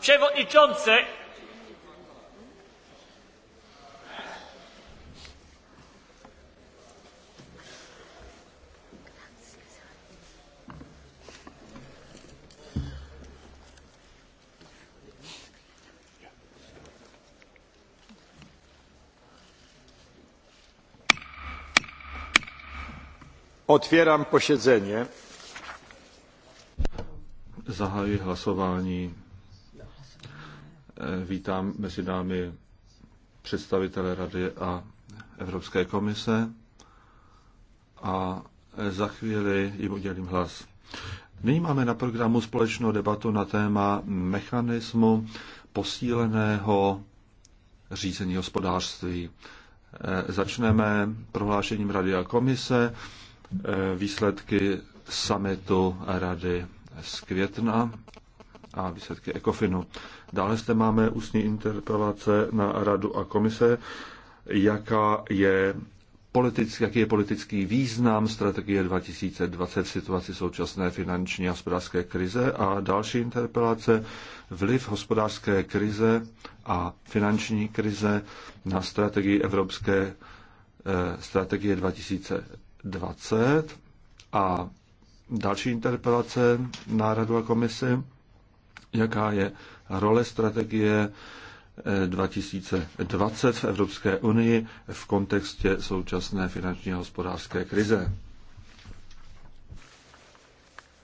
Przewodniczący! Otwieram posiedzenie. Zahajuji hlasování. Eh, vítám mezi námi představitele Rady a Evropské komise a eh, za chvíli jim udělím hlas. Nyní máme na programu společnou debatu na téma mechanismu posíleného řízení hospodářství. Eh, začneme prohlášením Rady a komise, výsledky summitu Rady z května a výsledky ECOFINu. Dále zde máme ústní interpelace na radu a komise, jaká je politický, jaký je politický význam strategie 2020 v situaci současné finanční a hospodářské krize a další interpelace vliv hospodářské krize a finanční krize na strategii Evropské eh, strategie 2020 a další interpelace na radu a komisi jaká je role strategie 2020 eh, v Evropské unii v kontextu současné finanční a hospodářské krize.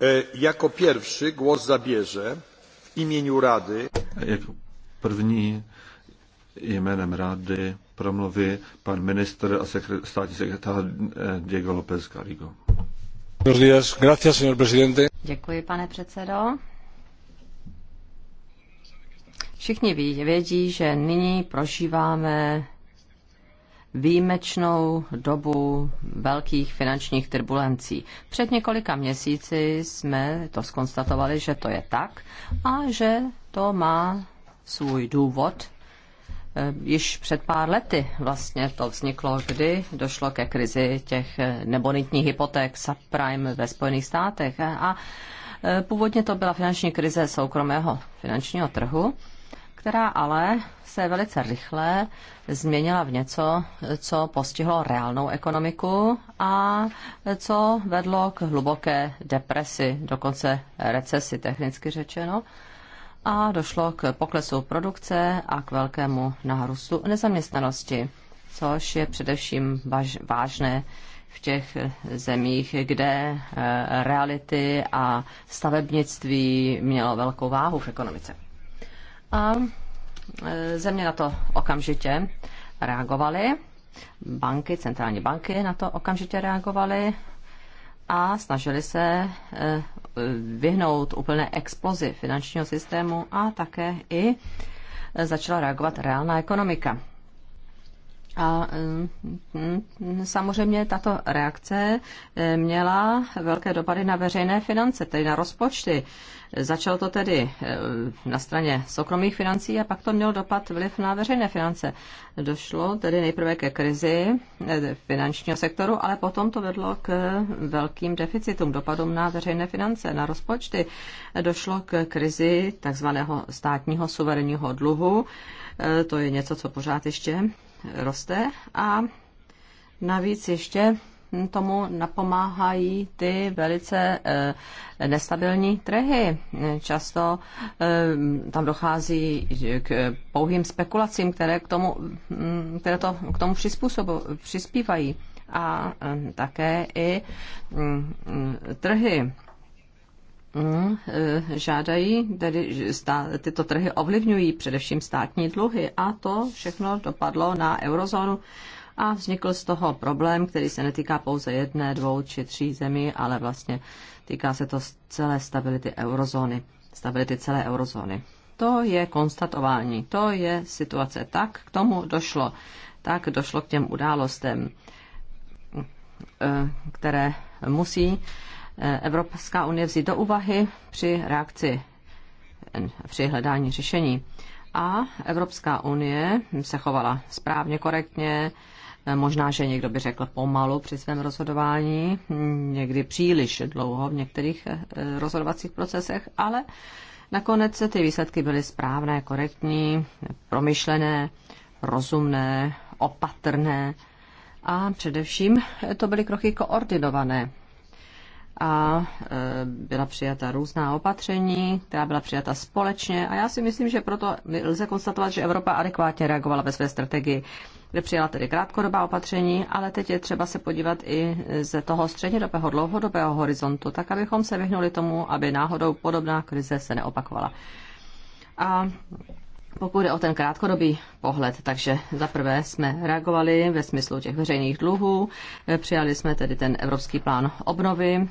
E, jako první głos zabierze v imieniu Rady. Jako první jménem Rady promluví pan minister a sekre, státní sekretář eh, Diego López días, gracias, señor presidente. Děkuji, pane předsedo. Všichni vědí, že nyní prožíváme výjimečnou dobu velkých finančních turbulencí. Před několika měsíci jsme to skonstatovali, že to je tak a že to má svůj důvod. Eh, již před pár lety vlastně to vzniklo, kdy došlo ke krizi těch nebonitních hypoték subprime ve Spojených státech a eh, Původně to byla finanční krize soukromého finančního trhu která ale se velice rychle změnila v něco, co postihlo reálnou ekonomiku a co vedlo k hluboké depresi, dokonce recesi technicky řečeno a došlo k poklesu produkce a k velkému nárůstu nezaměstnanosti, což je především baž, vážné v těch zemích, kde eh, reality a stavebnictví mělo velkou váhu v ekonomice. A e, země na to okamžitě reagovaly, banky, centrální banky na to okamžitě reagovaly a snažili se e, vyhnout úplné explozi finančního systému a také i e, začala reagovat reálná ekonomika. A mm, mm, samozřejmě tato reakce eh, měla velké dopady na veřejné finance, tedy na rozpočty. Začalo to tedy eh, na straně soukromých financí a pak to mělo dopad vliv na veřejné finance. Došlo tedy nejprve ke krizi eh, finančního sektoru, ale potom to vedlo k velkým deficitům, dopadům na veřejné finance, na rozpočty. Došlo k krizi takzvaného státního suverénního dluhu. To je něco, co pořád ještě roste a navíc ještě tomu napomáhají ty velice eh, nestabilní trhy. Často eh, tam dochází k pouhým spekulacím, které, k tomu, mm, které to, k tomu přispívají. A eh, také i mm, mm, trhy Mm, eh, žádají, tedy stá, tyto trhy ovlivňují především státní dluhy a to všechno dopadlo na eurozónu a vznikl z toho problém, který se netýká pouze jedné, dvou či tří zemí, ale vlastně týká se to celé stability eurozóny, stability celé eurozóny. To je konstatování, to je situace. Tak k tomu došlo, tak došlo k těm událostem, eh, které musí Evropská unie vzít do úvahy při reakci, při hledání řešení. A Evropská unie se chovala správně, korektně, Možná, že někdo by řekl pomalu při svém rozhodování, někdy příliš dlouho v některých eh, rozhodovacích procesech, ale nakonec ty výsledky byly správné, korektní, promyšlené, rozumné, opatrné a především to byly kroky koordinované a e, byla přijata různá opatření, která byla přijata společně a já si myslím, že proto lze konstatovat, že Evropa adekvátně reagovala ve své strategii kde přijala tedy krátkodobá opatření, ale teď je třeba se podívat i ze toho střednědobého, dlouhodobého horizontu, tak abychom se vyhnuli tomu, aby náhodou podobná krize se neopakovala. A pokud je o ten krátkodobý pohled, takže za prvé jsme reagovali ve smyslu těch veřejných dluhů, přijali jsme tedy ten Evropský plán obnovy,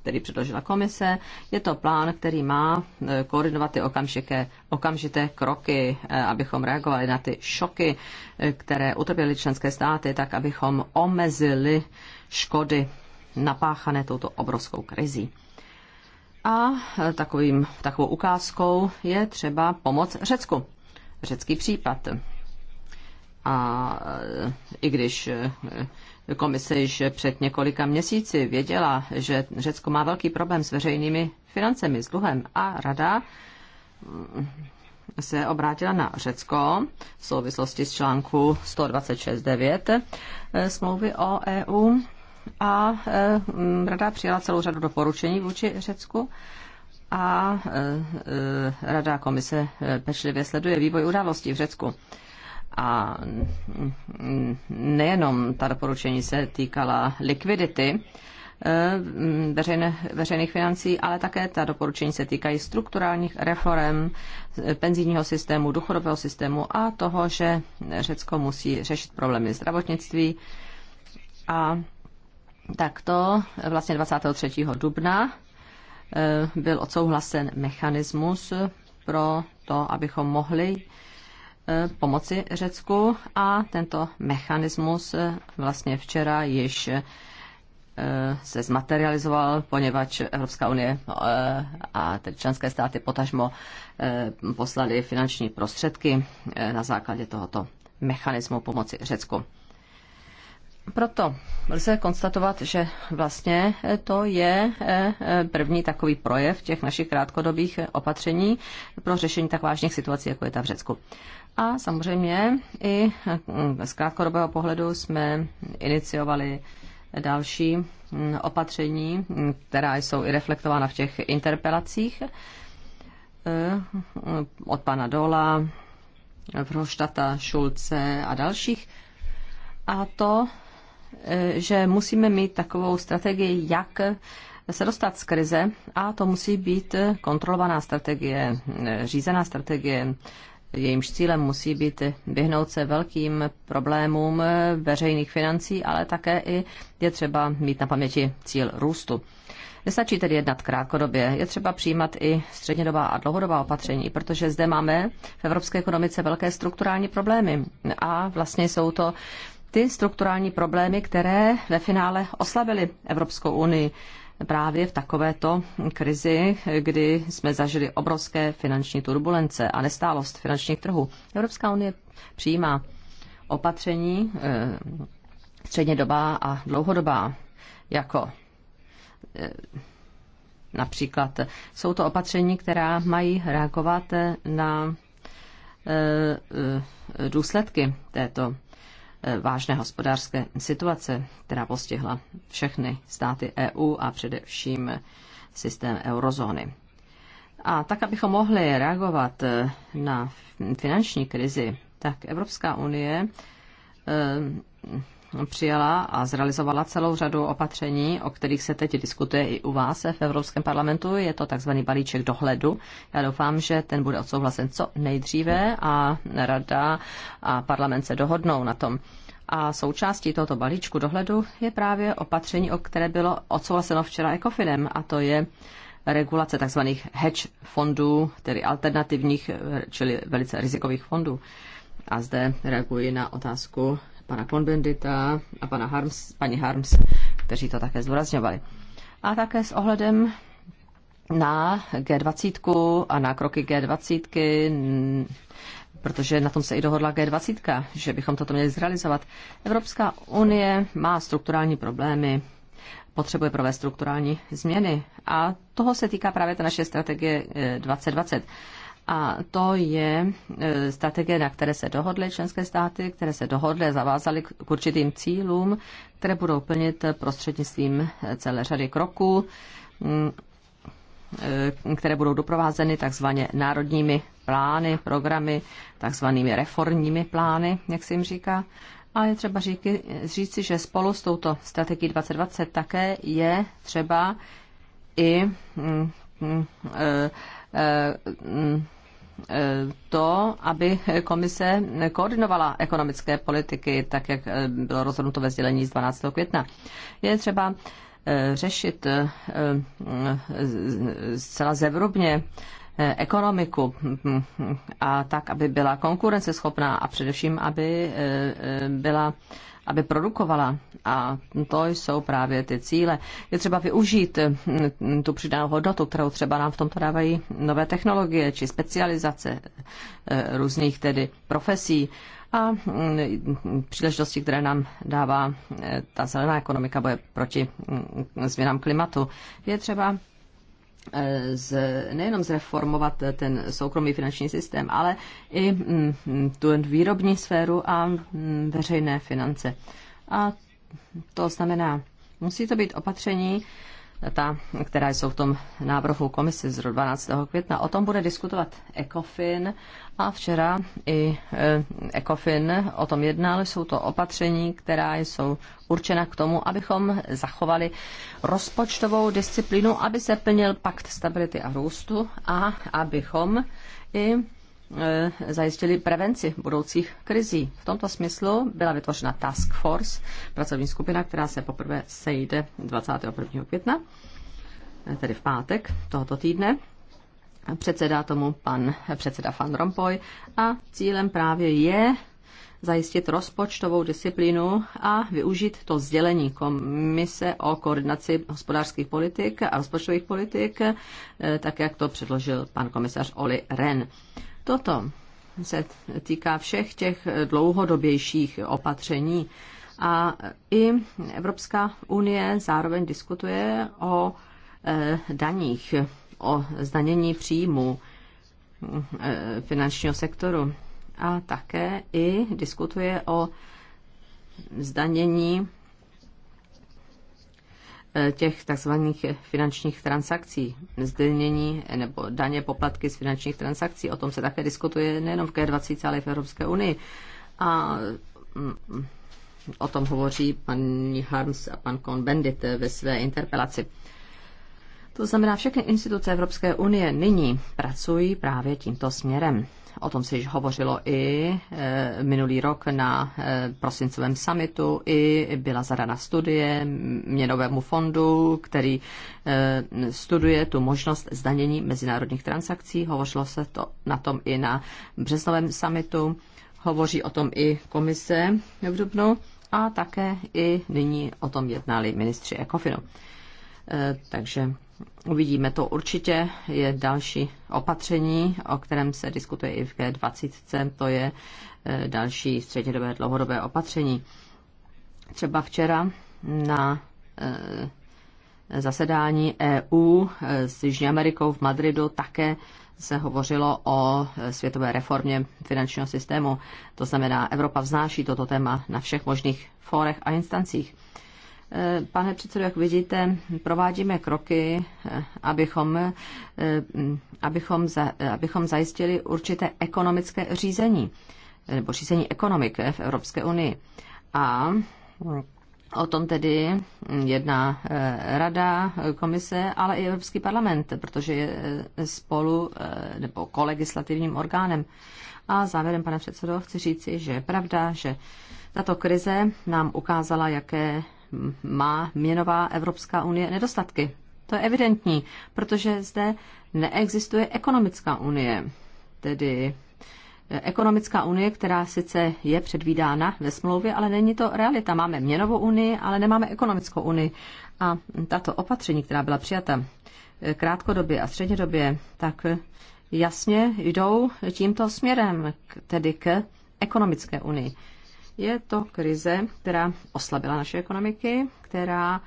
který předložila komise. Je to plán, který má eh, koordinovat ty okamžité, okamžité kroky, eh, abychom reagovali na ty šoky, eh, které utrpěly členské státy, tak abychom omezili škody napáchané touto obrovskou krizí. A takovým, takovou ukázkou je třeba pomoc Řecku řecký případ. A e, i když e, komise již před několika měsíci věděla, že Řecko má velký problém s veřejnými financemi, s dluhem a rada mm, se obrátila na Řecko v souvislosti s článku 126.9 e, smlouvy o EU a rada přijala celou řadu doporučení vůči Řecku a e, e, Rada komise e, pečlivě sleduje vývoj událostí v Řecku. A nejenom ta doporučení se týkala likvidity veřejné, veřejných financí, ale také ta doporučení se týkají strukturálních reform penzijního systému, důchodového systému a toho, že Řecko musí řešit problémy zdravotnictví. A takto vlastně 23. dubna Eh, byl odsouhlasen mechanismus pro to, abychom mohli eh, pomoci Řecku a tento mechanismus eh, vlastně včera již se zmaterializoval, poněvadž Evropská unie no, a tedy členské státy potažmo poslali finanční prostředky na základě tohoto mechanismu pomoci Řecku. Proto lze konstatovat, že vlastně to je eh, první takový projev těch našich krátkodobých opatření pro řešení tak vážných situací, jako je ta v Řecku. A samozřejmě i hm, z krátkodobého pohledu jsme iniciovali další hm, opatření, hm, která jsou i reflektována v těch interpelacích eh, od pana Dola, Vroštata, Šulce a dalších. A to že musíme mít takovou strategii, jak se dostat z krize a to musí být kontrolovaná strategie, řízená strategie, jejímž cílem musí být vyhnout se velkým problémům veřejných financí, ale také i je třeba mít na paměti cíl růstu. Nestačí tedy jednat krátkodobě, je třeba přijímat i střednědobá a dlouhodobá opatření, protože zde máme v evropské ekonomice velké strukturální problémy a vlastně jsou to ty strukturální problémy, které ve finále oslabily Evropskou unii právě v takovéto krizi, kdy jsme zažili obrovské finanční turbulence a nestálost finančních trhů. Evropská unie přijímá opatření eh, střednědobá a dlouhodobá, jako eh, například jsou to opatření, která mají reagovat na eh, důsledky této vážné hospodářské situace, která postihla všechny státy EU a především systém eurozóny. A tak, abychom mohli reagovat eh, na finanční krizi, tak Evropská unie eh, přijala a zrealizovala celou řadu opatření, o kterých se teď diskutuje i u vás v Evropském parlamentu. Je to takzvaný balíček dohledu. Já doufám, že ten bude odsouhlasen co nejdříve a rada a parlament se dohodnou na tom. A součástí tohoto balíčku dohledu je právě opatření, o které bylo odsouhlaseno včera ECOFINem, a to je regulace tzv. hedge fondů, tedy alternativních, čili velice rizikových fondů. A zde reaguji na otázku pana Konbendita a pana Harms, paní Harms, kteří to také zdůrazňovali. A také s ohledem na G20 a na kroky G20, protože na tom se i dohodla G20, že bychom toto měli zrealizovat. Evropská unie má strukturální problémy, potřebuje provést strukturální změny a toho se týká právě ta naše strategie 2020. Eh, a to je e, strategie, na které se dohodly členské státy, které se dohodly, zavázaly k určitým cílům, které budou plnit prostřednictvím e, celé řady kroků, mm, e, které budou doprovázeny takzvaně národními plány, programy, takzvanými reformními plány, jak se jim říká. A je třeba říci, že spolu s touto strategií 2020 také je třeba i mm, mm, e, e, mm, to, aby komise koordinovala ekonomické politiky, tak jak eh, bylo rozhodnuto ve sdělení z 12. května. Je třeba eh, řešit eh, zcela zevrubně ekonomiku hm, a tak, aby byla konkurenceschopná a především, aby byla aby produkovala. A to jsou právě ty cíle. Je třeba využít tu přidanou hodnotu, kterou třeba nám v tomto dávají nové technologie či specializace e, různých tedy profesí a příležitosti, které nám dává e, ta zelená ekonomika boje proti změnám klimatu. Je třeba Eh, z, nejenom zreformovat ten soukromý finanční systém, ale i mm, tu výrobní sféru a mm, veřejné finance. A to znamená, musí to být opatření, ta, která jsou v tom návrhu komise z 12. května. O tom bude diskutovat ECOFIN a včera i eh, ECOFIN o tom jednal. Jsou to opatření, která jsou určena k tomu, abychom zachovali rozpočtovou disciplínu, aby se plnil pakt stability a růstu a abychom i E, zajistili prevenci budoucích krizí. V tomto smyslu byla vytvořena Task Force, pracovní skupina, která se poprvé sejde 21. května, e, tedy v pátek tohoto týdne. Předsedá tomu pan předseda Van Rompuy a cílem právě je zajistit rozpočtovou disciplínu a využít to sdělení Komise o koordinaci hospodářských politik a rozpočtových politik, e, tak jak to předložil pan komisař Oli Ren. Toto se týká všech těch dlouhodobějších opatření. A i Evropská unie zároveň diskutuje o e, daních, o zdanění příjmu e, finančního sektoru. A také i diskutuje o zdanění Eh, těch takzvaných finančních transakcí, zdanění nebo daně poplatky z finančních transakcí. O tom se také diskutuje nejenom v G20, ale i v Evropské unii. A mm, o tom hovoří paní Harms a pan Kohn bendit eh, ve své interpelaci. To znamená, všechny instituce Evropské unie nyní pracují právě tímto směrem. O tom se již hovořilo i e, minulý rok na e, prosincovém summitu, i byla zadana studie měnovému fondu, který e, studuje tu možnost zdanění mezinárodních transakcí. Hovořilo se to na tom i na březnovém summitu. Hovoří o tom i komise v Dubnu a také i nyní o tom jednali ministři Ekofinu. Takže Uvidíme to určitě. Je další opatření, o kterém se diskutuje i v G20. To je eh, další střednědobé dlouhodobé opatření. Třeba včera na eh, zasedání EU eh, s Jižní Amerikou v Madridu také se hovořilo o světové reformě finančního systému. To znamená, Evropa vznáší toto téma na všech možných fórech a instancích. Pane předsedo, jak vidíte, provádíme kroky, eh, abychom, eh, abychom, za, eh, abychom zajistili určité ekonomické řízení, nebo řízení ekonomik v Evropské unii. A O tom tedy jedná rada, komise, ale i Evropský parlament, protože je spolu nebo kolegislativním orgánem. A závěrem, pane předsedo, chci říci, že je pravda, že tato krize nám ukázala, jaké má měnová Evropská unie nedostatky. To je evidentní, protože zde neexistuje ekonomická unie, tedy eh, ekonomická unie, která sice je předvídána ve smlouvě, ale není to realita. Máme měnovou unii, ale nemáme ekonomickou unii. A tato opatření, která byla přijata eh, krátkodobě a střednědobě, tak eh, jasně jdou tímto směrem, tedy k ekonomické unii. Je to krize, která oslabila naše ekonomiky, která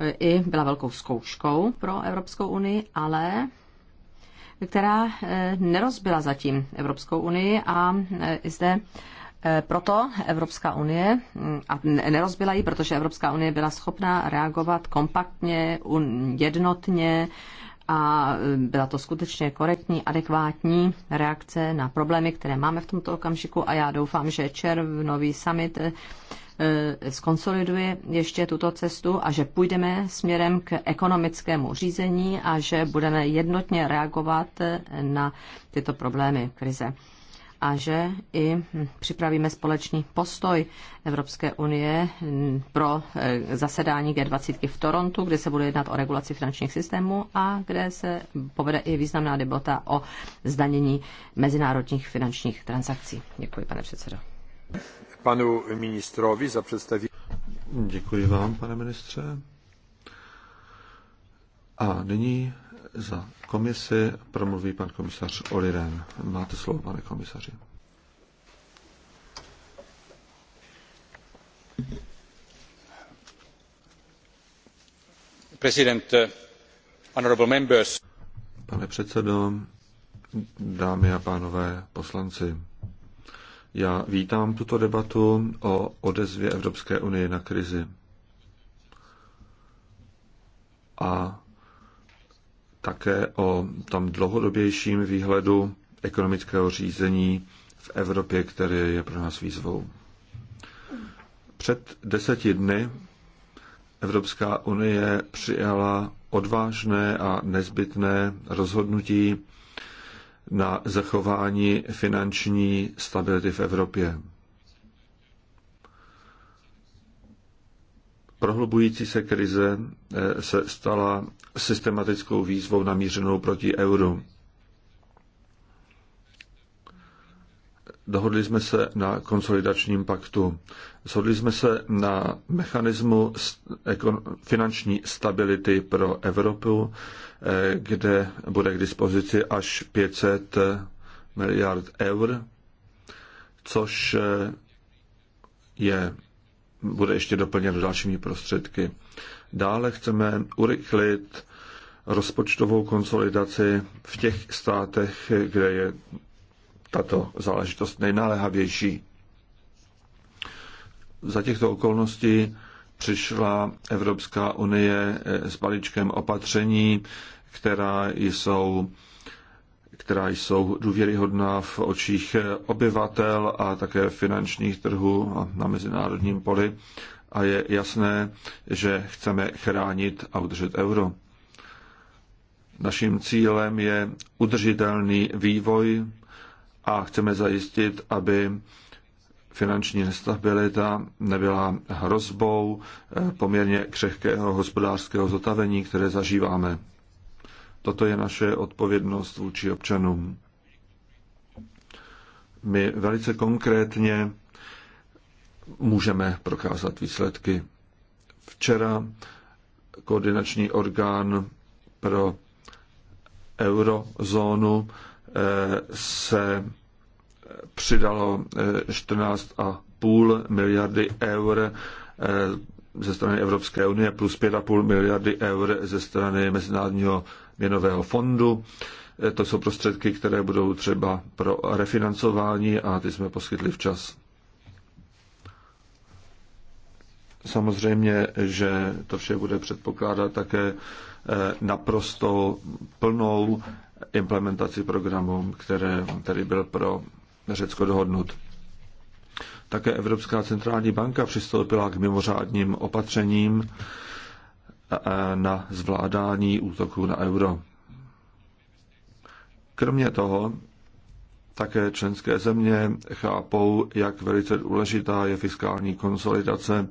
eh, i byla velkou zkouškou pro Evropskou unii, ale která eh, nerozbila zatím Evropskou unii a eh, i zde proto Evropská unie, mm, a nerozbila ji, protože Evropská unie byla schopná reagovat kompaktně, jednotně, a byla to skutečně korektní, adekvátní reakce na problémy, které máme v tomto okamžiku a já doufám, že červnový summit eh, skonsoliduje ještě tuto cestu a že půjdeme směrem k ekonomickému řízení a že budeme jednotně reagovat eh, na tyto problémy krize a že i hm, připravíme společný postoj Evropské unie hm, pro eh, zasedání G20 v Torontu, kde se bude jednat o regulaci finančních systémů a kde se povede i významná debata o zdanění mezinárodních finančních transakcí. Děkuji, pane předsedo. Panu ministrovi za představení. Děkuji vám, pane ministře. A nyní za komisi promluví pan komisař Oliren. Máte slovo, pane komisaři. President, honorable members. Pane předsedo, dámy a pánové poslanci, já vítám tuto debatu o odezvě Evropské unie na krizi. A také o tom dlouhodobějším výhledu ekonomického řízení v Evropě, který je pro nás výzvou. Před deseti dny Evropská unie přijala odvážné a nezbytné rozhodnutí na zachování finanční stability v Evropě. prohlubující se krize eh, se stala systematickou výzvou namířenou proti euru. Dohodli jsme se na konsolidačním paktu. Shodli jsme se na mechanismu finanční stability pro Evropu, eh, kde bude k dispozici až 500 eh, miliard eur, což je bude ještě doplněn dalšími prostředky. Dále chceme urychlit rozpočtovou konsolidaci v těch státech, kde je tato záležitost nejnáléhavější. Za těchto okolností přišla Evropská unie s balíčkem opatření, která jsou která jsou důvěryhodná v očích obyvatel a také finančních trhů a na mezinárodním poli. A je jasné, že chceme chránit a udržet euro. Naším cílem je udržitelný vývoj a chceme zajistit, aby finanční nestabilita nebyla hrozbou eh, poměrně křehkého hospodářského zotavení, které zažíváme. Toto je naše odpovědnost vůči občanům. My velice konkrétně můžeme prokázat výsledky. Včera koordinační orgán pro eurozónu eh, se přidalo 14,5 eh, miliardy eur eh, ze strany Evropské unie plus 5,5 miliardy eur ze strany Mezinárodního měnového fondu. E, to jsou prostředky, které budou třeba pro refinancování a ty jsme poskytli včas. Samozřejmě, že to vše bude předpokládat také e, naprosto plnou implementaci programu, které tady byl pro Řecko dohodnut. Také Evropská centrální banka přistoupila k mimořádním opatřením, E, na zvládání útoků na euro. Kromě toho, také členské země chápou, jak velice důležitá je fiskální konsolidace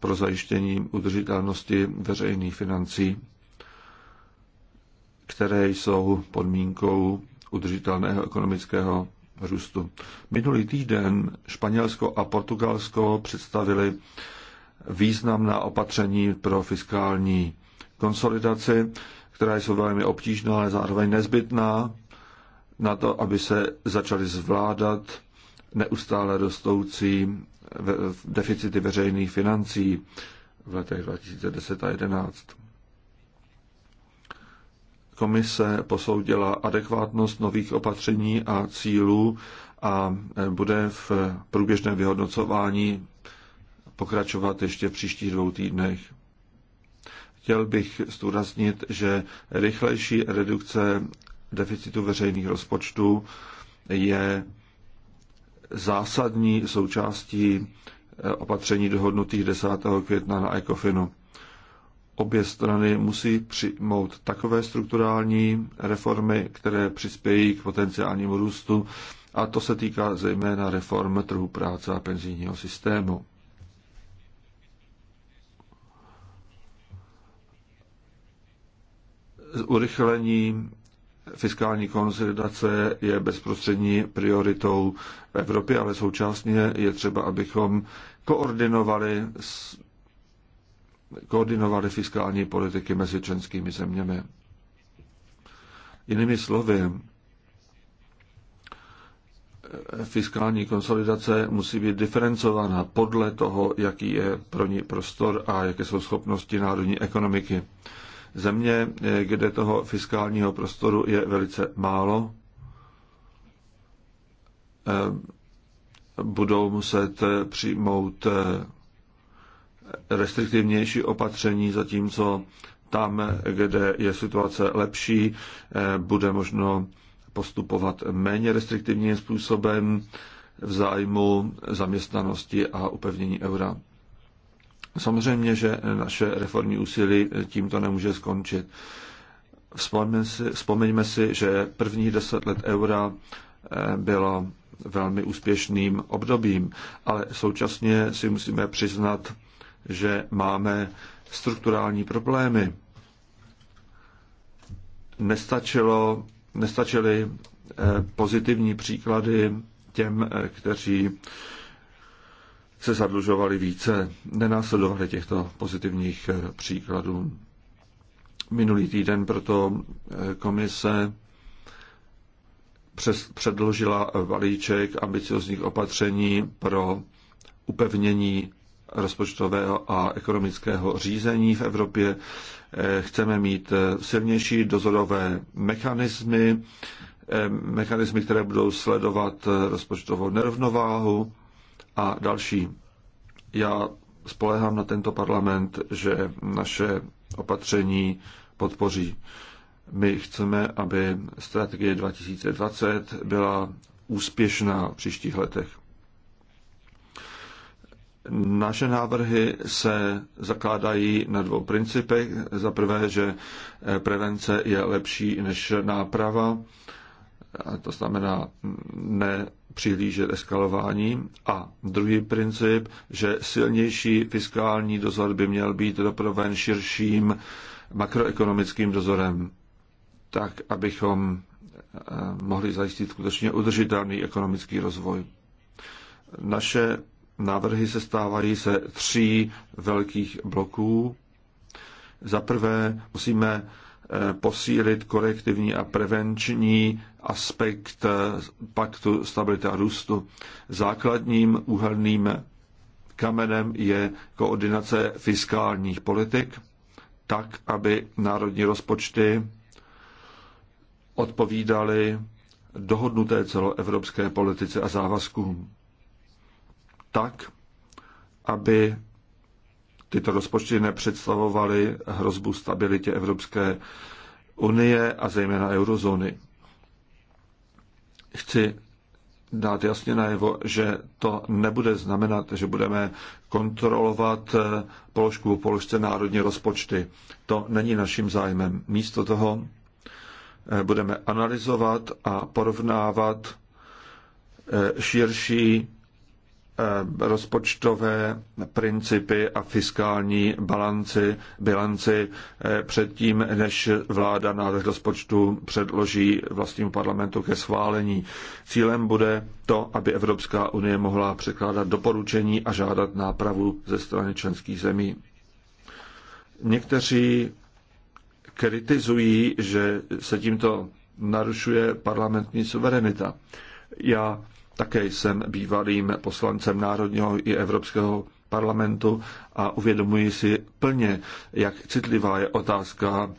pro zajištění udržitelnosti veřejných financí, které jsou podmínkou udržitelného ekonomického růstu. Minulý týden Španělsko a Portugalsko představili významná opatření pro fiskální konsolidaci, která jsou velmi obtížná, ale zároveň nezbytná na to, aby se začaly zvládat neustále rostoucí deficity veřejných financí v letech 2010 a 2011. Komise posoudila adekvátnost nových opatření a cílů a bude v průběžném vyhodnocování pokračovat ještě v příštích dvou týdnech. Chtěl bych zdůraznit, že rychlejší redukce deficitu veřejných rozpočtů je zásadní součástí eh, opatření dohodnutých 10. května na ECOFINu. Obě strany musí přijmout takové strukturální reformy, které přispějí k potenciálnímu růstu, a to se týká zejména reform trhu práce a penzijního systému. urychlení fiskální konsolidace je bezprostřední prioritou v Evropě, ale současně je třeba, abychom koordinovali, koordinovali fiskální politiky mezi členskými zeměmi. Jinými slovy, fiskální konsolidace musí být diferencována podle toho, jaký je pro ní prostor a jaké jsou schopnosti národní ekonomiky země, kde toho fiskálního prostoru je velice málo, eh, budou muset přijmout eh, restriktivnější opatření, zatímco tam, kde je situace lepší, eh, bude možno postupovat méně restriktivním způsobem v zájmu zaměstnanosti a upevnění eura. Samozřejmě, že naše reformní úsilí tímto nemůže skončit. Vzpomeňme si, že prvních deset let eura eh, bylo velmi úspěšným obdobím, ale současně si musíme přiznat, že máme strukturální problémy. Nestačilo, nestačily eh, pozitivní příklady těm, eh, kteří se zadlužovali více, nenásledovali těchto pozitivních eh, příkladů. Minulý týden proto eh, komise přes, předložila balíček ambiciozních opatření pro upevnění rozpočtového a ekonomického řízení v Evropě. Eh, chceme mít silnější dozorové mechanismy, mechanismy, které budou sledovat rozpočtovou nerovnováhu a další. Já spolehám na tento parlament, že naše opatření podpoří. My chceme, aby strategie 2020 byla úspěšná v příštích letech. Naše návrhy se zakládají na dvou principech. Za prvé, že prevence je lepší než náprava to znamená ne přihlížet eskalování. A druhý princip, že silnější fiskální dozor by měl být doproven širším makroekonomickým dozorem, tak abychom eh, mohli zajistit skutečně udržitelný ekonomický rozvoj. Naše návrhy se stávají se tří velkých bloků. Za prvé musíme eh, posílit korektivní a prevenční aspekt eh, paktu stability a růstu. Základním úhelným kamenem je koordinace fiskálních politik, tak, aby národní rozpočty odpovídaly dohodnuté celoevropské politice a závazkům. Tak, aby tyto rozpočty nepředstavovaly hrozbu stabilitě Evropské unie a zejména eurozóny chci dát jasně najevo, že to nebude znamenat, že budeme kontrolovat eh, položku po položce národní rozpočty. To není naším zájmem. Místo toho eh, budeme analyzovat a porovnávat eh, širší Eh, rozpočtové principy a fiskální balanci, bilanci eh, předtím, než vláda návrh rozpočtu předloží vlastnímu parlamentu ke schválení. Cílem bude to, aby Evropská unie mohla překládat doporučení a žádat nápravu ze strany členských zemí. Někteří kritizují, že se tímto narušuje parlamentní suverenita. Já také jsem bývalým poslancem Národního i Evropského parlamentu a uvědomuji si plně, jak citlivá je otázka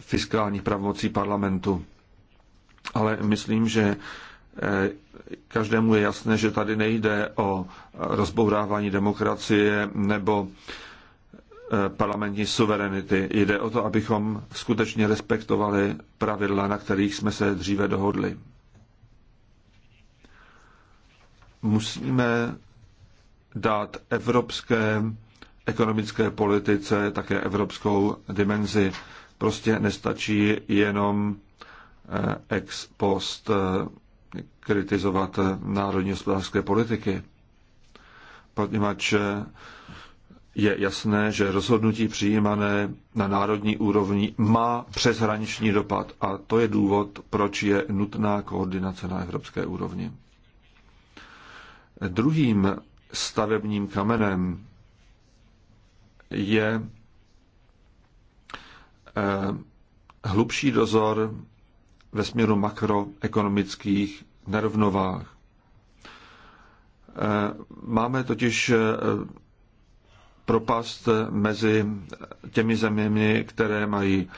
fiskální pravomocí parlamentu. Ale myslím, že eh, každému je jasné, že tady nejde o rozbourávání demokracie nebo eh, parlamentní suverenity. Jde o to, abychom skutečně respektovali pravidla, na kterých jsme se dříve dohodli. musíme dát evropské ekonomické politice také evropskou dimenzi. Prostě nestačí jenom eh, ex post eh, kritizovat eh, národní hospodářské politiky, poněvadž je jasné, že rozhodnutí přijímané na národní úrovni má přeshraniční dopad a to je důvod, proč je nutná koordinace na evropské úrovni. Druhým stavebním kamenem je eh, hlubší dozor ve směru makroekonomických nerovnovách. Eh, máme totiž eh, propast mezi těmi zeměmi, které mají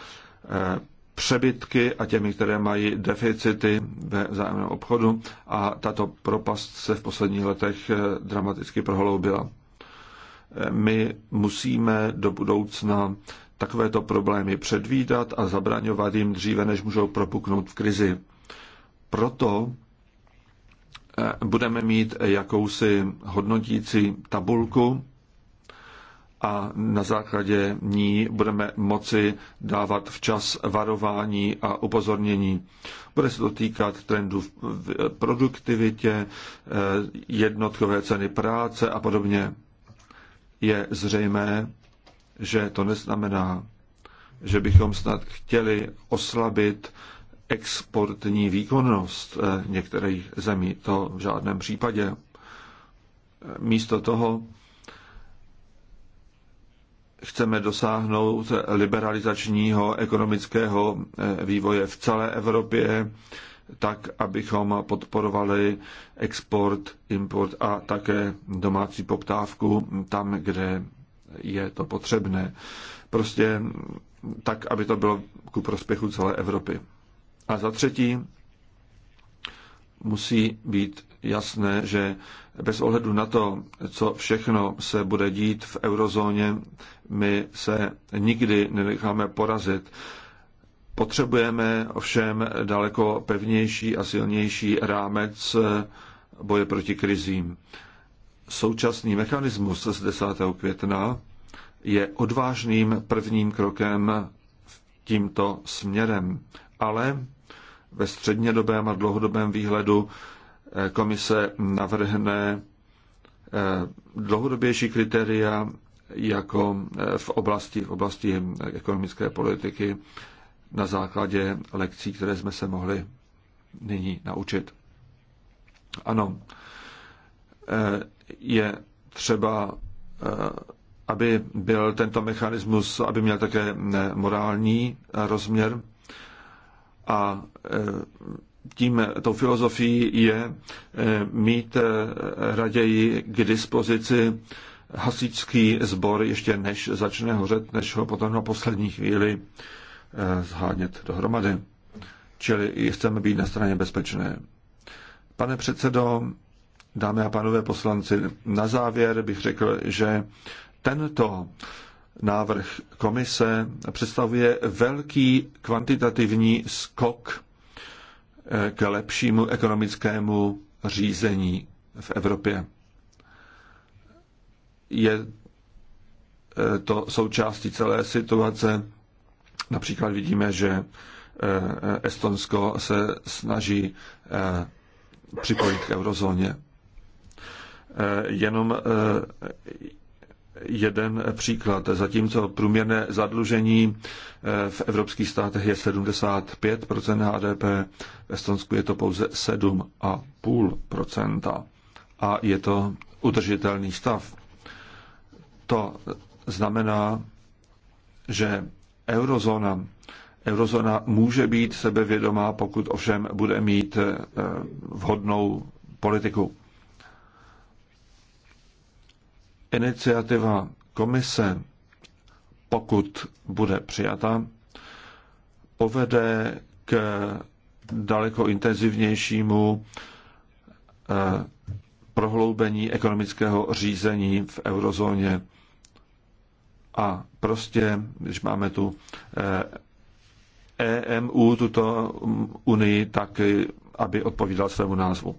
přebytky a těmi, které mají deficity ve vzájemném obchodu a tato propast se v posledních letech eh, dramaticky prohloubila. Eh, my musíme do budoucna takovéto problémy předvídat a zabraňovat jim dříve, než můžou propuknout v krizi. Proto eh, budeme mít jakousi hodnotící tabulku, a na základě ní budeme moci dávat včas varování a upozornění. Bude se to týkat trendů v produktivitě, eh, jednotkové ceny práce a podobně. Je zřejmé, že to neznamená, že bychom snad chtěli oslabit exportní výkonnost eh, některých zemí. To v žádném případě. Místo toho chceme dosáhnout liberalizačního ekonomického eh, vývoje v celé Evropě, tak, abychom podporovali export, import a také domácí poptávku tam, kde je to potřebné. Prostě tak, aby to bylo ku prospěchu celé Evropy. A za třetí, musí být jasné, že bez ohledu na to, co všechno se bude dít v eurozóně, my se nikdy nenecháme porazit. Potřebujeme ovšem daleko pevnější a silnější rámec boje proti krizím. Současný mechanismus z 10. května je odvážným prvním krokem tímto směrem, ale ve střednědobém a dlouhodobém výhledu eh, komise navrhne eh, dlouhodobější kritéria jako eh, v oblasti, v oblasti ekonomické politiky na základě lekcí, které jsme se mohli nyní naučit. Ano, je třeba, aby byl tento mechanismus, aby měl také morální rozměr, a e, tím, tou filozofií je e, mít e, raději k dispozici hasičský sbor ještě než začne hořet, než ho potom na poslední chvíli zhánět dohromady. Čili chceme být na straně bezpečné. Pane předsedo, dámy a pánové poslanci, na závěr bych řekl, že tento návrh komise představuje velký kvantitativní skok eh, k lepšímu ekonomickému řízení v Evropě. Je eh, to součástí celé situace. Například vidíme, že eh, Estonsko se snaží připojit k eurozóně. Jenom jeden příklad. Zatímco průměrné zadlužení eh, v evropských státech je 75 HDP, v Estonsku je to pouze 7,5 a je to udržitelný stav. To znamená, že eurozóna, eurozóna může být sebevědomá, pokud ovšem bude mít eh, vhodnou politiku. Iniciativa komise, pokud bude přijata, povede k daleko intenzivnějšímu eh, prohloubení ekonomického řízení v eurozóně. A prostě, když máme tu EMU, eh, e tuto unii, tak eh, aby odpovídal svému názvu.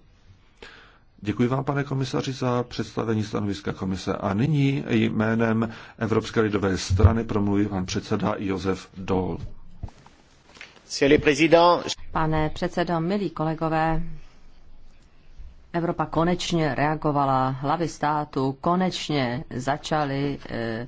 Děkuji vám, pane komisaři, za představení stanoviska komise. A nyní jménem Evropské lidové strany promluví pan předseda Josef Dol. Pane předsedo, milí kolegové, Evropa konečně reagovala, hlavy státu konečně začaly eh,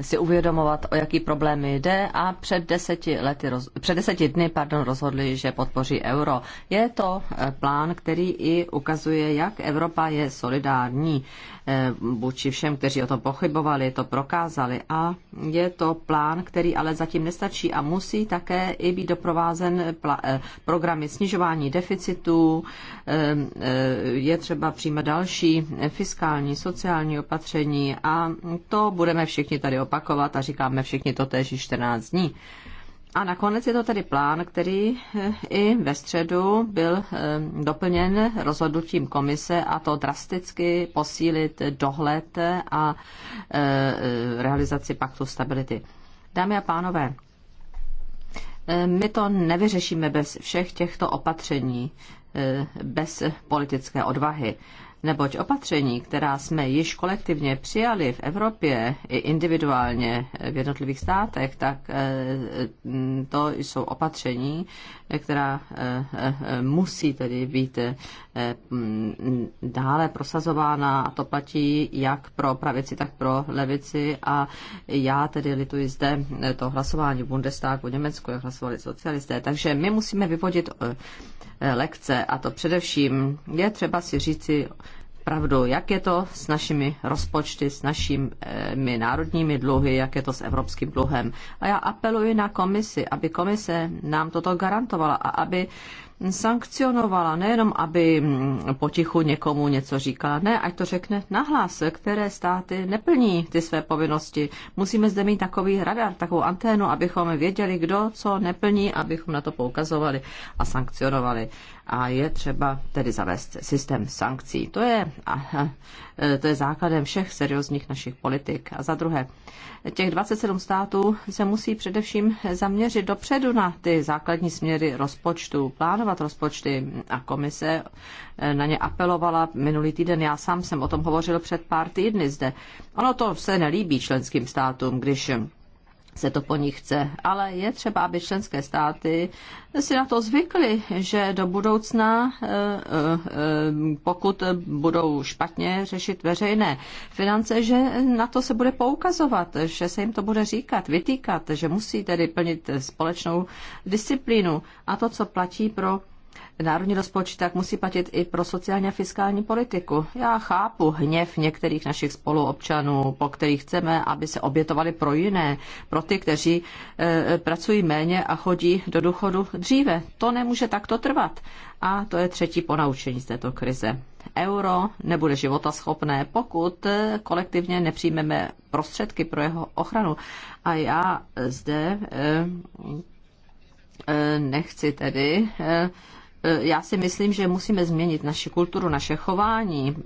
si uvědomovat, o jaký problém jde a před deseti, lety, před deseti dny pardon, rozhodli, že podpoří euro. Je to eh, plán, který i ukazuje, jak Evropa je solidární Eh, vůči všem, kteří o tom pochybovali, to prokázali. A je to plán, který ale zatím nestačí a musí také i být doprovázen eh, programy snižování deficitu. Eh, je třeba přijímat další fiskální, sociální opatření a to budeme všichni tady opakovat a říkáme všichni to též 14 dní. A nakonec je to tedy plán, který eh, i ve středu byl eh, doplněn rozhodnutím komise a to drasticky posílit dohled a eh, realizaci paktu stability. Dámy a pánové, my to nevyřešíme bez všech těchto opatření, bez politické odvahy neboť opatření, která jsme již kolektivně přijali v Evropě i individuálně v jednotlivých státech, tak eh, mm, to jsou opatření, která eh, eh, musí tedy být mm, dále prosazována a to platí jak pro pravici, tak pro levici a já tedy lituji zde to hlasování v Bundestagu v Německu, jak hlasovali socialisté. Takže my musíme vyvodit lekce a to především je třeba si říci, pravdu, jak je to s našimi rozpočty, s našimi národními dluhy, jak je to s evropským dluhem. A já apeluji na komisi, aby komise nám toto garantovala a aby sankcionovala, nejenom aby potichu někomu něco říkala, ne, ať to řekne nahlas, které státy neplní ty své povinnosti. Musíme zde mít takový radar, takovou anténu, abychom věděli, kdo co neplní, abychom na to poukazovali a sankcionovali a je třeba tedy zavést systém sankcí. To je, to je základem všech seriózních našich politik. A za druhé, těch 27 států se musí především zaměřit dopředu na ty základní směry rozpočtu, plánovat rozpočty a komise eh, na ně apelovala minulý týden. Já sám jsem o tom hovořil před pár týdny zde. Ono to se nelíbí členským státům, když se to po nich chce. Ale je třeba, aby členské státy si na to zvykly, že do budoucna, eh, eh, eh, pokud budou špatně řešit veřejné finance, že na to se bude poukazovat, že se jim to bude říkat, vytýkat, že musí tedy plnit společnou disciplínu. A to, co platí pro národní rozpočet, tak musí platit i pro sociálně a fiskální politiku. Já chápu hněv některých našich spoluobčanů, po kterých chceme, aby se obětovali pro jiné, pro ty, kteří e, e, pracují méně a chodí do důchodu dříve. To nemůže takto trvat. A to je třetí ponaučení z této krize. Euro nebude života schopné, pokud e, kolektivně nepřijmeme prostředky pro jeho ochranu. A já zde e, e nechci tedy Eh, já si myslím, že musíme změnit naši kulturu, naše chování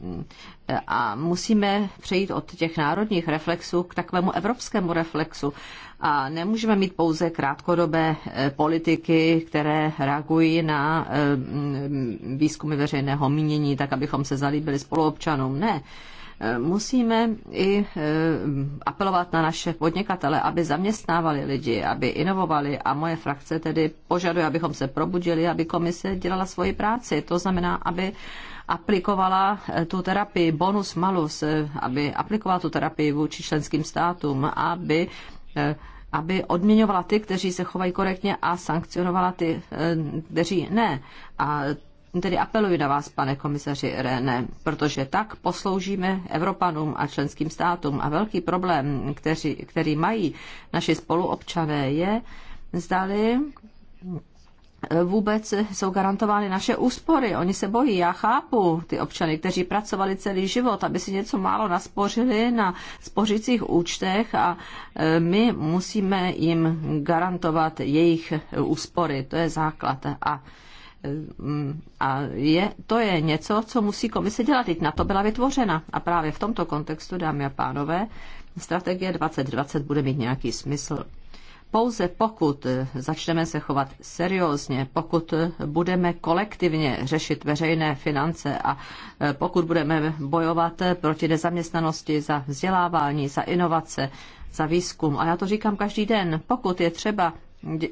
eh, a musíme přejít od těch národních reflexů k takovému evropskému reflexu. A nemůžeme mít pouze krátkodobé eh, politiky, které reagují na výzkumy veřejného mínění, tak abychom se zalíbili spoluobčanům. Ne musíme i e, apelovat na naše podnikatele, aby zaměstnávali lidi, aby inovovali a moje frakce tedy požaduje, abychom se probudili, aby komise dělala svoji práci. To znamená, aby aplikovala e, tu terapii bonus malus, e, aby aplikovala tu terapii vůči členským státům, aby aby odměňovala ty, kteří se chovají korektně a sankcionovala ty, kteří ne. A Tedy apeluji na vás, pane komisaři René, protože tak posloužíme Evropanům a členským státům. A velký problém, který, který mají naši spoluobčané, je, zdali vůbec jsou garantovány naše úspory. Oni se bojí, já chápu ty občany, kteří pracovali celý život, aby si něco málo naspořili na spořicích účtech a e, my musíme jim garantovat jejich úspory. To je základ. A a je, to je něco, co musí komise dělat. Teď na to byla vytvořena. A právě v tomto kontextu, dámy a pánové, strategie 2020 bude mít nějaký smysl. Pouze pokud eh, začneme se chovat seriózně, pokud eh, budeme kolektivně řešit veřejné finance a eh, pokud budeme bojovat proti nezaměstnanosti za vzdělávání, za inovace, za výzkum, a já to říkám každý den, pokud je třeba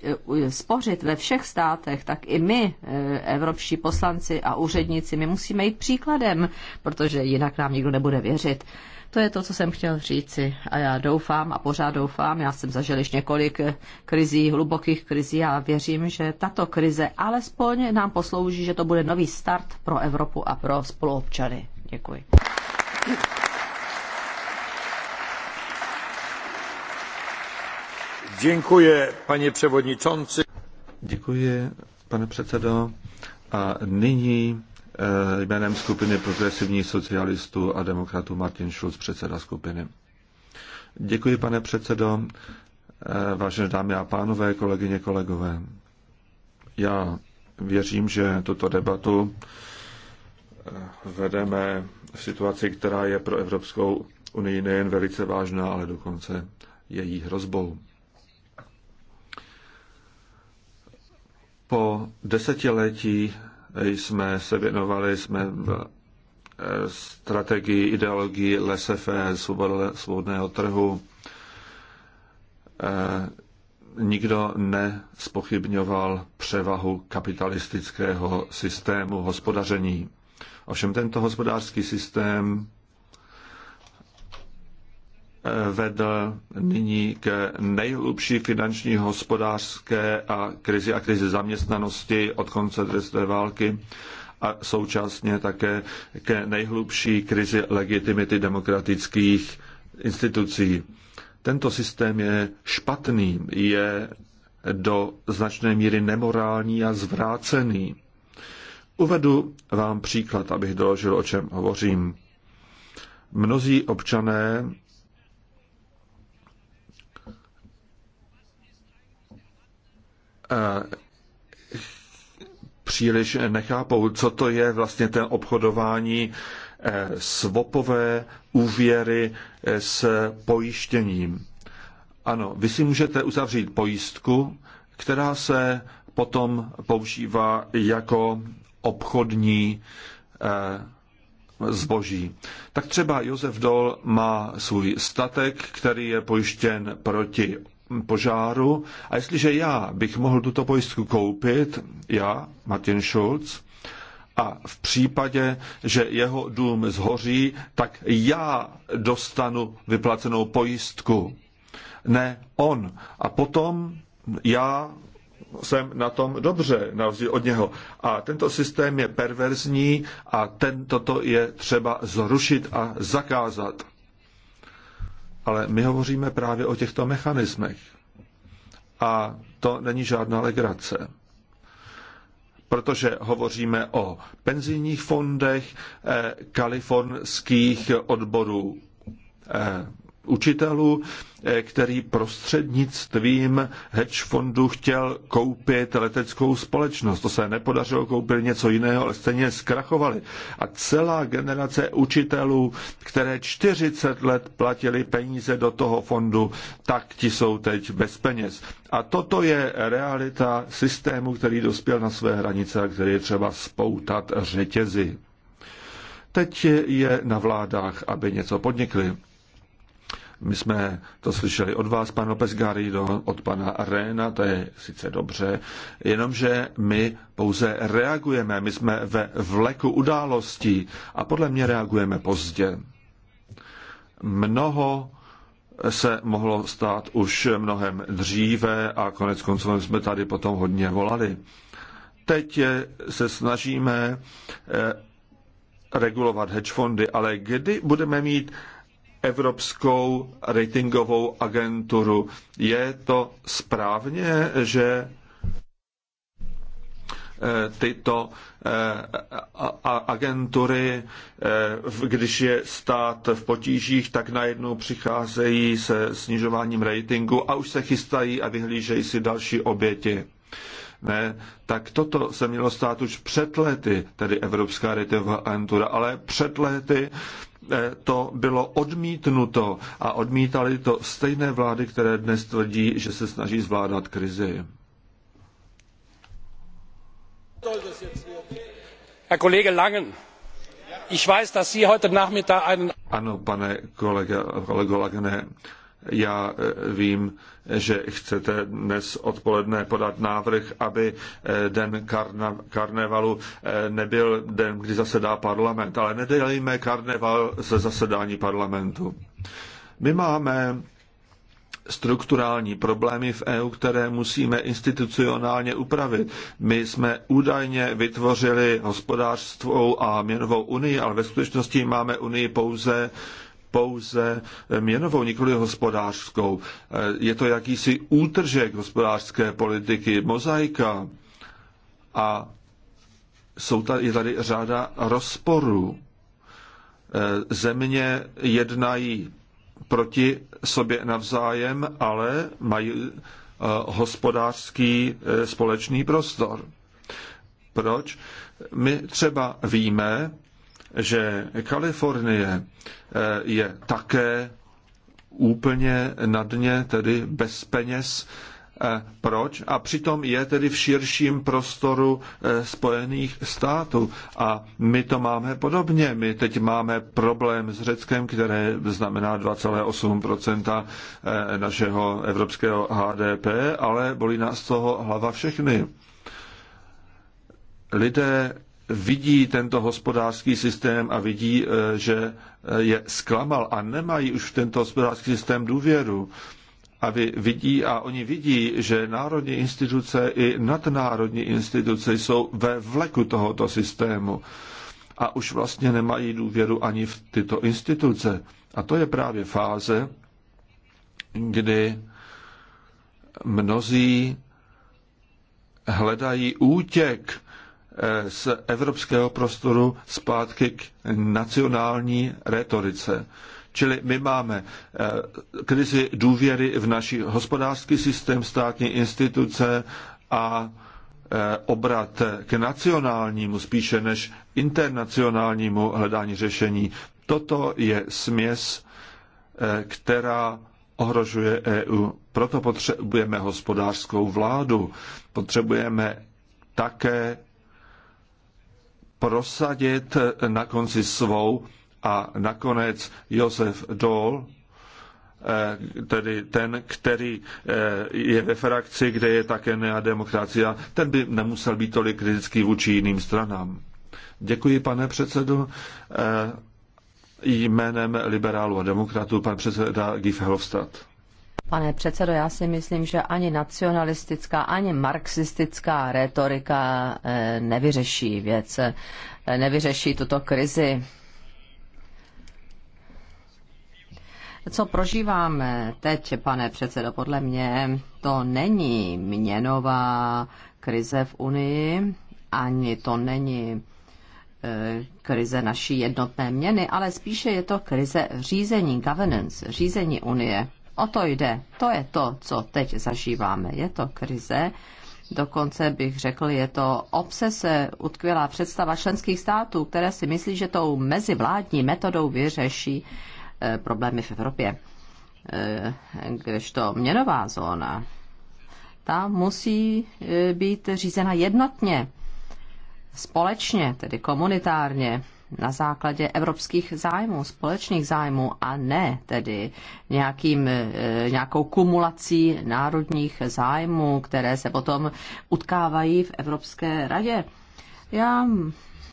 Eh, spořit ve všech státech, tak i my, eh, evropští poslanci a úředníci, my musíme jít příkladem, protože jinak nám nikdo nebude věřit. To je to, co jsem chtěl říci a já doufám a pořád doufám, já jsem zažil již několik eh, krizí, hlubokých krizí a věřím, že tato krize alespoň nám poslouží, že to bude nový start pro Evropu a pro spoluobčany. Děkuji. pane předsedající. pane předsedo. A nyní e, jménem skupiny progresivních socialistů a demokratů Martin Schulz, předseda skupiny. Děkuji, pane předsedo. E, vážené dámy a pánové, kolegyně, kolegové. Já věřím, že tuto debatu e, vedeme v situaci, která je pro Evropskou unii nejen velice vážná, ale dokonce její hrozbou. Po desetiletí jsme se věnovali, jsme v eh, strategii, ideologii laissez svobodného trhu. Eh, nikdo nespochybňoval převahu kapitalistického systému hospodaření. Ovšem tento hospodářský systém vedl nyní k nejhlubší finanční, hospodářské a krizi a krizi zaměstnanosti od konce druhé války a současně také ke nejhlubší krizi legitimity demokratických institucí. Tento systém je špatný, je do značné míry nemorální a zvrácený. Uvedu vám příklad, abych doložil, o čem hovořím. Mnozí občané příliš nechápou, co to je vlastně ten obchodování eh, svopové úvěry eh, s pojištěním. Ano, vy si můžete uzavřít pojistku, která se potom používá jako obchodní eh, zboží. Tak třeba Josef Dol má svůj statek, který je pojištěn proti požáru. A jestliže já bych mohl tuto pojistku koupit, já, Martin Schulz, a v případě, že jeho dům zhoří, tak já dostanu vyplacenou pojistku, ne on. A potom já jsem na tom dobře, na rozdíl od něho. A tento systém je perverzní a tento je třeba zrušit a zakázat ale my hovoříme právě o těchto mechanismech. A to není žádná legrace. Protože hovoříme o penzijních fondech eh, kalifornských odborů eh, učitelů, eh, který prostřednictvím hedge fondu chtěl koupit leteckou společnost. To se nepodařilo, koupit něco jiného, ale stejně zkrachovali. A celá generace učitelů, které 40 let platili peníze do toho fondu, tak ti jsou teď bez peněz. A toto je realita systému, který dospěl na své hranice a který je třeba spoutat řetězy. Teď je na vládách, aby něco podnikly. My jsme to slyšeli od vás, pan López Garrido, od pana Arena, to je sice dobře, jenomže my pouze reagujeme, my jsme ve vleku událostí a podle mě reagujeme pozdě. Mnoho se mohlo stát už mnohem dříve a konec konců jsme tady potom hodně volali. Teď se snažíme eh, regulovat hedge fondy, ale kdy budeme mít Evropskou ratingovou agenturu. Je to správně, že eh, tyto eh, agentury, eh, když je stát v potížích, tak najednou přicházejí se snižováním ratingu a už se chystají a vyhlížejí si další oběti ne, tak toto se mělo stát už před lety, tedy Evropská ratingová agentura, ale před lety eh, to bylo odmítnuto a odmítali to stejné vlády, které dnes tvrdí, že se snaží zvládat krizi. Herr Kollege Langen, ich weiß, dass Sie heute Nachmittag einen... Ano, pane kolega, kolego Langene, já eh, vím, že chcete dnes odpoledne podat návrh, aby eh, den karna, karnevalu eh, nebyl den, kdy zasedá parlament, ale nedělejme karneval ze zasedání parlamentu. My máme strukturální problémy v EU, které musíme institucionálně upravit. My jsme údajně vytvořili hospodářstvou a měnovou unii, ale ve skutečnosti máme unii pouze pouze měnovou, nikoli hospodářskou. Je to jakýsi útržek hospodářské politiky, mozaika a jsou tady, je tady řada rozporů. Země jednají proti sobě navzájem, ale mají eh, hospodářský eh, společný prostor. Proč? My třeba víme, že Kalifornie eh, je také úplně na dně, tedy bez peněz. Eh, proč? A přitom je tedy v širším prostoru eh, Spojených států. A my to máme podobně. My teď máme problém s Řeckem, které znamená 2,8 našeho evropského HDP, ale bolí nás toho hlava všechny lidé vidí tento hospodářský systém a vidí, eh, že eh, je zklamal a nemají už v tento hospodářský systém důvěru. A vy vidí a oni vidí, že národní instituce i nadnárodní instituce jsou ve vleku tohoto systému a už vlastně nemají důvěru ani v tyto instituce. A to je právě fáze, kdy mnozí hledají útěk Eh, z evropského prostoru zpátky k nacionální retorice. Čili my máme eh, krizi důvěry v naší hospodářský systém, státní instituce a eh, obrat k nacionálnímu spíše než internacionálnímu hledání řešení. Toto je směs, která ohrožuje EU. Proto potřebujeme hospodářskou vládu. Potřebujeme také prosadit na konci svou a nakonec Josef Dol, eh, tedy ten, který eh, je ve frakci, kde je také nea demokracia, ten by nemusel být tolik kritický vůči jiným stranám. Děkuji, pane předsedo. Eh, jménem liberálů a demokratů pan předseda Giffelhofstadt. Pane předsedo, já si myslím, že ani nacionalistická, ani marxistická retorika eh, nevyřeší věc, eh, nevyřeší tuto krizi. Co prožíváme teď, pane předsedo, podle mě to není měnová krize v Unii, ani to není eh, krize naší jednotné měny, ale spíše je to krize řízení, governance, řízení Unie. O to jde. To je to, co teď zažíváme. Je to krize, Dokonce bych řekl, je to obsese utkvělá představa členských států, které si myslí, že tou mezivládní metodou vyřeší eh, problémy v Evropě. Eh, Když to měnová zóna, ta musí eh, být řízena jednotně, společně, tedy komunitárně na základě evropských zájmů, společných zájmů a ne tedy nějakým, e, nějakou kumulací národních zájmů, které se potom utkávají v Evropské radě. Já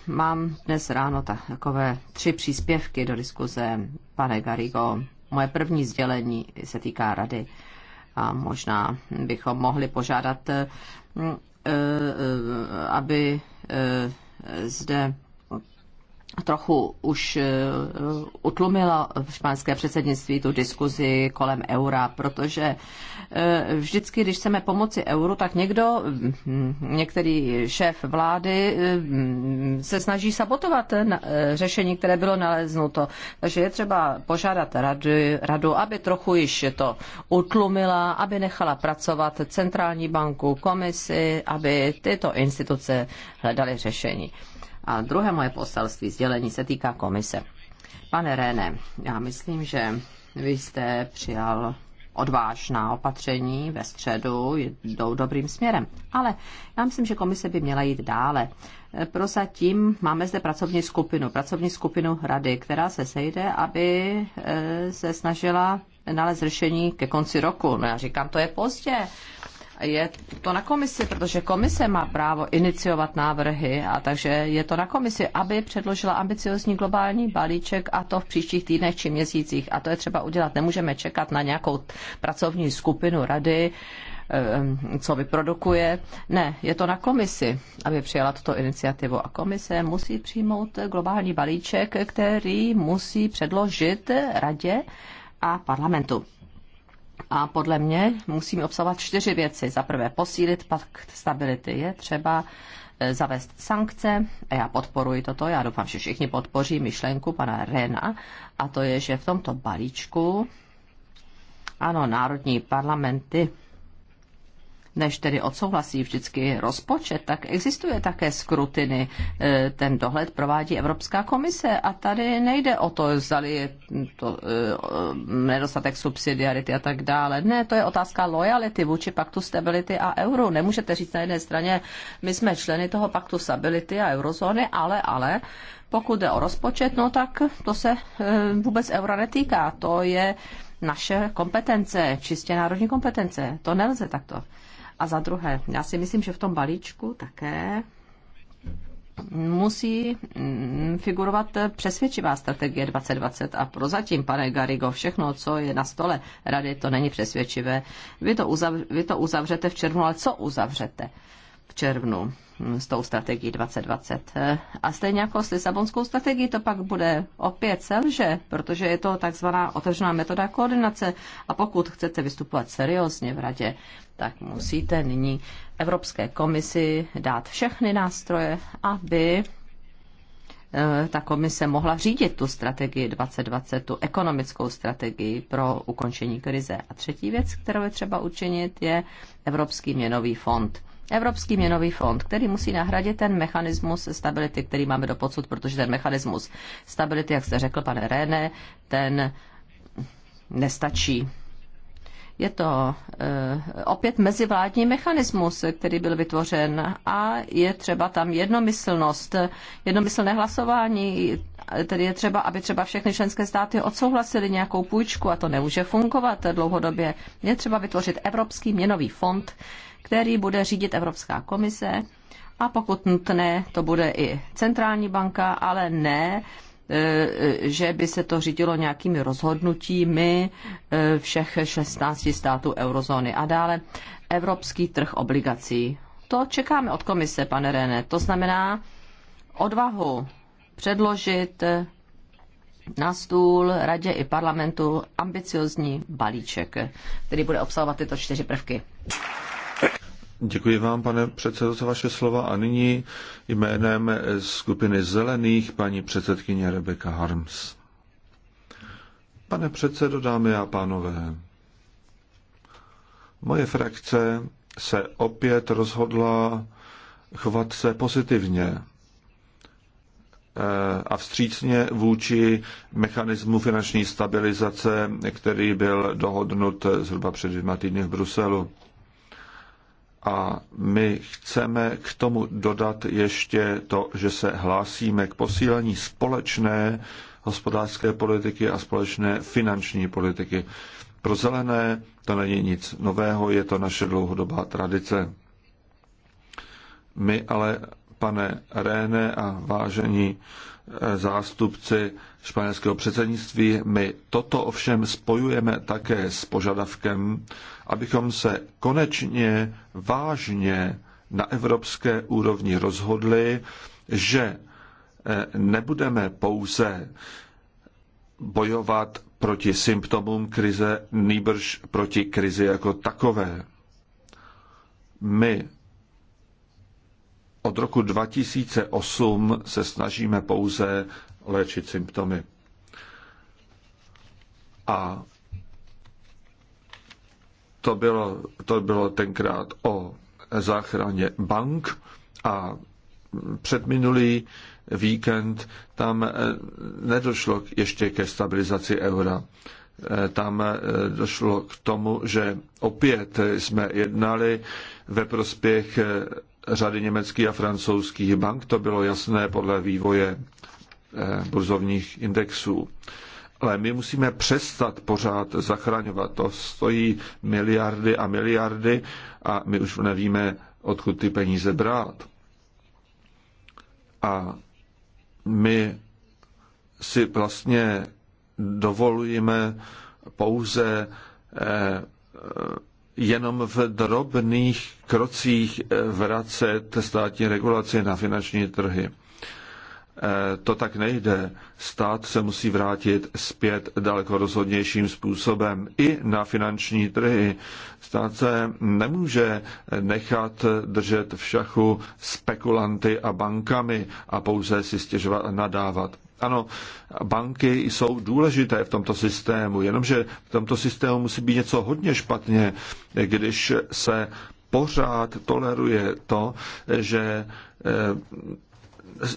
mám dnes ráno takové tři příspěvky do diskuze, pane Garigo. Moje první sdělení se týká rady a možná bychom mohli požádat, mm, e, e, aby zde trochu už e, utlumilo španělské předsednictví tu diskuzi kolem eura, protože e, vždycky, když chceme pomoci euru, tak někdo, mm, některý šéf vlády e, mm, se snaží sabotovat řešení, které bylo naleznuto. Takže je třeba požádat radu, radu aby trochu již to utlumila, aby nechala pracovat centrální banku, komisi, aby tyto instituce hledaly řešení. A druhé moje poselství sdělení se týká komise. Pane René, já myslím, že vy jste přijal odvážná opatření ve středu jdou dobrým směrem. Ale já myslím, že komise by měla jít dále. Prozatím máme zde pracovní skupinu, pracovní skupinu rady, která se sejde, aby eh, se snažila nalézt řešení ke konci roku. No já říkám, to je pozdě je to na komisi, protože komise má právo iniciovat návrhy a takže je to na komisi, aby předložila ambiciozní globální balíček a to v příštích týdnech či měsících. A to je třeba udělat. Nemůžeme čekat na nějakou pracovní skupinu rady, eh, co vyprodukuje. Ne, je to na komisi, aby přijala tuto iniciativu. A komise musí přijmout globální balíček, který musí předložit radě a parlamentu. A podle mě musíme obsahovat čtyři věci. Za prvé posílit pakt stability. Je třeba e, zavést sankce. A já podporuji toto, já doufám, že všichni podpoří myšlenku pana Rena. A to je, že v tomto balíčku, ano, národní parlamenty než tedy odsouhlasí vždycky rozpočet, tak existuje také skrutiny. E, ten dohled provádí Evropská komise a tady nejde o to, zdali je to e, nedostatek subsidiarity a tak dále. Ne, to je otázka lojality vůči paktu stability a euro. Nemůžete říct na jedné straně, my jsme členy toho paktu stability a eurozóny, ale, ale pokud jde o rozpočet, no tak to se e, vůbec eura netýká. To je naše kompetence, čistě národní kompetence. To nelze takto a za druhé, já si myslím, že v tom balíčku také musí mm, figurovat přesvědčivá strategie 2020 a prozatím, pane Garigo, všechno, co je na stole rady, to není přesvědčivé. Vy to, uzav, vy to uzavřete v červnu, ale co uzavřete v červnu? s tou strategií 2020. A stejně jako s Lisabonskou strategií to pak bude opět selže, protože je to takzvaná otevřená metoda koordinace a pokud chcete vystupovat seriózně v radě, tak musíte nyní Evropské komisi dát všechny nástroje, aby eh, ta komise mohla řídit tu strategii 2020, tu ekonomickou strategii pro ukončení krize. A třetí věc, kterou je třeba učinit, je Evropský měnový fond Evropský měnový fond, který musí nahradit ten mechanismus stability, který máme do podsud, protože ten mechanismus stability, jak jste řekl, pane René, ten nestačí. Je to uh, opět mezivládní mechanismus, který byl vytvořen a je třeba tam jednomyslnost, jednomyslné hlasování, tedy je třeba, aby třeba všechny členské státy odsouhlasily nějakou půjčku a to nemůže fungovat dlouhodobě. Je třeba vytvořit Evropský měnový fond, který bude řídit Evropská komise a pokud nutné, to bude i centrální banka, ale ne, e, e, že by se to řídilo nějakými rozhodnutími e, všech 16 států eurozóny. A dále evropský trh obligací. To čekáme od komise, pane René. To znamená odvahu předložit na stůl radě i parlamentu ambiciozní balíček, který bude obsahovat tyto čtyři prvky. Děkuji vám, pane předsedo, za vaše slova. A nyní jménem skupiny Zelených paní předsedkyně Rebecca Harms. Pane předsedo, dámy a pánové, moje frakce se opět rozhodla chovat se pozitivně eh, a vstřícně vůči mechanismu finanční stabilizace, který byl dohodnut zhruba před dvěma týdny v Bruselu. A my chceme k tomu dodat ještě to, že se hlásíme k posílení společné hospodářské politiky a společné finanční politiky. Pro zelené to není nic nového, je to naše dlouhodobá tradice. My ale, pane Réne a vážení eh, zástupci španělského předsednictví. My toto ovšem spojujeme také s požadavkem, abychom se konečně vážně na evropské úrovni rozhodli, že eh, nebudeme pouze bojovat proti symptomům krize, nýbrž proti krizi jako takové. My od roku 2008 se snažíme pouze léčit symptomy. A to bylo, to bylo tenkrát o záchraně bank a předminulý víkend tam eh, nedošlo ještě ke stabilizaci eura. Eh, tam eh, došlo k tomu, že opět jsme jednali ve prospěch řady německých a francouzských bank. To bylo jasné podle vývoje Eh, burzovních indexů. Ale my musíme přestat pořád zachraňovat. To stojí miliardy a miliardy a my už nevíme, odkud ty peníze brát. A my si vlastně dovolujeme pouze eh, jenom v drobných krocích eh, vracet státní regulaci na finanční trhy. Eh, to tak nejde. Stát se musí vrátit zpět daleko rozhodnějším způsobem i na finanční trhy. Stát se nemůže nechat držet v šachu spekulanty a bankami a pouze si stěžovat a nadávat. Ano, banky jsou důležité v tomto systému, jenomže v tomto systému musí být něco hodně špatně, když se pořád toleruje to, že eh,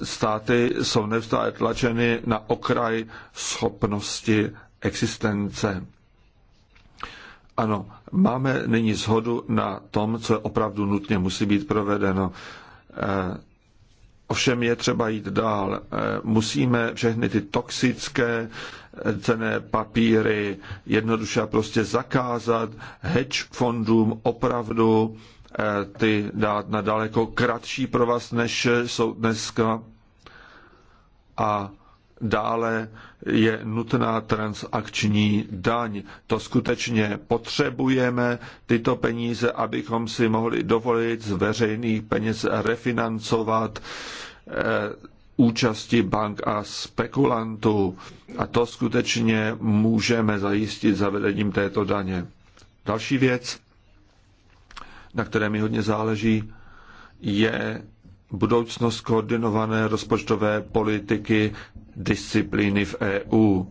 státy jsou neustále tlačeny na okraj schopnosti existence. Ano, máme nyní shodu na tom, co opravdu nutně musí být provedeno. Eh, ovšem je třeba jít dál. Eh, musíme všechny ty toxické eh, cené papíry jednoduše prostě zakázat hedge fondům opravdu Eh, ty dát na daleko kratší provaz, než eh, jsou dneska. A dále je nutná transakční daň. To skutečně potřebujeme, tyto peníze, abychom si mohli dovolit z veřejných peněz refinancovat eh, účasti bank a spekulantů. A to skutečně můžeme zajistit zavedením této daně. Další věc na které mi hodně záleží, je budoucnost koordinované rozpočtové politiky disciplíny v EU. E,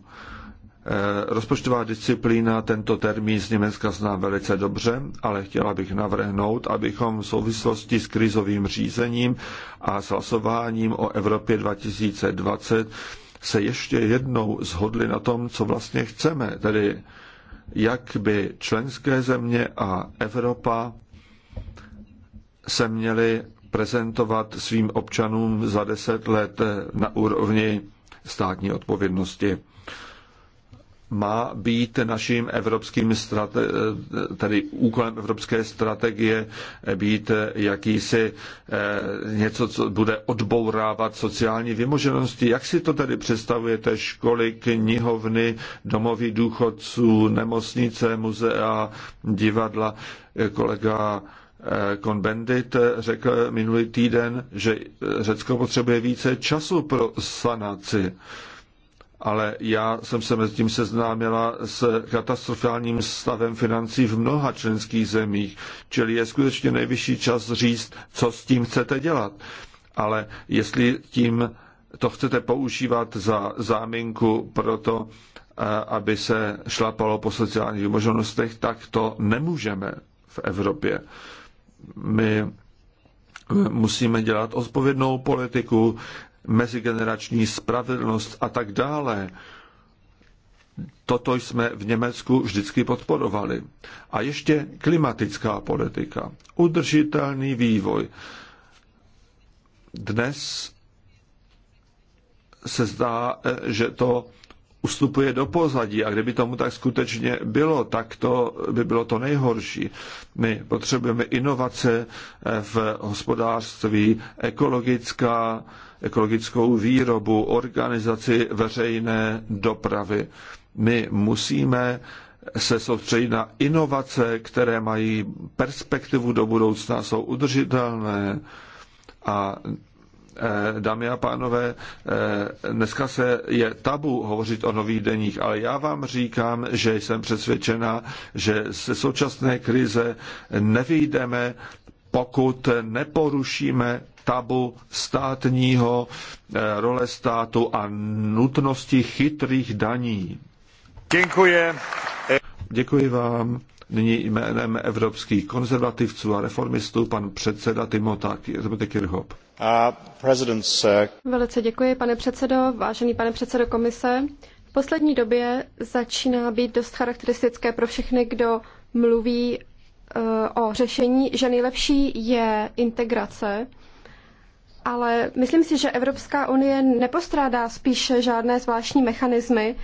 rozpočtová disciplína, tento termín z Německa znám velice dobře, ale chtěla bych navrhnout, abychom v souvislosti s krizovým řízením a s hlasováním o Evropě 2020 se ještě jednou zhodli na tom, co vlastně chceme, tedy jak by členské země a Evropa se měly prezentovat svým občanům za deset let na úrovni státní odpovědnosti. Má být naším evropským strate, tedy úkolem evropské strategie být jakýsi eh, něco, co bude odbourávat sociální vymoženosti. Jak si to tedy představujete? Školy, knihovny, domovy důchodců, nemocnice, muzea, divadla. Eh, kolega Konbendit řekl minulý týden, že Řecko potřebuje více času pro sanaci. Ale já jsem se mezi tím seznámila s katastrofálním stavem financí v mnoha členských zemích, čili je skutečně nejvyšší čas říct, co s tím chcete dělat. Ale jestli tím to chcete používat za záminku pro to, eh, aby se šlapalo po sociálních možnostech, tak to nemůžeme v Evropě my eh, musíme dělat odpovědnou politiku, mezigenerační spravedlnost a tak dále. Toto jsme v Německu vždycky podporovali. A ještě klimatická politika, udržitelný vývoj. Dnes se zdá, eh, že to ustupuje do pozadí a kdyby tomu tak skutečně bylo, tak to by bylo to nejhorší. My potřebujeme inovace v hospodářství, ekologická, ekologickou výrobu, organizaci veřejné dopravy. My musíme se soustředit na inovace, které mají perspektivu do budoucna, jsou udržitelné a Eh, dámy a pánové, eh, dneska se je tabu hovořit o nových deních, ale já vám říkám, že jsem přesvědčena, že se současné krize nevyjdeme, pokud neporušíme tabu státního eh, role státu a nutnosti chytrých daní. Děkuji. Děkuji vám. Nyní jménem evropských konzervativců a reformistů pan předseda Timota Kirchhoff. Uh, Velice děkuji, pane předsedo, vážený pane předsedo komise. V poslední době začíná být dost charakteristické pro všechny, kdo mluví uh, o řešení, že nejlepší je integrace ale myslím si, že Evropská unie nepostrádá spíše žádné zvláštní mechanismy,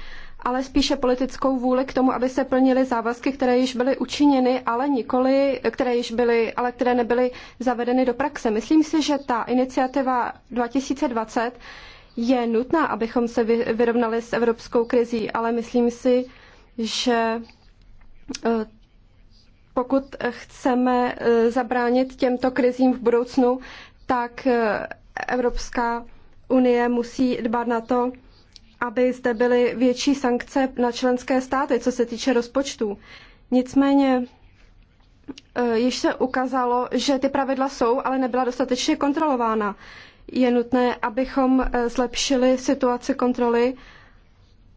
ale spíše politickou vůli k tomu, aby se plnily závazky, které již byly učiněny, ale nikoli, které již byly, ale které nebyly zavedeny do praxe. Myslím si, že ta iniciativa 2020 je nutná, abychom se vyrovnali s evropskou krizí, ale myslím si, že eh, pokud chceme eh, zabránit těmto krizím v budoucnu, tak eh, Evropská unie musí dbát na to, aby zde byly větší sankce na členské státy, co se týče rozpočtů. Nicméně e, již se ukázalo, že ty pravidla jsou, ale nebyla dostatečně kontrolována. Je nutné, abychom e, zlepšili situaci kontroly,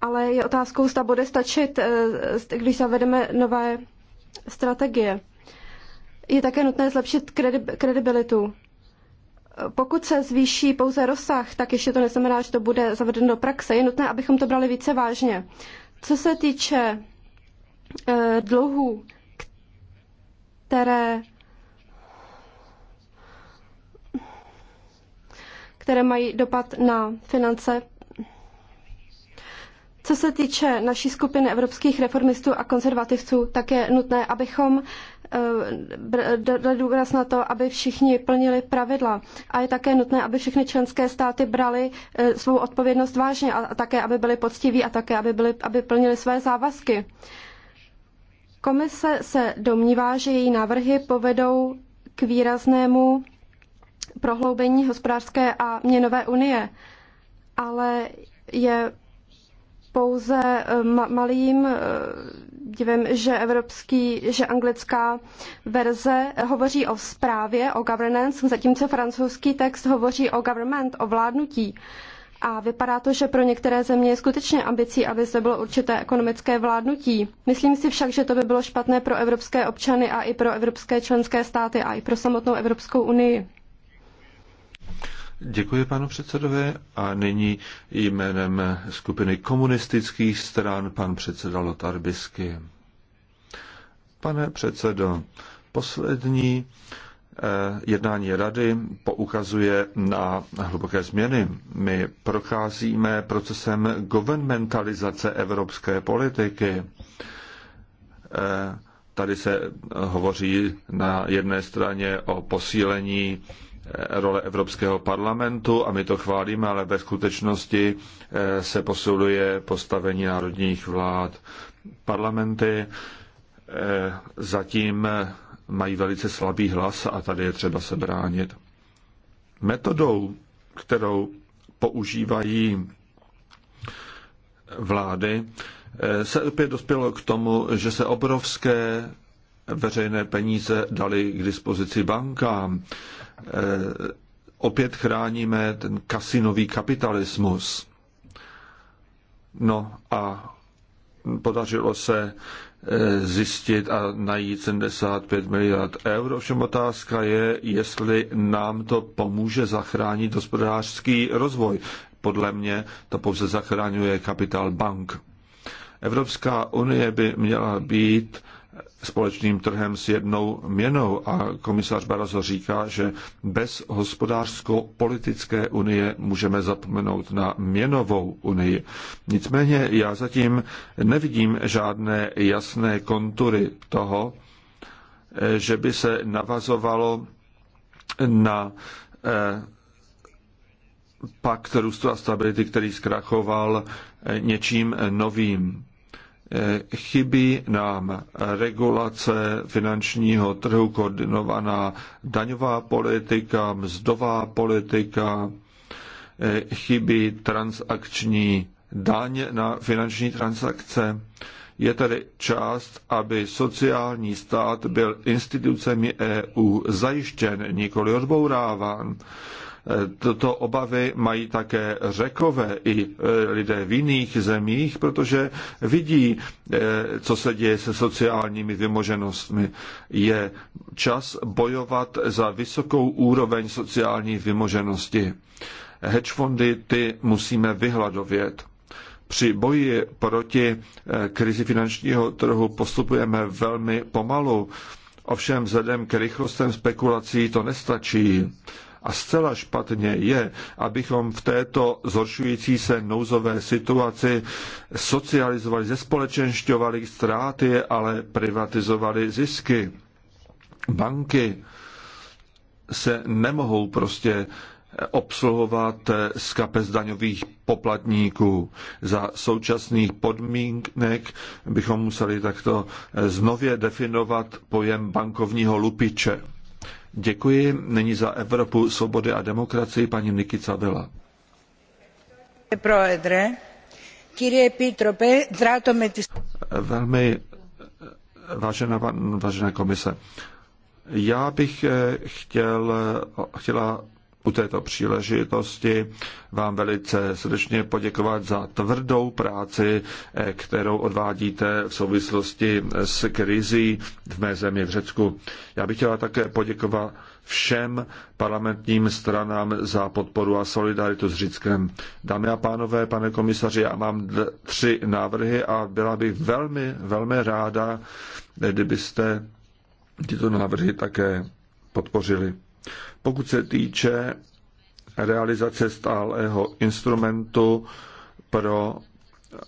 ale je otázkou, zda bude stačit, e, když zavedeme nové strategie. Je také nutné zlepšit kredibilitu pokud se zvýší pouze rozsah, tak ještě to neznamená, že to bude zavedeno do praxe. Je nutné, abychom to brali více vážně. Co se týče eh, dluhů, které které mají dopad na finance. Co se týče naší skupiny evropských reformistů a konzervativců, tak je nutné, abychom Eh, dali důraz na to, aby všichni plnili pravidla. A je také nutné, aby všechny členské státy brali eh, svou odpovědnost vážně a také, aby byli poctiví a také, aby, byli, aby plnili své závazky. Komise se domnívá, že její návrhy povedou k výraznému prohloubení hospodářské a měnové unie, ale je pouze eh, malým divím, že evropský, že anglická verze hovoří o zprávě, o governance, zatímco francouzský text hovoří o government, o vládnutí. A vypadá to, že pro některé země je skutečně ambicí, aby zde bylo určité ekonomické vládnutí. Myslím si však, že to by bylo špatné pro evropské občany a i pro evropské členské státy a i pro samotnou Evropskou unii. Děkuji panu předsedovi a nyní jménem skupiny komunistických stran pan předseda Lotar Bisky. Pane předsedo, poslední eh, jednání rady poukazuje na hluboké změny. My procházíme procesem governmentalizace evropské politiky. Eh, tady se hovoří na jedné straně o posílení Eh, role Evropského parlamentu a my to chválíme, ale ve skutečnosti eh, se posiluje postavení národních vlád. Parlamenty eh, zatím mají velice slabý hlas a tady je třeba se bránit. Metodou, kterou používají vlády, se opět dospělo k tomu, že se obrovské veřejné peníze dali k dispozici bankám. Eh, opět chráníme ten kasinový kapitalismus. No a podařilo se eh, zjistit a najít 75 miliard eur. Všem otázka je, jestli nám to pomůže zachránit hospodářský rozvoj. Podle mě to pouze zachraňuje kapitál bank. Evropská unie by měla být společným trhem s jednou měnou a komisař Barroso říká, že bez hospodářsko-politické unie můžeme zapomenout na měnovou unii. Nicméně já zatím nevidím žádné jasné kontury toho, že by se navazovalo na eh, pakt růstu a stability, který zkrachoval eh, něčím novým. Eh, chybí nám regulace finančního trhu, koordinovaná daňová politika, mzdová politika, eh, chybí transakční daň na finanční transakce. Je tedy část, aby sociální stát byl institucemi EU zajištěn, nikoli odbouráván. Toto obavy mají také řekové i e, lidé v jiných zemích, protože vidí, e, co se děje se sociálními vymoženostmi. Je čas bojovat za vysokou úroveň sociální vymoženosti. Hedgefondy ty musíme vyhladovět. Při boji proti e, krizi finančního trhu postupujeme velmi pomalu. Ovšem vzhledem k rychlostem spekulací to nestačí. A zcela špatně je, abychom v této zhoršující se nouzové situaci socializovali, zespolečenšťovali ztráty, ale privatizovali zisky. Banky se nemohou prostě obsluhovat z kapes daňových poplatníků. Za současných podmínek bychom museli takto znově definovat pojem bankovního lupiče. Děkuji. Nyní za Evropu svobody a demokracii paní Nikica Vela. Velmi vážená, vážená komise. Já bych eh, chtěl, eh, chtěla u této příležitosti vám velice srdečně poděkovat za tvrdou práci, eh, kterou odvádíte v souvislosti s krizí v mé zemi v Řecku. Já bych chtěla také poděkovat všem parlamentním stranám za podporu a solidaritu s Řickem. Dámy a pánové, pane komisaři, já mám tři návrhy a byla bych velmi, velmi ráda, kdybyste tyto návrhy také podpořili. Pokud se týče realizace stálého instrumentu pro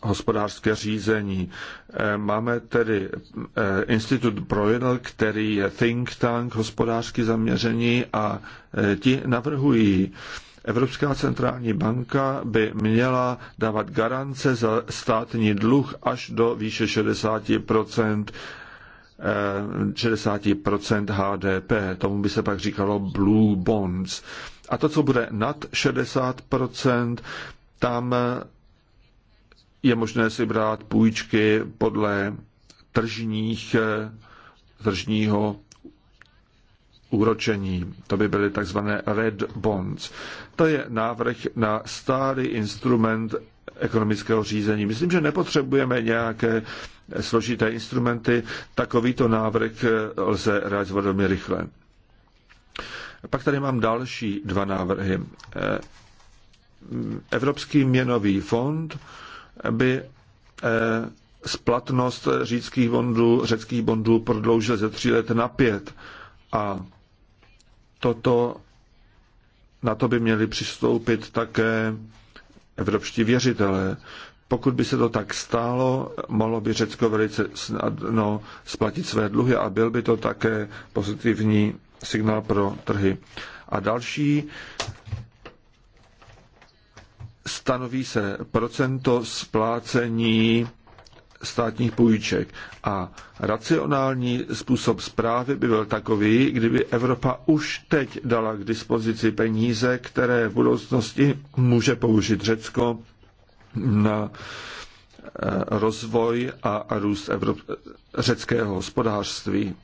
hospodářské řízení. Eh, máme tedy eh, Institut Broil, který je think tank hospodářsky zaměření a eh, ti navrhují, Evropská centrální banka by měla dávat garance za státní dluh až do výše 60 60% eh, HDP. Tomu by se pak říkalo blue bonds. A to, co bude nad 60%, tam eh, je možné si brát půjčky podle tržních, eh, tržního úročení. To by byly takzvané red bonds. To je návrh na stálý instrument ekonomického řízení. Myslím, že nepotřebujeme nějaké složité instrumenty, takovýto návrh eh, lze realizovat velmi rychle. Pak tady mám další dva návrhy. Eh, Evropský měnový fond by eh, splatnost řídských bondů, řeckých bondů prodloužil ze tří let na pět a toto, na to by měli přistoupit také evropští věřitelé. Pokud by se to tak stálo, mohlo by Řecko velice snadno splatit své dluhy a byl by to také pozitivní signál pro trhy. A další stanoví se procento splácení státních půjček. A racionální způsob zprávy by byl takový, kdyby Evropa už teď dala k dispozici peníze, které v budoucnosti může použít Řecko na eh, rozvoj a růst Evrop- řeckého hospodářství.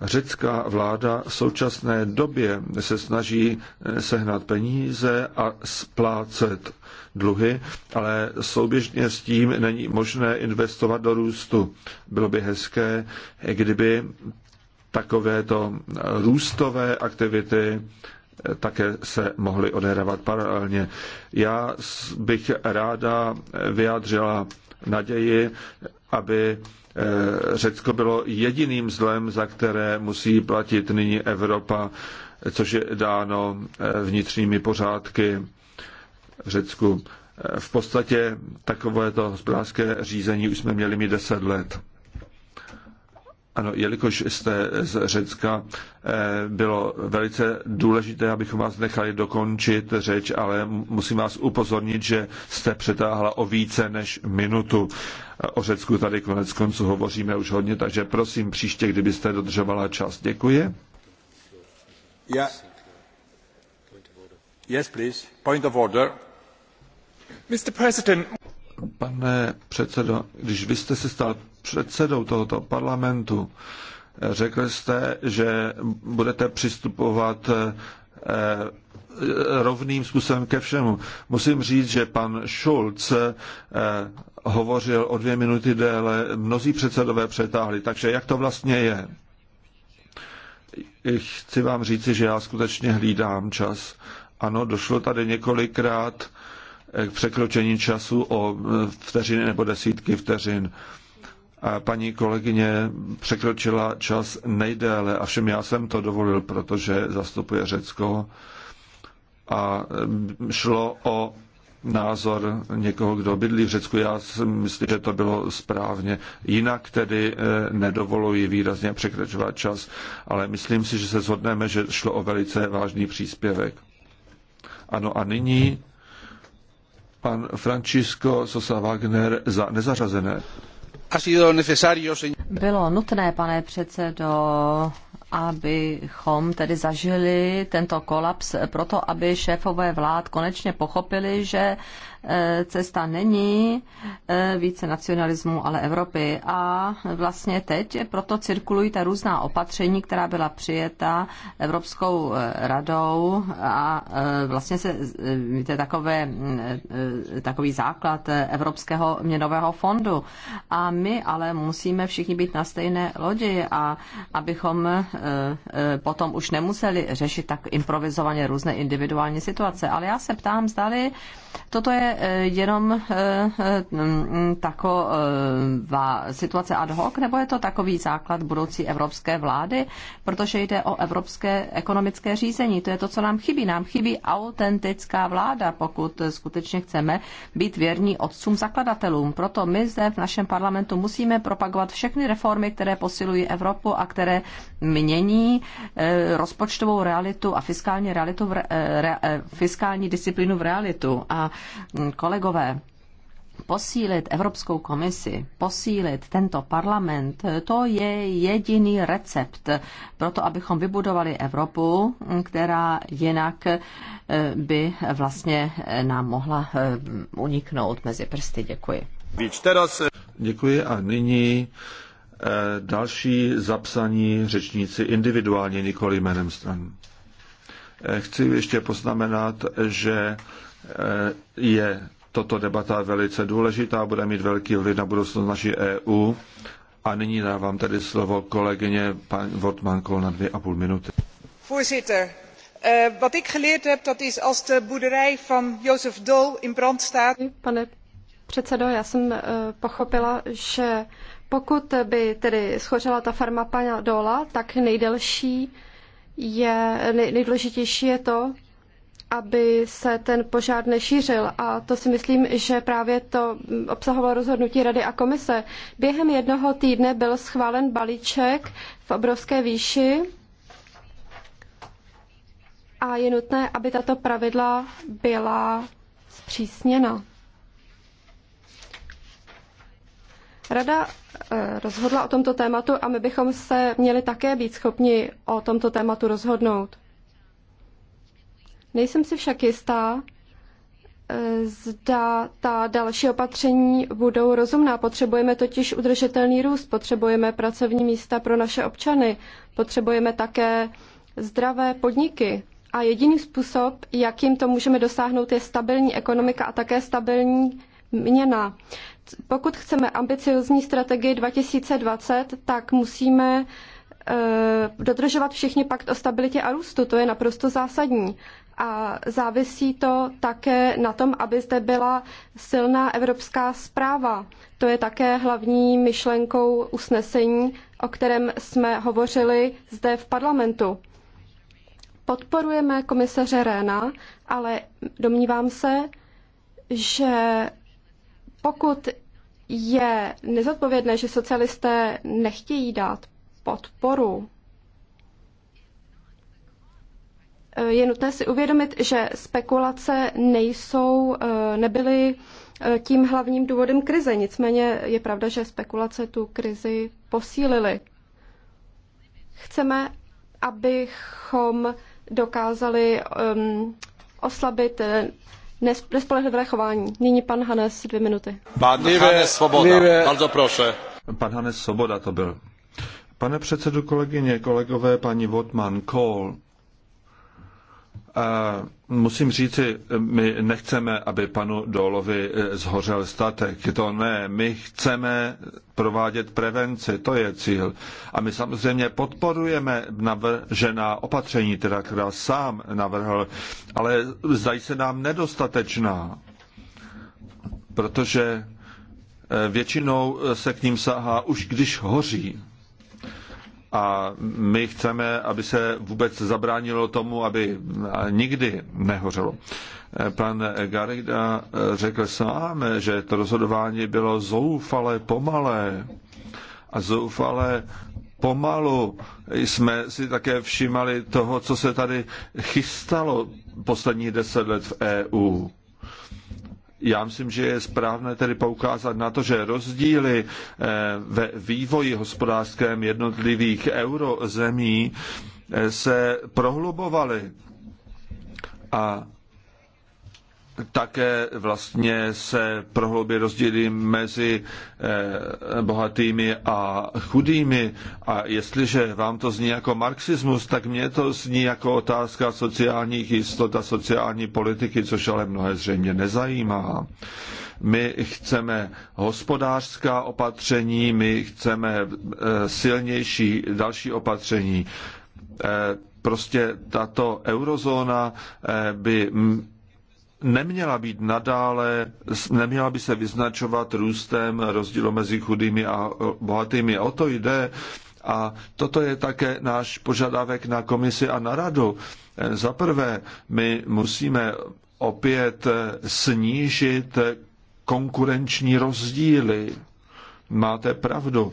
Řecká vláda v současné době se snaží eh, sehnat peníze a splácet dluhy, ale souběžně s tím není možné investovat do růstu. Bylo by hezké, kdyby takovéto růstové aktivity také se mohly odehrávat paralelně. Já bych ráda vyjádřila naději, aby eh, Řecko bylo jediným zlem, za které musí platit nyní Evropa, což je dáno eh, vnitřními pořádky v Řecku. Eh, v podstatě takovéto hospodářské řízení už jsme měli mít deset let. Ano, jelikož jste z Řecka, eh, bylo velice důležité, abychom vás nechali dokončit řeč, ale musím vás upozornit, že jste přetáhla o více než minutu. Eh, o Řecku tady konec konců hovoříme už hodně, takže prosím příště, kdybyste dodržovala čas. Děkuji. Ja. Yes, please. Point of order. Mr. President pane předsedo, když vy jste se stal předsedou tohoto parlamentu, řekl jste, že budete přistupovat eh, rovným způsobem ke všemu. Musím říct, že pan Schulz eh, hovořil o dvě minuty déle, mnozí předsedové přetáhli, takže jak to vlastně je? Chci vám říci, že já skutečně hlídám čas. Ano, došlo tady několikrát k překročení času o e, vteřiny nebo desítky vteřin. A paní kolegyně překročila čas nejdéle, a všem já jsem to dovolil, protože zastupuje Řecko a šlo o názor někoho, kdo bydlí v Řecku. Já si myslím, že to bylo správně. Jinak tedy e, nedovoluji výrazně překračovat čas, ale myslím si, že se shodneme, že šlo o velice vážný příspěvek. Ano a nyní pan Francisco Sosa Wagner za nezařazené. Bylo nutné, pane předsedo, abychom tedy zažili tento kolaps proto, aby šéfové vlád konečně pochopili, že Eh, cesta není eh, více nacionalismu, ale Evropy. A vlastně teď proto cirkulují ta různá opatření, která byla přijeta Evropskou eh, radou a vlastně se, víte takové, takový základ Evropského měnového fondu. A my ale musíme všichni být na stejné lodi a abychom potom už nemuseli řešit tak improvizovaně různé individuální situace. Ale já se ptám, zdali Toto je eh, jenom eh, eh, mm, taková situace ad hoc, nebo je to takový základ budoucí evropské vlády, protože jde o evropské ekonomické řízení. To je to, co nám chybí. Nám chybí autentická vláda, pokud skutečně chceme být věrní otcům zakladatelům. Proto my zde v našem parlamentu musíme propagovat všechny reformy, které posilují Evropu a které mění rozpočtovou realitu a fiskální, realitu v re, fiskální disciplínu v realitu. A kolegové, posílit Evropskou komisi, posílit tento parlament, to je jediný recept pro to, abychom vybudovali Evropu, která jinak e, by vlastně e, nám mohla e, uniknout mezi prsty. Děkuji. Děkuji a nyní další zapsaní řečníci individuálně, nikoli jménem stran. Chci ještě poznamenat, že Eh, je toto debata velice důležitá, bude mít velký vliv na budoucnost naší EU. A nyní dávám tedy slovo kolegyně pan Wortmanko na dvě a půl minuty. Voorzitter, uh, wat ik geleerd heb, dat is als de boerderij van Jozef Dol in brand staat. Pane předsedo, já jsem uh, pochopila, že pokud by tedy schořela ta farma pana Dola, tak nejdelší je, nej, nejdůležitější je to, aby se ten požár nešířil. A to si myslím, že právě to obsahovalo rozhodnutí Rady a komise. Během jednoho týdne byl schválen balíček v obrovské výši a je nutné, aby tato pravidla byla zpřísněna. Rada eh, rozhodla o tomto tématu a my bychom se měli také být schopni o tomto tématu rozhodnout. Nejsem si však jistá, eh, zda ta další opatření budou rozumná. Potřebujeme totiž udržitelný růst, potřebujeme pracovní místa pro naše občany, potřebujeme také zdravé podniky. A jediný způsob, jakým to můžeme dosáhnout, je stabilní ekonomika a také stabilní měna. Pokud chceme ambiciozní strategii 2020, tak musíme eh, dodržovat všichni pakt o stabilitě a růstu. To je naprosto zásadní a závisí to také na tom, aby zde byla silná evropská zpráva. To je také hlavní myšlenkou usnesení, o kterém jsme hovořili zde v parlamentu. Podporujeme komisaře Réna, ale domnívám se, že pokud je nezodpovědné, že socialisté nechtějí dát podporu je nutné si uvědomit, že spekulace nejsou, eh, nebyly eh, tím hlavním důvodem krize. Nicméně je pravda, že spekulace tu krizi posílily. Chceme, abychom dokázali um, oslabit eh, nespolehlivé chování. Nyní pan Hanes, dvě minuty. Pan Hanes Svoboda, bardzo proszę. Pan Hanes Svoboda to byl. Pane předsedu, kolegyně, kolegové, paní Votman, Kohl, Musím říci, my nechceme, aby panu Dolovi eh, zhořel statek. To ne. My chceme provádět prevenci, to je cíl. A my samozřejmě podporujeme navržená opatření, teda, která sám navrhl, ale zdají se nám nedostatečná, protože eh, většinou se k ním sahá už když hoří. A my chceme, aby se vůbec zabránilo tomu, aby nikdy nehořelo. Pan Garida řekl sám, že to rozhodování bylo zoufale pomalé. A zoufale pomalu jsme si také všimali toho, co se tady chystalo posledních deset let v EU já myslím, že je správné tedy poukázat na to, že rozdíly eh, ve vývoji hospodářském jednotlivých eurozemí eh, se prohlubovaly. A také vlastně se prohloubí rozdíly mezi eh, bohatými a chudými. A jestliže vám to zní jako marxismus, tak mně to zní jako otázka sociálních jistot a sociální politiky, což ale mnohé zřejmě nezajímá. My chceme hospodářská opatření, my chceme eh, silnější další opatření. Eh, prostě tato eurozóna by neměla být nadále, neměla by se vyznačovat růstem rozdílu mezi chudými a bohatými. O to jde. A toto je také náš požadavek na komisi a na radu. Za prvé, my musíme opět snížit konkurenční rozdíly. Máte pravdu.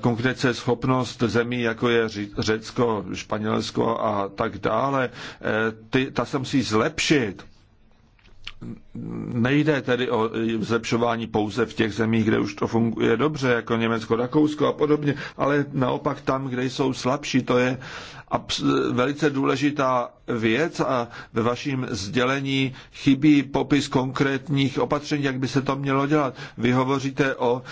Konkrétně schopnost zemí, jako je Řecko, Španělsko a tak dále, eh, ty, ta se musí zlepšit nejde tedy o zlepšování pouze v těch zemích, kde už to funguje dobře, jako Německo, Rakousko a podobně, ale naopak tam, kde jsou slabší, to je velice důležitá věc a ve vašem sdělení chybí popis konkrétních opatření, jak by se to mělo dělat. Vy hovoříte o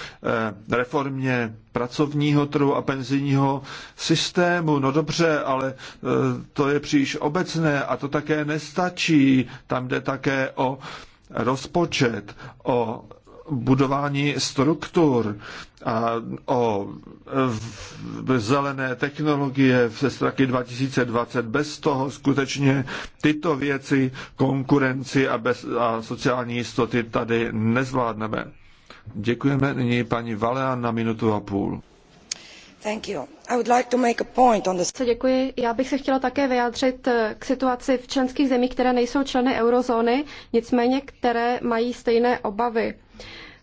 eh, reformě pracovního trhu a penzijního systému. No dobře, ale eh, to je příliš obecné a to také nestačí. Tam jde také o rozpočet, o budování struktur a o zelené technologie v sestraky 2020. Bez toho skutečně tyto věci, konkurenci a, bez, a sociální jistoty tady nezvládneme. Děkujeme nyní paní Valean na minutu a půl. Děkuji. Já bych se chtěla také vyjádřit eh, k situaci v členských zemích, které nejsou členy eurozóny, nicméně které mají stejné obavy.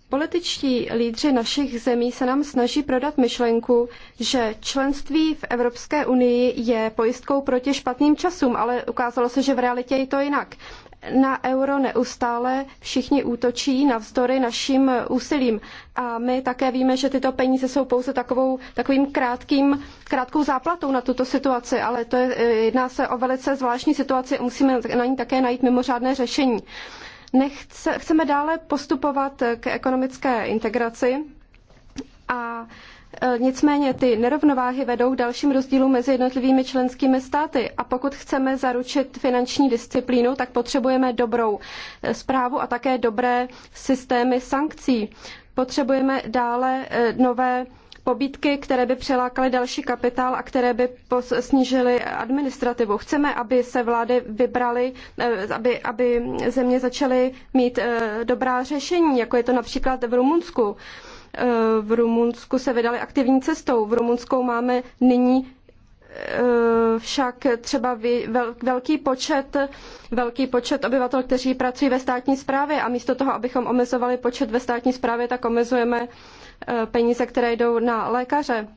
Političtí lídři našich zemí se nám snaží prodat myšlenku, že členství v Evropské unii je pojistkou proti špatným časům, ale ukázalo se, že v realitě je to jinak. Na euro neustále všichni útočí navzdory našim úsilím. A my také víme, že tyto peníze jsou pouze takovou, takovým krátkým, krátkou záplatou na tuto situaci, ale to je, eh, jedná se o velice zvláštní situaci a musíme na ní také najít mimořádné řešení. Nechce, chceme dále postupovat k ekonomické integraci a e, Nicméně ty nerovnováhy vedou k dalším rozdílům mezi jednotlivými členskými státy a pokud chceme zaručit finanční disciplínu, tak potřebujeme dobrou správu e, a také dobré systémy sankcí. Potřebujeme dále e, nové pobídky, které by přilákaly další kapitál a které by snížily administrativu. Chceme, aby se vlády vybraly, eh, aby, aby země začaly mít eh, dobrá řešení, jako je to například v Rumunsku. Eh, v Rumunsku se vydali aktivní cestou. V Rumunsku máme nyní však třeba velký počet, velký počet obyvatel, kteří pracují ve státní správě a místo toho, abychom omezovali počet ve státní správě, tak omezujeme Eh, peníze, které jdou na lékaře.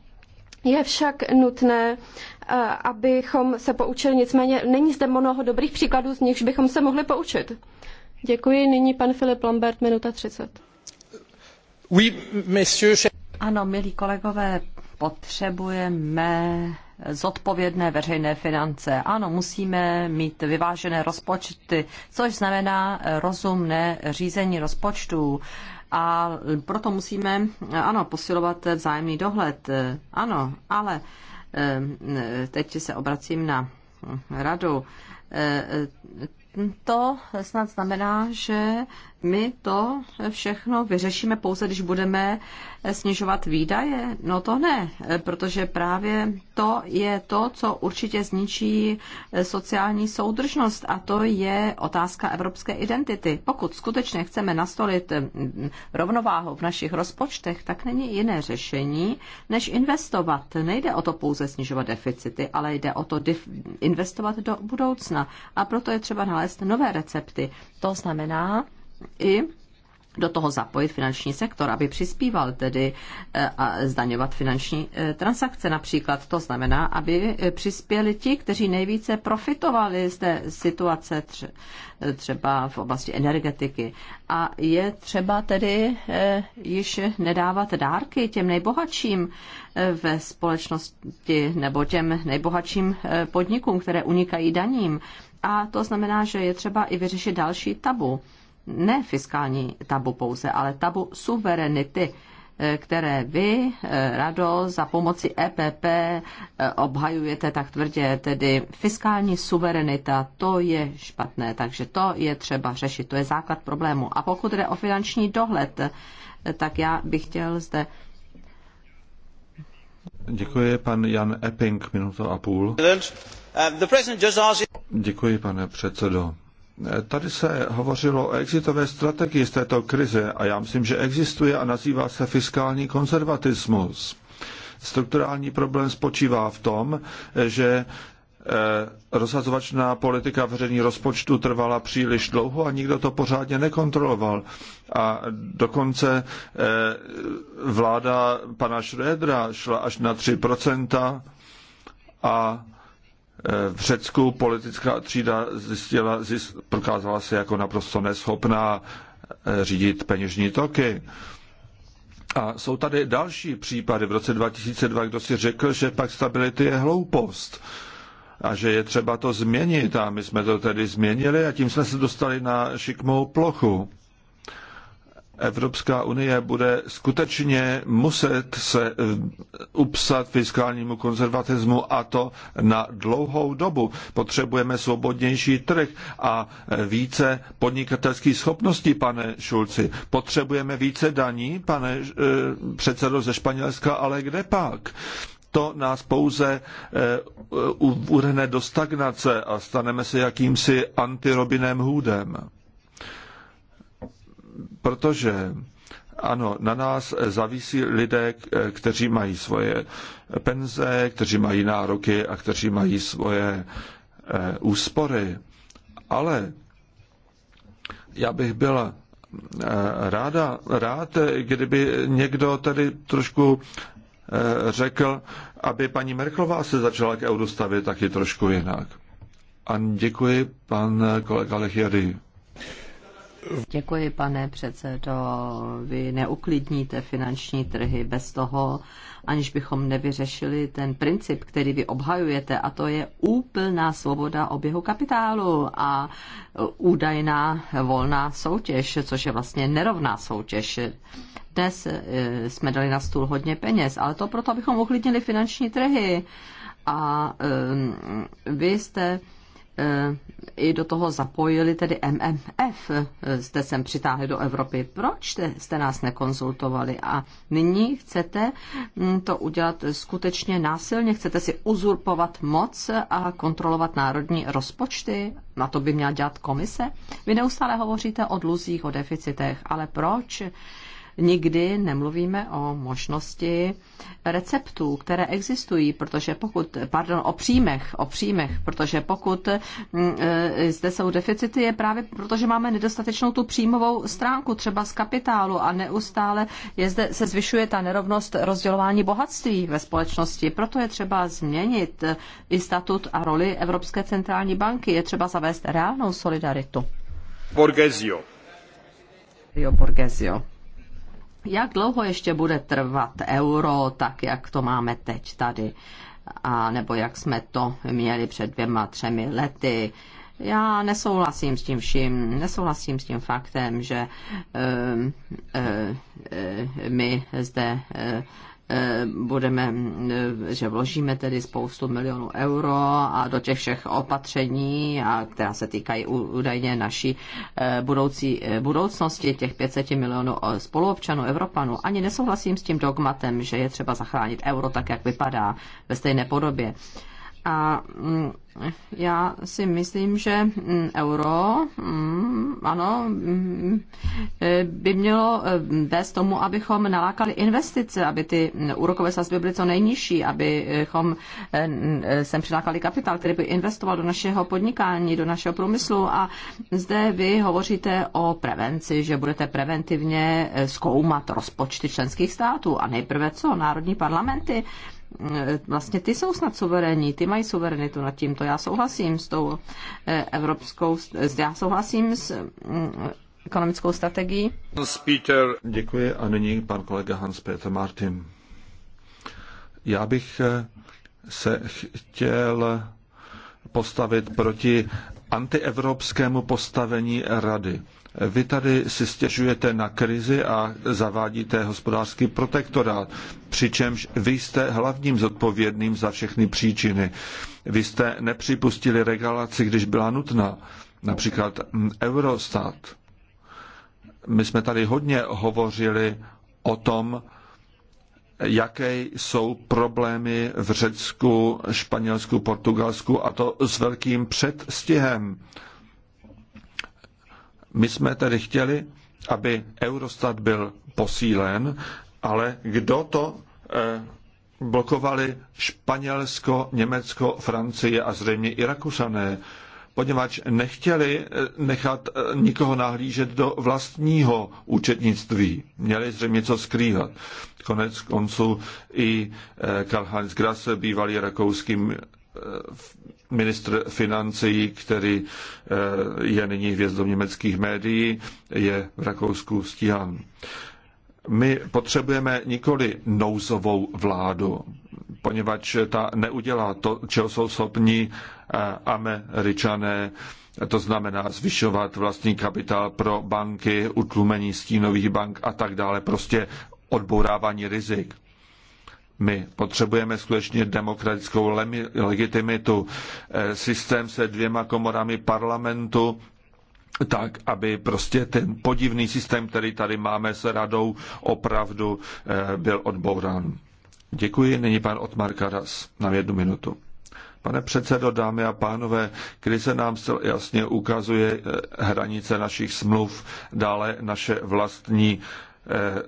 Je však nutné, eh, abychom se poučili, nicméně není zde mnoho dobrých příkladů, z nichž bychom se mohli poučit. Děkuji. Nyní pan Filip Lambert, minuta 30. Oui, monsieur... Ano, milí kolegové, potřebujeme zodpovědné veřejné finance. Ano, musíme mít vyvážené rozpočty, což znamená rozumné řízení rozpočtů a proto musíme, ano, posilovat vzájemný dohled, ano, ale eh, teď se obracím na radu. Eh, to snad znamená, že my to všechno vyřešíme pouze, když budeme snižovat výdaje? No to ne, protože právě to je to, co určitě zničí sociální soudržnost a to je otázka evropské identity. Pokud skutečně chceme nastolit rovnováhu v našich rozpočtech, tak není jiné řešení, než investovat. Nejde o to pouze snižovat deficity, ale jde o to investovat do budoucna. A proto je třeba nalézt nové recepty. To znamená, i do toho zapojit finanční sektor, aby přispíval tedy eh, a zdaňovat finanční eh, transakce například. To znamená, aby eh, přispěli ti, kteří nejvíce profitovali z té situace třeba v oblasti energetiky. A je třeba tedy již nedávat dárky těm nejbohatším ve společnosti nebo těm nejbohatším podnikům, které unikají daním. A to znamená, že je třeba i vyřešit další tabu ne fiskální tabu pouze, ale tabu suverenity, eh, které vy, eh, Rado, za pomoci EPP eh, obhajujete tak tvrdě, tedy fiskální suverenita, to je špatné, takže to je třeba řešit, to je základ problému. A pokud jde o finanční dohled, tak já bych chtěl zde Děkuji, pan Jan Epping, minuto a půl. Uh, Děkuji, pane předsedo. Tady se hovořilo o exitové strategii z této krize a já myslím, že existuje a nazývá se fiskální konzervatismus. Strukturální problém spočívá v tom, že eh, rozhazovačná politika veřejní rozpočtu trvala příliš dlouho a nikdo to pořádně nekontroloval. A dokonce eh, vláda pana Šrédra šla až na 3% a Eh, v Řecku politická třída zjistila, zjist, prokázala se jako naprosto neschopná eh, řídit peněžní toky. A jsou tady další případy. V roce 2002 kdo si řekl, že pak stability je hloupost a že je třeba to změnit. A my jsme to tedy změnili a tím jsme se dostali na šikmou plochu. Evropská unie bude skutečně muset se eh, upsat fiskálnímu konzervatismu a to na dlouhou dobu. Potřebujeme svobodnější trh a eh, více podnikatelských schopností, pane Šulci. Potřebujeme více daní, pane eh, předsedo ze Španělska, ale kde pak? to nás pouze uvrhne do stagnace a staneme se jakýmsi antirobinem hůdem protože ano, na nás zavisí lidé, kteří mají svoje penze, kteří mají nároky a kteří mají svoje eh, úspory. Ale já bych byla eh, ráda, rád, kdyby někdo tady trošku eh, řekl, aby paní Merklová se začala k euru taky trošku jinak. A děkuji, pan kolega Lechiery. Děkuji, pane předsedo. Vy neuklidníte finanční trhy bez toho, aniž bychom nevyřešili ten princip, který vy obhajujete, a to je úplná svoboda oběhu kapitálu a údajná volná soutěž, což je vlastně nerovná soutěž. Dnes eh, jsme dali na stůl hodně peněz, ale to proto, abychom uklidnili finanční trhy. A ehm, vy jste E, i do toho zapojili tedy MMF, jste sem přitáhli do Evropy. Proč jste nás nekonzultovali? A nyní chcete mm, to udělat skutečně násilně? Chcete si uzurpovat moc a kontrolovat národní rozpočty? Na to by měla dělat komise? Vy neustále hovoříte o dluzích, o deficitech, ale proč nikdy nemluvíme o možnosti receptů, které existují, protože pokud, pardon, o příjmech, o příjmech, protože pokud mm, e, zde jsou deficity, je právě protože máme nedostatečnou tu příjmovou stránku, třeba z kapitálu a neustále je zde, se zvyšuje ta nerovnost rozdělování bohatství ve společnosti. Proto je třeba změnit i statut a roli Evropské centrální banky. Je třeba zavést reálnou solidaritu. Borgesio. Jo, Borgesio jak dlouho ještě bude trvat euro, tak jak to máme teď tady, a nebo jak jsme to měli před dvěma, třemi lety. Já nesouhlasím s tím vším, nesouhlasím s tím faktem, že uh, uh, uh, my zde uh, Eh, budeme, eh, že vložíme tedy spoustu milionů euro a do těch všech opatření, a která se týkají údajně naší eh, budoucí budoucnosti, těch 500 milionů spoluobčanů Evropanů. Ani nesouhlasím s tím dogmatem, že je třeba zachránit euro tak, jak vypadá ve stejné podobě. A mm, já si myslím, že mm, euro, mm, ano, e, by mělo e, vést tomu, abychom nalákali investice, aby ty úrokové sazby byly co nejnižší, abychom e, sem přilákali kapitál, který by investoval do našeho podnikání, do našeho průmyslu. A zde vy hovoříte o prevenci, že budete preventivně zkoumat rozpočty členských států a nejprve co, národní parlamenty. E, vlastně ty jsou snad suverénní, ty mají suverenitu nad tímto. Já souhlasím s tou e, evropskou, já souhlasím s mm, ekonomickou strategií. Peter. Děkuji a nyní pan kolega Hans-Peter Martin. Já bych e, se chtěl postavit proti antievropskému postavení rady. Vy tady si stěžujete na krizi a zavádíte hospodářský protektorát, přičemž vy jste hlavním zodpovědným za všechny příčiny. Vy jste nepřipustili regalaci, když byla nutná, například hm, Eurostat. My jsme tady hodně hovořili o tom, jaké jsou problémy v Řecku, Španělsku, Portugalsku a to s velkým předstihem. My jsme tedy chtěli, aby Eurostat byl posílen, ale kdo to eh, blokovali Španělsko, Německo, Francie a zřejmě i Rakusané, poněvadž nechtěli eh, nechat eh, nikoho nahlížet do vlastního účetnictví. Měli zřejmě co skrývat. Konec konců i Karl-Heinz Grasse, bývalý rakouským ministr financí, který eh, je nyní hvězdou německých médií, je v Rakousku stíhan. My potřebujeme nikoli nouzovou vládu, poněvadž ta neudělá to, čeho jsou schopni eh, američané, to znamená zvyšovat vlastní kapitál pro banky, utlumení stínových bank a tak dále, prostě odbourávání rizik. My potřebujeme skutečně demokratickou legitimitu, eh, systém se dvěma komorami parlamentu, tak, aby prostě ten podivný systém, který tady máme s radou, opravdu eh, byl odbourán. Děkuji, nyní pan Otmar Karas na jednu minutu. Pane předsedo, dámy a pánové, krize nám zcela jasně ukazuje eh, hranice našich smluv, dále naše vlastní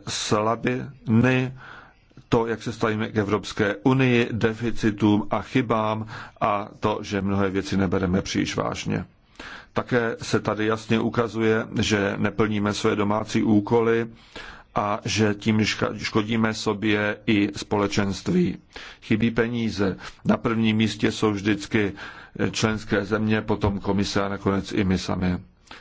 slabiny, to, jak se stavíme k Evropské unii, deficitům a chybám a to, že mnohé věci nebereme příliš vážně. Také se tady jasně ukazuje, že neplníme své domácí úkoly a že tím škodíme sobě i společenství. Chybí peníze. Na prvním místě jsou vždycky členské země, potom komise a nakonec i my sami.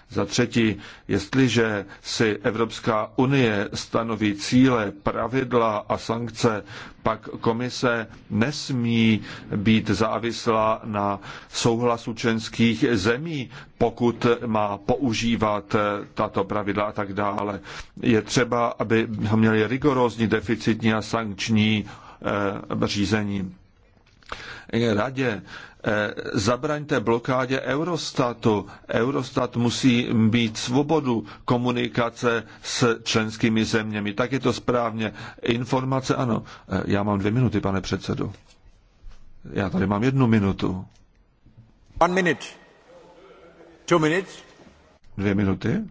Za třetí, jestliže si Evropská unie stanoví cíle, pravidla a sankce, pak komise nesmí být závislá na souhlasu členských zemí, pokud má používat tato pravidla a tak dále. Je třeba, aby měli rigorózní deficitní a sankční eh, řízení radě Eh, zabraňte blokádě Eurostatu. Eurostat musí mít svobodu komunikace s členskými zeměmi. Tak je to správně. Informace, ano. Eh, já mám dvě minuty, pane předsedo. Já tady mám jednu minutu. One minute. Two minutes. Dvě minuty.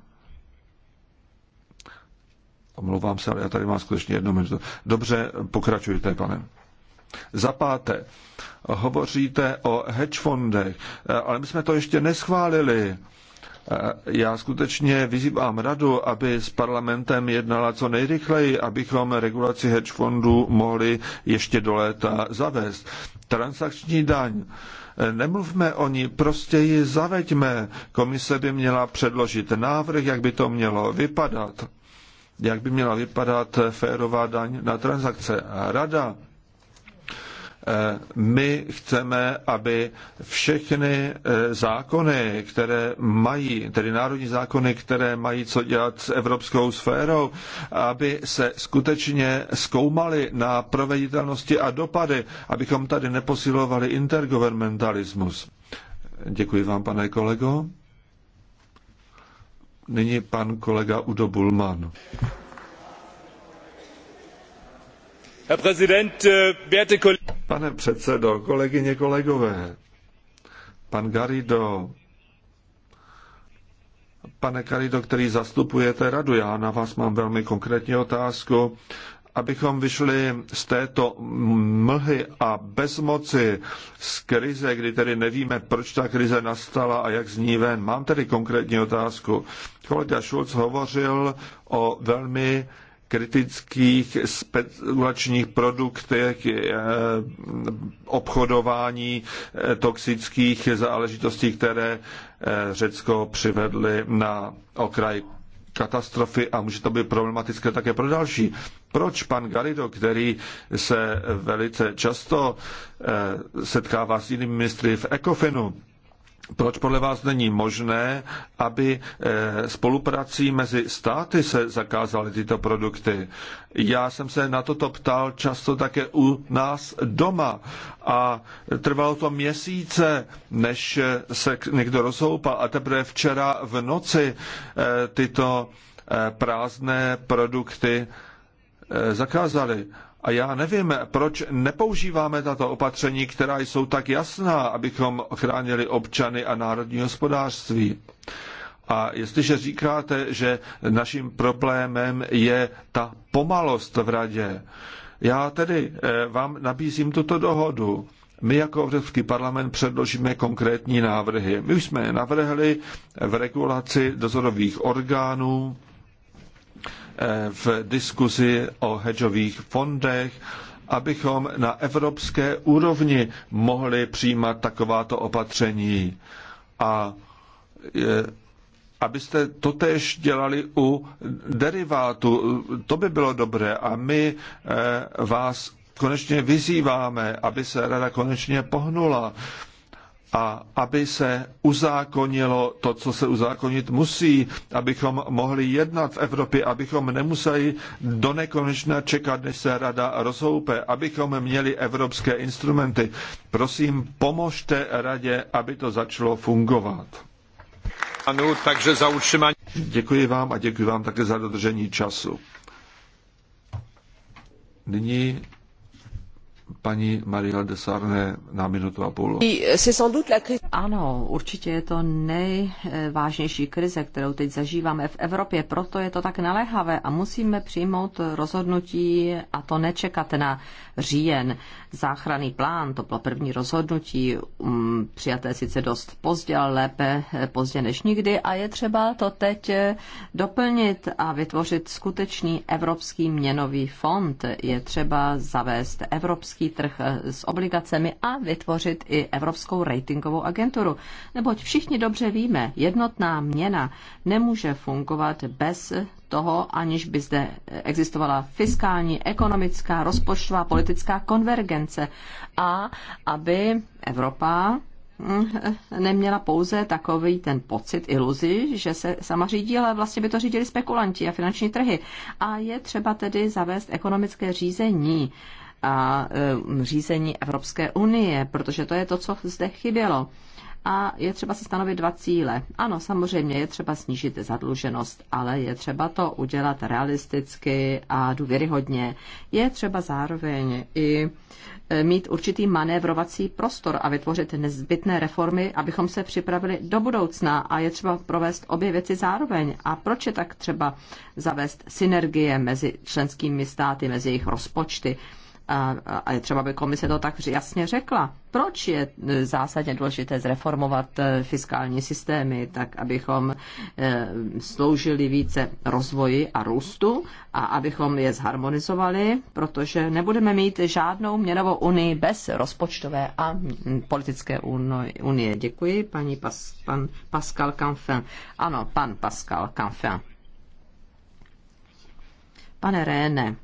Omlouvám se, ale já tady mám skutečně jednu minutu. Dobře, pokračujte, pane. Za páté, hovoříte o hedge fondech, eh, ale my jsme to ještě neschválili. Eh, já skutečně vyzývám radu, aby s parlamentem jednala co nejrychleji, abychom regulaci hedge fondů mohli ještě do léta zavést. Transakční daň. Eh, nemluvme o ní, prostě ji zaveďme. Komise by měla předložit návrh, jak by to mělo vypadat. Jak by měla vypadat férová daň na transakce. Rada my chceme, aby všechny eh, zákony, které mají, tedy národní zákony, které mají co dělat s evropskou sférou, aby se skutečně zkoumaly na proveditelnosti a dopady, abychom tady neposilovali intergovernmentalismus. Děkuji vám, pane kolego. Nyní pan kolega Udo Bulman. Äh, pane předsedo, kolegyně, kolegové, pan Garido, pane Garido, který zastupujete radu, já na vás mám velmi konkrétní otázku. Abychom vyšli z této mlhy a bezmoci z krize, kdy tedy nevíme, proč ta krize nastala a jak z ní ven. Mám tedy konkrétní otázku. Kolega Schulz hovořil o velmi kritických spekulačních produktech, eh, obchodování eh, toxických záležitostí, které eh, Řecko přivedly na okraj katastrofy a může to být problematické také pro další. Proč pan Garido, který se velice často setkává s jinými ministry v Ekofinu, proč podle vás není možné, aby eh, spoluprací mezi státy se zakázaly tyto produkty? Já jsem se na toto ptal často také u nás doma a trvalo to měsíce, než eh, se někdo rozhoupal a teprve včera v noci eh, tyto prázdné produkty zakázali. A já nevím, proč nepoužíváme tato opatření, která jsou tak jasná, abychom chránili občany a národní hospodářství. A jestliže říkáte, že naším problémem je ta pomalost v radě, já tedy eh, vám nabízím tuto dohodu. My jako Evropský parlament předložíme konkrétní návrhy. My už jsme navrhli v regulaci dozorových orgánů, Eh, v diskuzi o hedžových fondech, abychom na evropské úrovni mohli přijímat takováto opatření. A eh, abyste totež dělali u derivátu. To by bylo dobré a my eh, vás konečně vyzýváme, aby se rada konečně pohnula a aby se uzákonilo to, co se uzákonit musí, abychom mohli jednat v Evropě, abychom nemuseli do nekonečna čekat, než se rada rozhoupe, abychom měli evropské instrumenty. Prosím, pomožte radě, aby to začalo fungovat. Ano, takže za Děkuji vám a děkuji vám také za dodržení času. Nyní paní Marielle de Sarne na minutu a půl. Ano, určitě je to nejvážnější krize, kterou teď zažíváme v Evropě, proto je to tak naléhavé a musíme přijmout rozhodnutí a to nečekat na říjen. Záchranný plán, to bylo první rozhodnutí, mm, přijaté sice dost pozdě, ale lépe pozdě než nikdy a je třeba to teď doplnit a vytvořit skutečný Evropský měnový fond. Je třeba zavést Evropský evropský trh eh, s obligacemi a vytvořit i Evropskou ratingovou agenturu. Neboť všichni dobře víme, jednotná měna nemůže fungovat bez toho, aniž by zde existovala fiskální, ekonomická, rozpočtová, politická konvergence a aby Evropa hm, neměla pouze takový ten pocit, iluzi, že se sama řídí, ale vlastně by to řídili spekulanti a finanční trhy. A je třeba tedy zavést ekonomické řízení a um, řízení Evropské unie, protože to je to, co zde chybělo. A je třeba si stanovit dva cíle. Ano, samozřejmě je třeba snížit zadluženost, ale je třeba to udělat realisticky a důvěryhodně. Je třeba zároveň i eh, mít určitý manévrovací prostor a vytvořit nezbytné reformy, abychom se připravili do budoucna a je třeba provést obě věci zároveň. A proč je tak třeba zavést synergie mezi členskými státy, mezi jejich rozpočty? A, a je třeba, by komise to tak jasně řekla. Proč je e, zásadně důležité zreformovat e, fiskální systémy, tak abychom e, sloužili více rozvoji a růstu a abychom je zharmonizovali, protože nebudeme mít žádnou měnovou unii bez rozpočtové a politické unie. Děkuji, paní Pas, pan Pascal Canfin. Ano, pan Pascal Canfin. Pane Réne,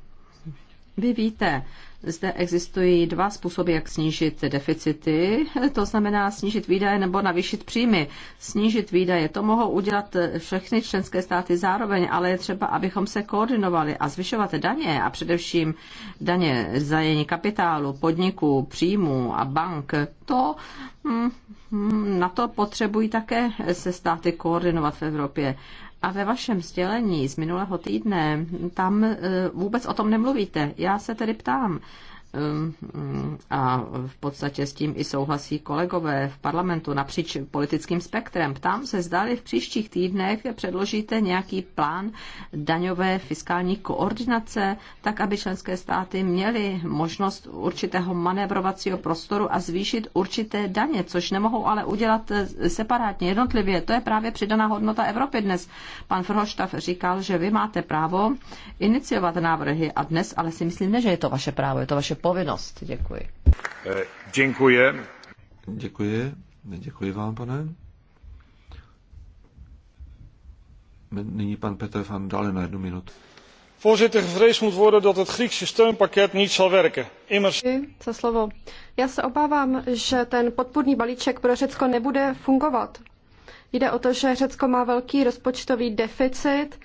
vy víte, zde existují dva způsoby, jak snížit deficity, to znamená snížit výdaje nebo navýšit příjmy. Snížit výdaje, to mohou udělat všechny členské státy zároveň, ale je třeba, abychom se koordinovali a zvyšovat daně a především daně zajení kapitálu, podniků, příjmů a bank. To mm, mm, na to potřebují také se státy koordinovat v Evropě. A ve vašem sdělení z minulého týdne tam eh, vůbec o tom nemluvíte. Já se tedy ptám, Ehm, mm, a v podstatě s tím i souhlasí kolegové v parlamentu napříč politickým spektrem. Ptám se, zdali v příštích týdnech předložíte nějaký plán daňové fiskální koordinace, tak aby členské státy měly možnost určitého manévrovacího prostoru a zvýšit určité daně, což nemohou ale udělat eh, separátně, jednotlivě. To je právě přidaná hodnota Evropy dnes. Pan Frhoštav říkal, že vy máte právo iniciovat návrhy a dnes ale si myslím, ne, že je to vaše právo, je to vaše povinnost. Děkuji. Eh, děkuji. Děkuji. Děkuji vám, pane. Nyní pan Petr van Dalen na jednu minutu. Voorzitter, gevreesd moet worden dat het Griekse steunpakket niet zal werken. Immers. Za slovo. Já se obávám, že ten podpůrný balíček pro Řecko nebude fungovat. Jde o to, že Řecko má velký rozpočtový deficit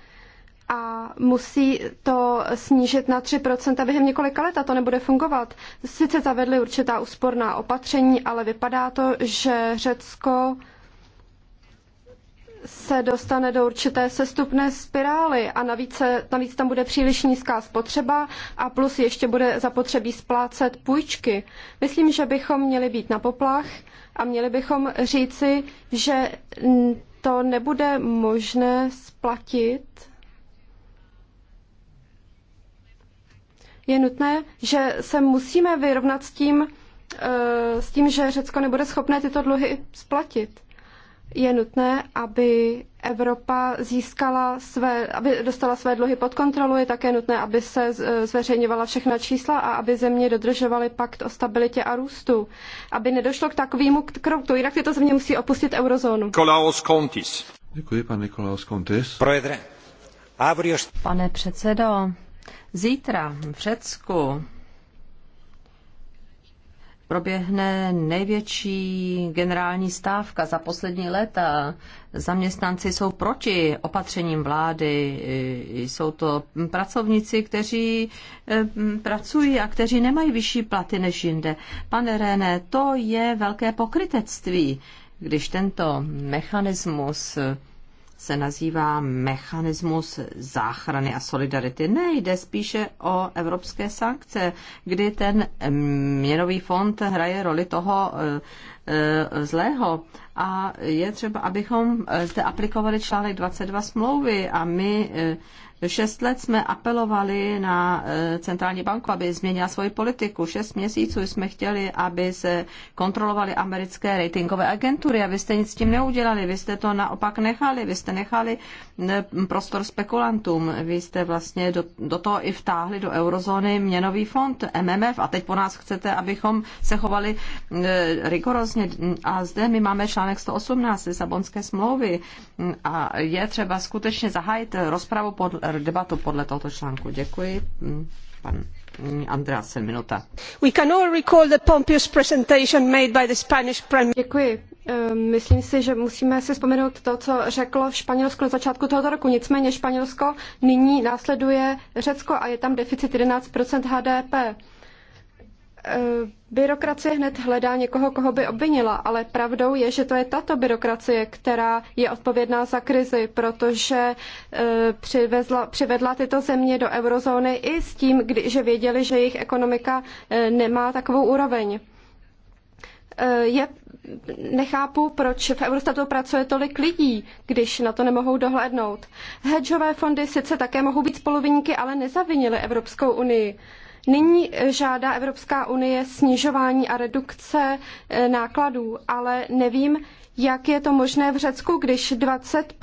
a musí to snížit na 3% během několika let a to nebude fungovat. Sice zavedly určitá úsporná opatření, ale vypadá to, že Řecko se dostane do určité sestupné spirály a navíc, navíc tam bude příliš nízká spotřeba a plus ještě bude zapotřebí splácet půjčky. Myslím, že bychom měli být na poplach a měli bychom říci, že to nebude možné splatit je nutné, že se musíme vyrovnat s tím, eh, s tím, že Řecko nebude schopné tyto dluhy splatit. Je nutné, aby Evropa získala své, aby dostala své dluhy pod kontrolu. Je také nutné, aby se eh, zveřejňovala všechna čísla a aby země dodržovaly pakt o stabilitě a růstu. Aby nedošlo k takovému kroku. Jinak tyto země musí opustit eurozónu. Kolaos Kontis. Děkuji, pan Nikolaos Kontis. Pane předsedo, Zítra v Řecku proběhne největší generální stávka za poslední léta. Zaměstnanci jsou proti opatřením vlády. Jsou to pracovníci, kteří eh, pracují a kteří nemají vyšší platy než jinde. Pane René, to je velké pokrytectví, když tento mechanismus se nazývá mechanismus záchrany a solidarity. Ne, jde spíše o evropské sankce, kdy ten měnový fond hraje roli toho eh, eh, zlého. A je třeba, abychom eh, zde aplikovali článek 22 smlouvy a my Šest let jsme apelovali na e, centrální banku, aby změnila svoji politiku. Šest měsíců jsme chtěli, aby se kontrolovaly americké ratingové agentury a vy jste nic s tím neudělali. Vy jste to naopak nechali. Vy jste nechali prostor spekulantům. Vy jste vlastně do, do toho i vtáhli do eurozóny měnový fond MMF a teď po nás chcete, abychom se chovali rigorozně. A zde my máme článek 118 Lisabonské smlouvy a je třeba skutečně zahájit rozpravu pod debatu podle tohoto článku. Děkuji. Mm, pan mm, Andreasen, minuta. We can all recall the pompous presentation made by the Spanish prime Děkuji. Ehm, myslím si, že musíme si vzpomenout to, co řeklo Španělsko na začátku tohoto roku. Nicméně Španělsko nyní následuje Řecko a je tam deficit 11 HDP. Eh, byrokracie hned hledá někoho, koho by obvinila, ale pravdou je, že to je tato byrokracie, která je odpovědná za krizi, protože eh, přivezla, přivedla tyto země do eurozóny i s tím, kdy, že věděli, že jejich ekonomika eh, nemá takovou úroveň. Je, nechápu, proč v Eurostatu pracuje tolik lidí, když na to nemohou dohlédnout. Hedžové fondy sice také mohou být spoluviníky, ale nezavinily Evropskou unii. Nyní eh, žádá Evropská unie snižování a redukce eh, nákladů, ale nevím, jak je to možné v Řecku, když 20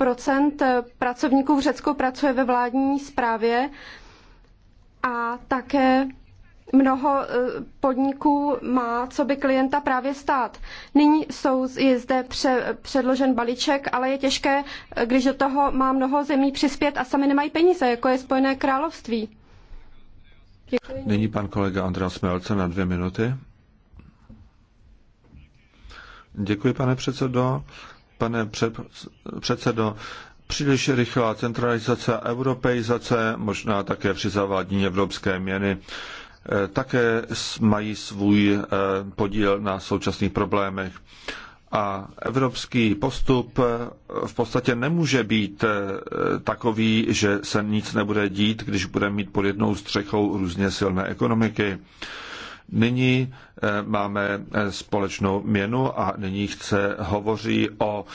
eh, pracovníků v Řecku pracuje ve vládní správě a také mnoho podniků má co by klienta právě stát. Nyní jsou, je zde pře, předložen balíček, ale je těžké, když do toho má mnoho zemí přispět a sami nemají peníze, jako je Spojené království. Děkuji. Nyní pan kolega Andreas Smelce na dvě minuty. Děkuji, pane předsedo. Pane před, předsedo, příliš rychlá centralizace a europeizace, možná také při zavádění evropské měny, eh, také mají svůj eh, podíl na současných problémech. A evropský postup eh, v podstatě nemůže být eh, takový, že se nic nebude dít, když budeme mít pod jednou střechou různě silné ekonomiky. Nyní eh, máme společnou měnu a nyní se hovoří o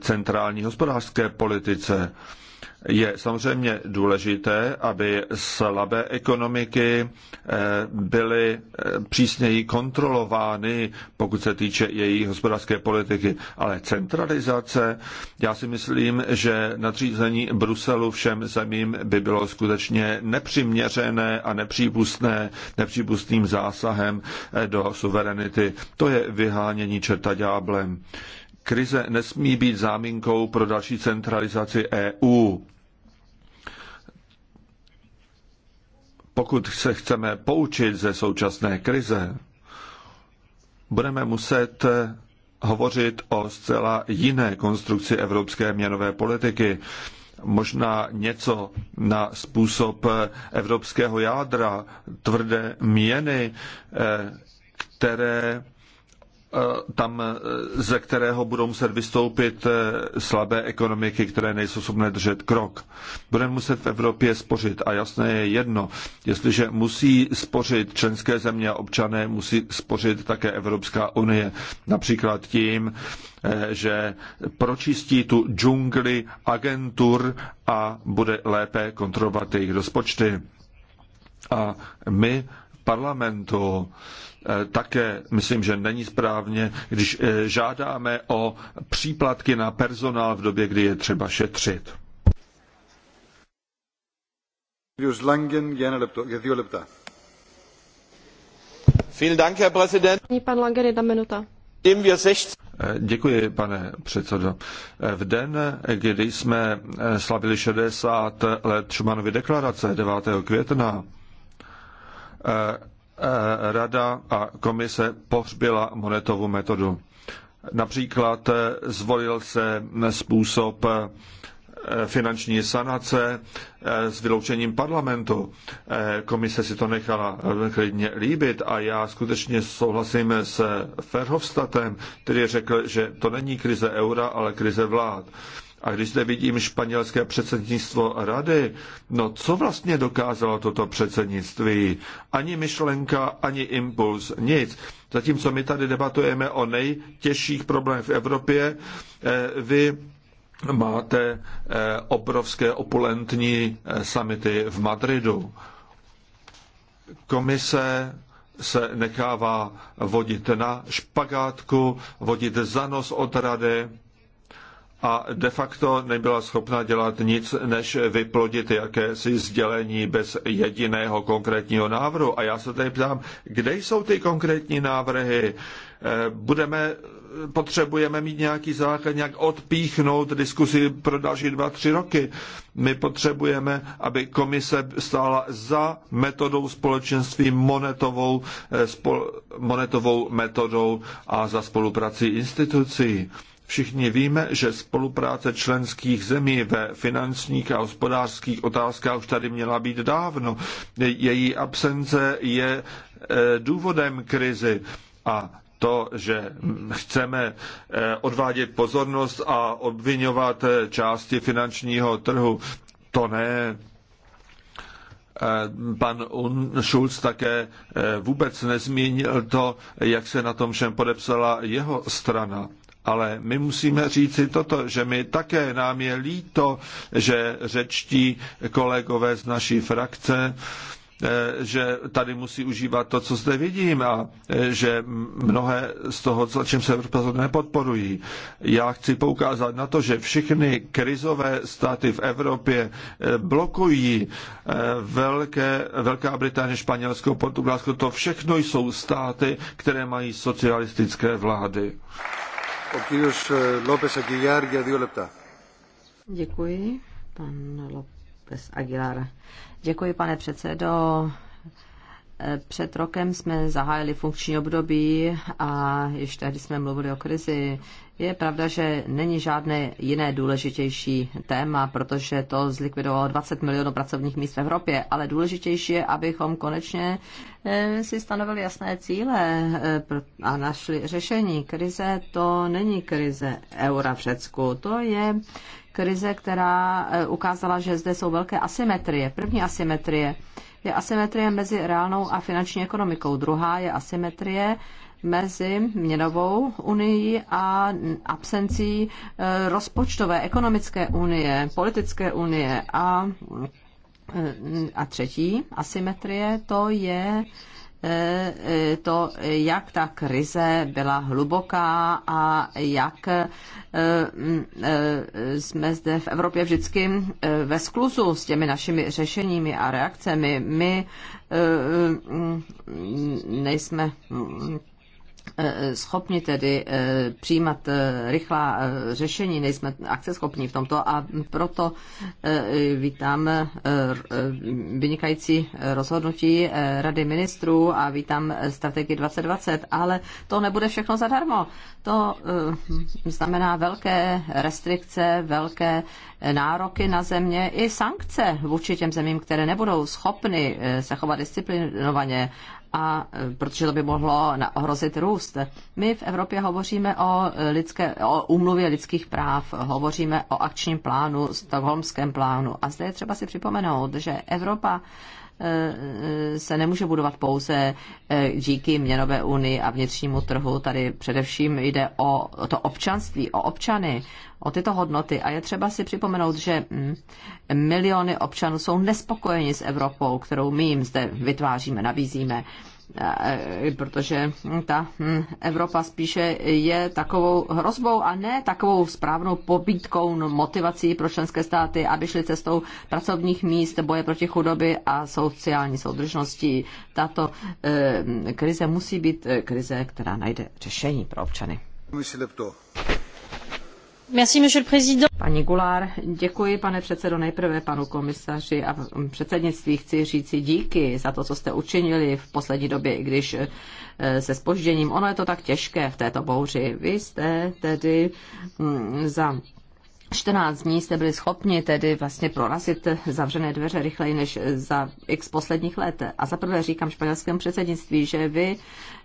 centrální hospodářské politice je samozřejmě důležité, aby slabé ekonomiky eh, byly eh, přísněji kontrolovány, pokud se týče jejich hospodářské politiky. Ale centralizace, já si myslím, že nadřízení Bruselu všem zemím by bylo skutečně nepřiměřené a nepřípustné, nepřípustným zásahem eh, do suverenity. To je vyhánění čerta dňáblem. Krize nesmí být záminkou pro další centralizaci EU. pokud se chceme poučit ze současné krize, budeme muset hovořit o zcela jiné konstrukci evropské měnové politiky. Možná něco na způsob evropského jádra, tvrdé měny, eh, které tam, e, ze kterého budou muset vystoupit e, slabé ekonomiky, které nejsou schopné držet krok. Budeme muset v Evropě spořit a jasné je jedno, jestliže musí spořit členské země a občané, musí spořit také Evropská unie. Například tím, e, že pročistí tu džungli agentur a bude lépe kontrolovat jejich rozpočty. A my parlamentu Eh, také myslím, že není správně, když eh, žádáme o příplatky na personál v době, kdy je třeba šetřit. Pan Langer, jedna minuta. Eh, děkuji, pane předsedo. V den, kdy jsme slavili 60 let Šumanovy deklarace 9. května, Eh, Rada a komise pohřbila monetovou metodu. Například eh, zvolil se způsob eh, finanční sanace s vyloučením parlamentu. Komise si to nechala klidně líbit a já skutečně souhlasím s Ferhovstatem, který řekl, že to není krize eura, ale krize vlád. A když zde vidím španělské předsednictvo rady, no co vlastně dokázalo toto předsednictví? Ani myšlenka, ani impuls, nic. Zatímco my tady debatujeme o nejtěžších problémech v Evropě, eh, vy máte eh, obrovské opulentní eh, samity v Madridu. Komise se nechává vodit na špagátku, vodit za nos od rady a de facto nebyla schopna dělat nic, než vyplodit jakési sdělení bez jediného konkrétního návrhu. A já se tady ptám, kde jsou ty konkrétní návrhy? Eh, budeme, potřebujeme mít nějaký základ, nějak odpíchnout diskusi pro další dva, tři roky. My potřebujeme, aby komise stála za metodou společenství, monetovou, eh, spol, monetovou metodou a za spoluprací institucí. Všichni víme, že spolupráce členských zemí ve finančních a hospodářských otázkách už tady měla být dávno. Její absence je eh, důvodem krizi a to, že chceme eh, odvádět pozornost a obvinovat eh, části finančního trhu, to ne. Pan Schulz také vůbec nezmínil to, jak se na tom všem podepsala jeho strana. Ale my musíme říci toto, že my také nám je líto, že řečtí kolegové z naší frakce eh, že tady musí užívat to, co zde vidím a eh, že mnohé z toho, co, čím se rozhodne, nepodporují. Já chci poukázat na to, že všechny krizové státy v Evropě eh, blokují velké, Velká Británie, Španělsko, Portugalsko, to všechno jsou státy, které mají socialistické vlády. Děkuji, pan López Aguilar. Děkuji, pane předsedo. Před rokem jsme zahájili funkční období a ještě tehdy jsme mluvili o krizi. Je pravda, že není žádné jiné důležitější téma, protože to zlikvidovalo 20 milionů pracovních míst v Evropě, ale důležitější je, abychom konečně eh, si stanovili jasné cíle eh, a našli řešení. Krize to není krize eura v Řecku, to je krize, která eh, ukázala, že zde jsou velké asymetrie. První asymetrie je asymetrie mezi reálnou a finanční ekonomikou. Druhá je asymetrie mezi měnovou unii a absencí e, rozpočtové, ekonomické unie, politické unie a, e, a třetí asymetrie to je to, jak ta krize byla hluboká a jak eh, mm, eh, jsme zde v Evropě vždycky eh, ve skluzu s těmi našimi řešeními a reakcemi. My mm, nejsme mm, Eh, schopni tedy eh, přijímat eh, rychlá řešení, nejsme akceschopní v tomto a proto vítám vynikající rozhodnutí Rady ministrů a vítám strategii 2020, ale to nebude všechno zadarmo. To znamená velké restrikce, velké nároky na země i sankce vůči těm zemím, které nebudou schopny se chovat disciplinovaně a protože to by mohlo ohrozit růst. My v Evropě hovoříme o, lidské, o lidských práv, hovoříme o akčním plánu, stokholmském plánu a zde je třeba si připomenout, že Evropa Eh, se nemůže budovat pouze eh, díky měnové unii a vnitřnímu trhu. Tady především jde o to občanství, o občany, o tyto hodnoty. A je třeba si připomenout, že hm, miliony občanů jsou nespokojeni s Evropou, kterou my jim zde vytváříme, nabízíme. Eh, protože ta hm, Evropa spíše je takovou hrozbou a ne takovou správnou pobítkou no, motivací pro členské státy, aby šly cestou pracovních míst, boje proti chudoby a sociální soudržnosti. Tato eh, krize musí být eh, krize, která najde řešení pro občany. Paní Gulár, děkuji, pane předsedo, nejprve panu komisaři a předsednictví chci říci díky za to, co jste učinili v poslední době, i když eh, se spožděním. Ono je to tak těžké v této bouři. Vy jste tedy hm, za 14 dní jste byli schopni tedy vlastně prorazit zavřené dveře rychleji než za x posledních let. A za prvé říkám španělskému předsednictví, že vy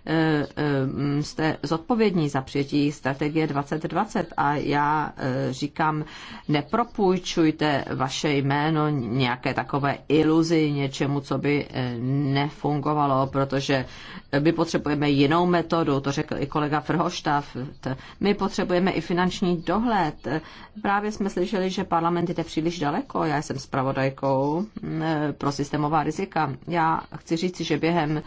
Eh, eh, jste zodpovědní za přijetí strategie 2020 a já eh, říkám, nepropůjčujte vaše jméno nějaké takové iluzi, něčemu, co by nefungovalo, protože my potřebujeme jinou metodu, to řekl i kolega Frhoštav. My potřebujeme i finanční dohled. Právě jsme slyšeli, že parlament jde příliš daleko. Já jsem zpravodajkou pro systémová rizika. Já chci říct, že během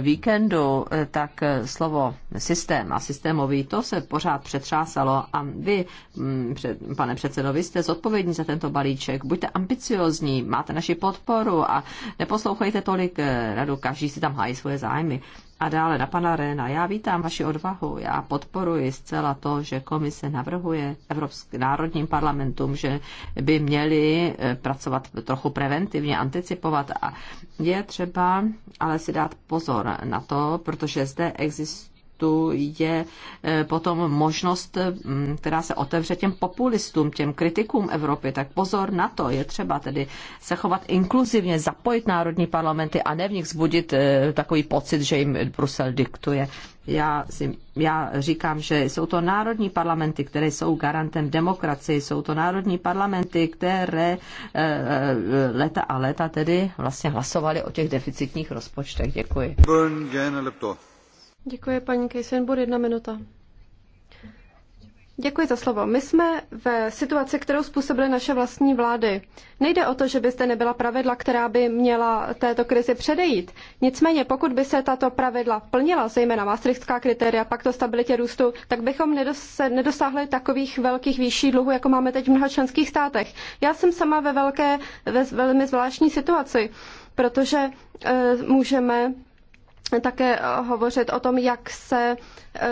víkendu Eh, tak eh, slovo systém a systémový, to se pořád přetřásalo a vy, mm, pane předsedo, vy jste zodpovědní za tento balíček, buďte ambiciozní, máte naši podporu a neposlouchejte tolik eh, radu, každý si tam hájí svoje zájmy. A dále na pana Réna. Já vítám vaši odvahu. Já podporuji zcela to, že komise navrhuje Evropským národním parlamentům, že by měli eh, pracovat trochu preventivně, anticipovat. A je třeba ale si dát pozor na to, protože zde existuje sportu je eh, potom možnost, mm, která se otevře těm populistům, těm kritikům Evropy. Tak pozor na to, je třeba tedy se chovat inkluzivně, zapojit národní parlamenty a ne v nich zbudit eh, takový pocit, že jim Brusel diktuje. Já, si, já říkám, že jsou to národní parlamenty, které jsou garantem demokracie, jsou to národní parlamenty, které eh, leta a leta tedy vlastně hlasovali o těch deficitních rozpočtech. Děkuji. Děkuji, paní Kejsenbor, jedna minuta. Děkuji za slovo. My jsme ve situaci, kterou způsobily naše vlastní vlády. Nejde o to, že byste nebyla pravidla, která by měla této krizi předejít. Nicméně, pokud by se tato pravidla plnila, zejména maastrichtská kritéria, pak to stabilitě růstu, tak bychom nedosáhli takových velkých výší dluhu, jako máme teď v mnoha členských státech. Já jsem sama ve velké, ve velmi zvláštní situaci, protože e, můžeme také eh, hovořit o tom, jak se eh,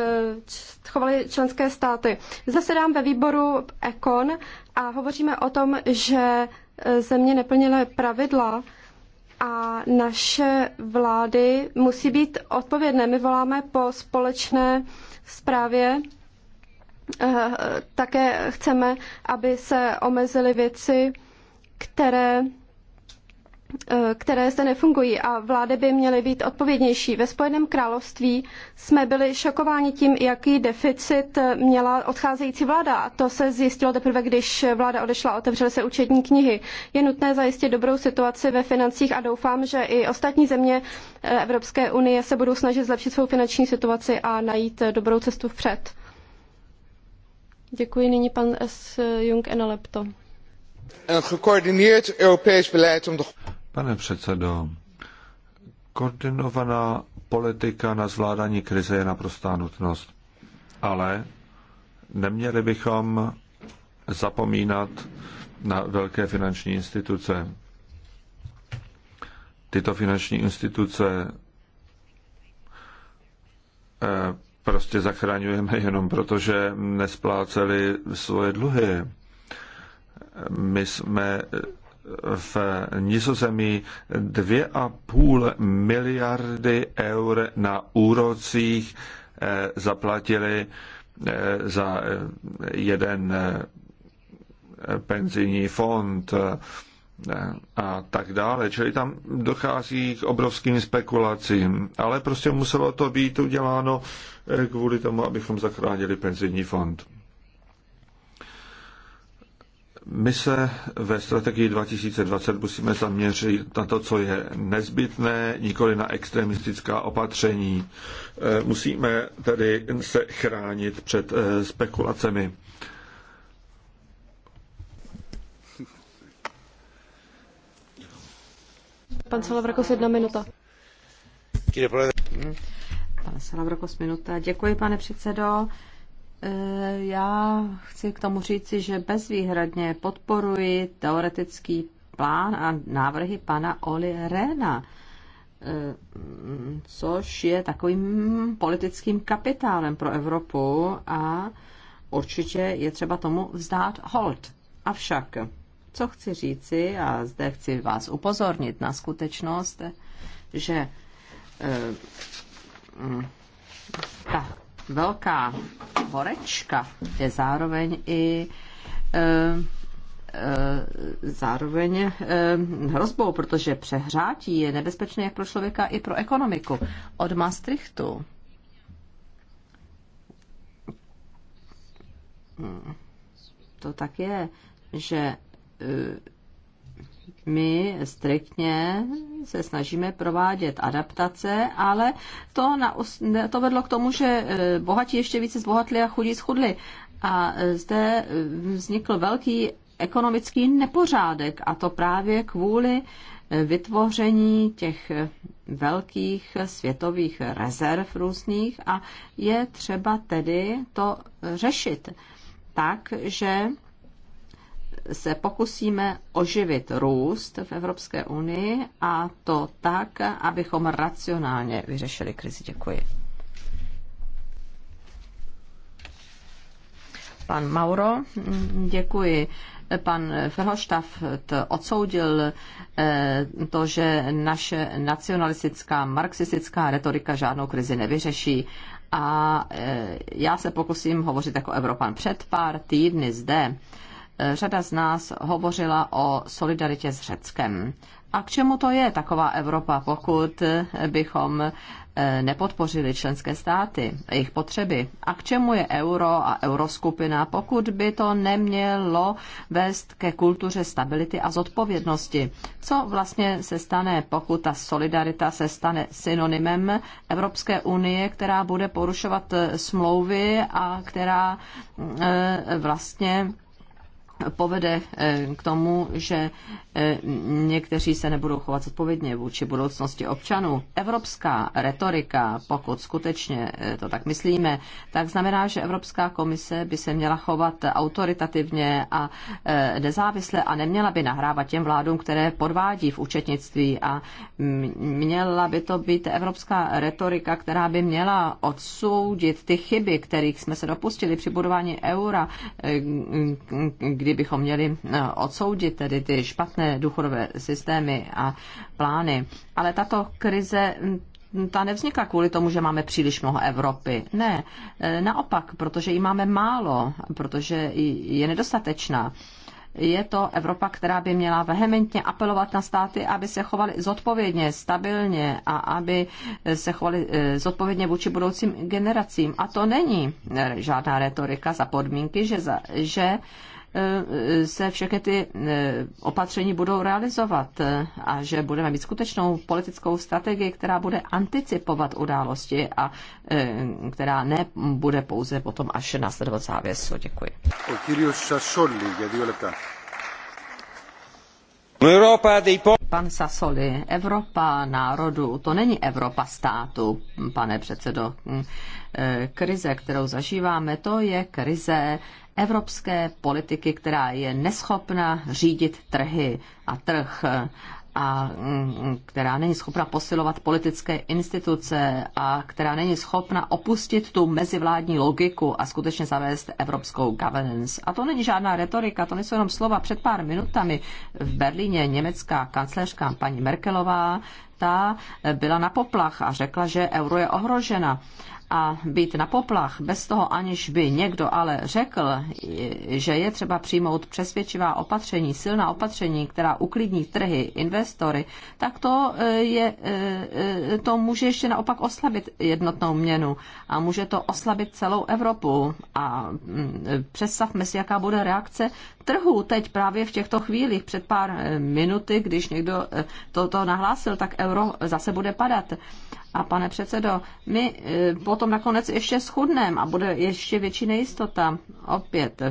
chovaly členské státy. Zasedám ve výboru Econ a hovoříme o tom, že eh, země neplnily pravidla a naše vlády musí být odpovědné. My voláme po společné zprávě. Také chceme, aby se omezily věci, které Eh, které zde nefungují a vlády by měly být odpovědnější. Ve Spojeném království jsme byli šokováni tím, jaký deficit měla odcházející vláda. A to se zjistilo teprve, když vláda odešla a otevřely se účetní knihy. Je nutné zajistit dobrou situaci ve financích a doufám, že i ostatní země eh, Evropské unie se budou snažit zlepšit svou finanční situaci a najít eh, dobrou cestu vpřed. Děkuji nyní pan S. Jung Enelepto. Een gecoördineerd Europees beleid om de Pane předsedo, koordinovaná politika na zvládání krize je naprostá nutnost, ale neměli bychom zapomínat na velké finanční instituce. Tyto finanční instituce eh, prostě zachraňujeme jenom proto, že nespláceli svoje dluhy. My jsme v Nizozemí 2,5 miliardy eur na úrocích eh, zaplatili eh, za eh, jeden penzijní fond a tak dále. Čili tam dochází k obrovským spekulacím, ale prostě muselo to být uděláno kvůli tomu, abychom zachránili penzijní fond. My se ve strategii 2020 musíme zaměřit na to, co je nezbytné, nikoli na extremistická opatření. E, musíme tedy se chránit před e, spekulacemi. Pan Salavrakos, jedna minuta. Hm? Pane Salavrakos, minuta. Děkuji, pane předsedo. Eh, já chci k tomu říci, že bezvýhradně podporuji teoretický plán a návrhy pana Oli Rena, eh, což je takovým politickým kapitálem pro Evropu a určitě je třeba tomu vzdát hold. Avšak, co chci říci, a zde chci vás upozornit na skutečnost, že eh, ta velká horečka je zároveň i eh, eh, zároveň eh, hrozbou, protože přehrátí je nebezpečné jak pro člověka, i pro ekonomiku. Od Maastrichtu to tak je, že my striktně se snažíme provádět adaptace, ale to, na, to vedlo k tomu, že eh, bohatí ještě více zbohatli a chudí schudli. A eh, zde eh, vznikl velký ekonomický nepořádek a to právě kvůli vytvoření těch velkých světových rezerv různých a je třeba tedy to řešit tak, že se pokusíme oživit růst v Evropské unii a to tak, abychom racionálně vyřešili krizi. Děkuji. Pan Mauro, děkuji pan Verhofstadt odsoudil eh, to, že naše nacionalistická, marxistická retorika žádnou krizi nevyřeší. A eh, já se pokusím hovořit jako Evropan před pár týdny zde řada z nás hovořila o solidaritě s Řeckem. A k čemu to je taková Evropa, pokud bychom eh, nepodpořili členské státy, jejich potřeby? A k čemu je euro a euroskupina, pokud by to nemělo vést ke kultuře stability a zodpovědnosti? Co vlastně se stane, pokud ta solidarita se stane synonymem Evropské unie, která bude porušovat eh, smlouvy a která eh, vlastně povede eh, k tomu, že eh, někteří se nebudou chovat odpovědně vůči budoucnosti občanů. Evropská retorika, pokud skutečně eh, to tak myslíme, tak znamená, že Evropská komise by se měla chovat autoritativně a nezávisle a neměla by nahrávat těm vládům, které podvádí v účetnictví a mm, měla by to být evropská retorika, která by měla odsoudit ty chyby, kterých jsme se dopustili při budování eura, kdy kdybychom bychom měli eh, odsoudit tedy ty špatné důchodové systémy a plány. Ale tato krize mm, ta nevznikla kvůli tomu, že máme příliš mnoho Evropy. Ne, eh, naopak, protože ji máme málo, protože je nedostatečná je to Evropa, která by měla vehementně apelovat na státy, aby se chovali zodpovědně, stabilně a aby eh, se chovali zodpovědně vůči budoucím generacím. A to není žádná retorika za podmínky, že, za, že Eh, se všechny ty eh, opatření budou realizovat eh, a že budeme mít skutečnou politickou strategii, která bude anticipovat události a která nebude pouze potom až následovat závěsu. Děkuji. Pan Sassoli, Evropa národů, to není Evropa státu, pane předsedo. Krize, kterou zažíváme, to je krize evropské politiky, která je neschopna řídit trhy a trh a mm, která není schopna posilovat politické instituce a která není schopna opustit tu mezivládní logiku a skutečně zavést evropskou governance. A to není žádná retorika, to nejsou jenom slova. Před pár minutami v Berlíně německá kancléřka paní Merkelová ta byla na poplach a řekla, že euro je ohrožena a být na poplach bez toho, aniž by někdo ale řekl, že je třeba přijmout přesvědčivá opatření, silná opatření, která uklidní trhy, investory, tak to, e, je, e, e, to může ještě naopak oslabit jednotnou měnu a může to oslabit celou Evropu. A mm, představme si, jaká bude reakce trhu teď právě v těchto chvílích před pár eh, minuty, když někdo eh, toto nahlásil, tak euro zase bude padat. A pane předsedo, my eh, potom nakonec ještě schudneme a bude ještě větší nejistota. Opět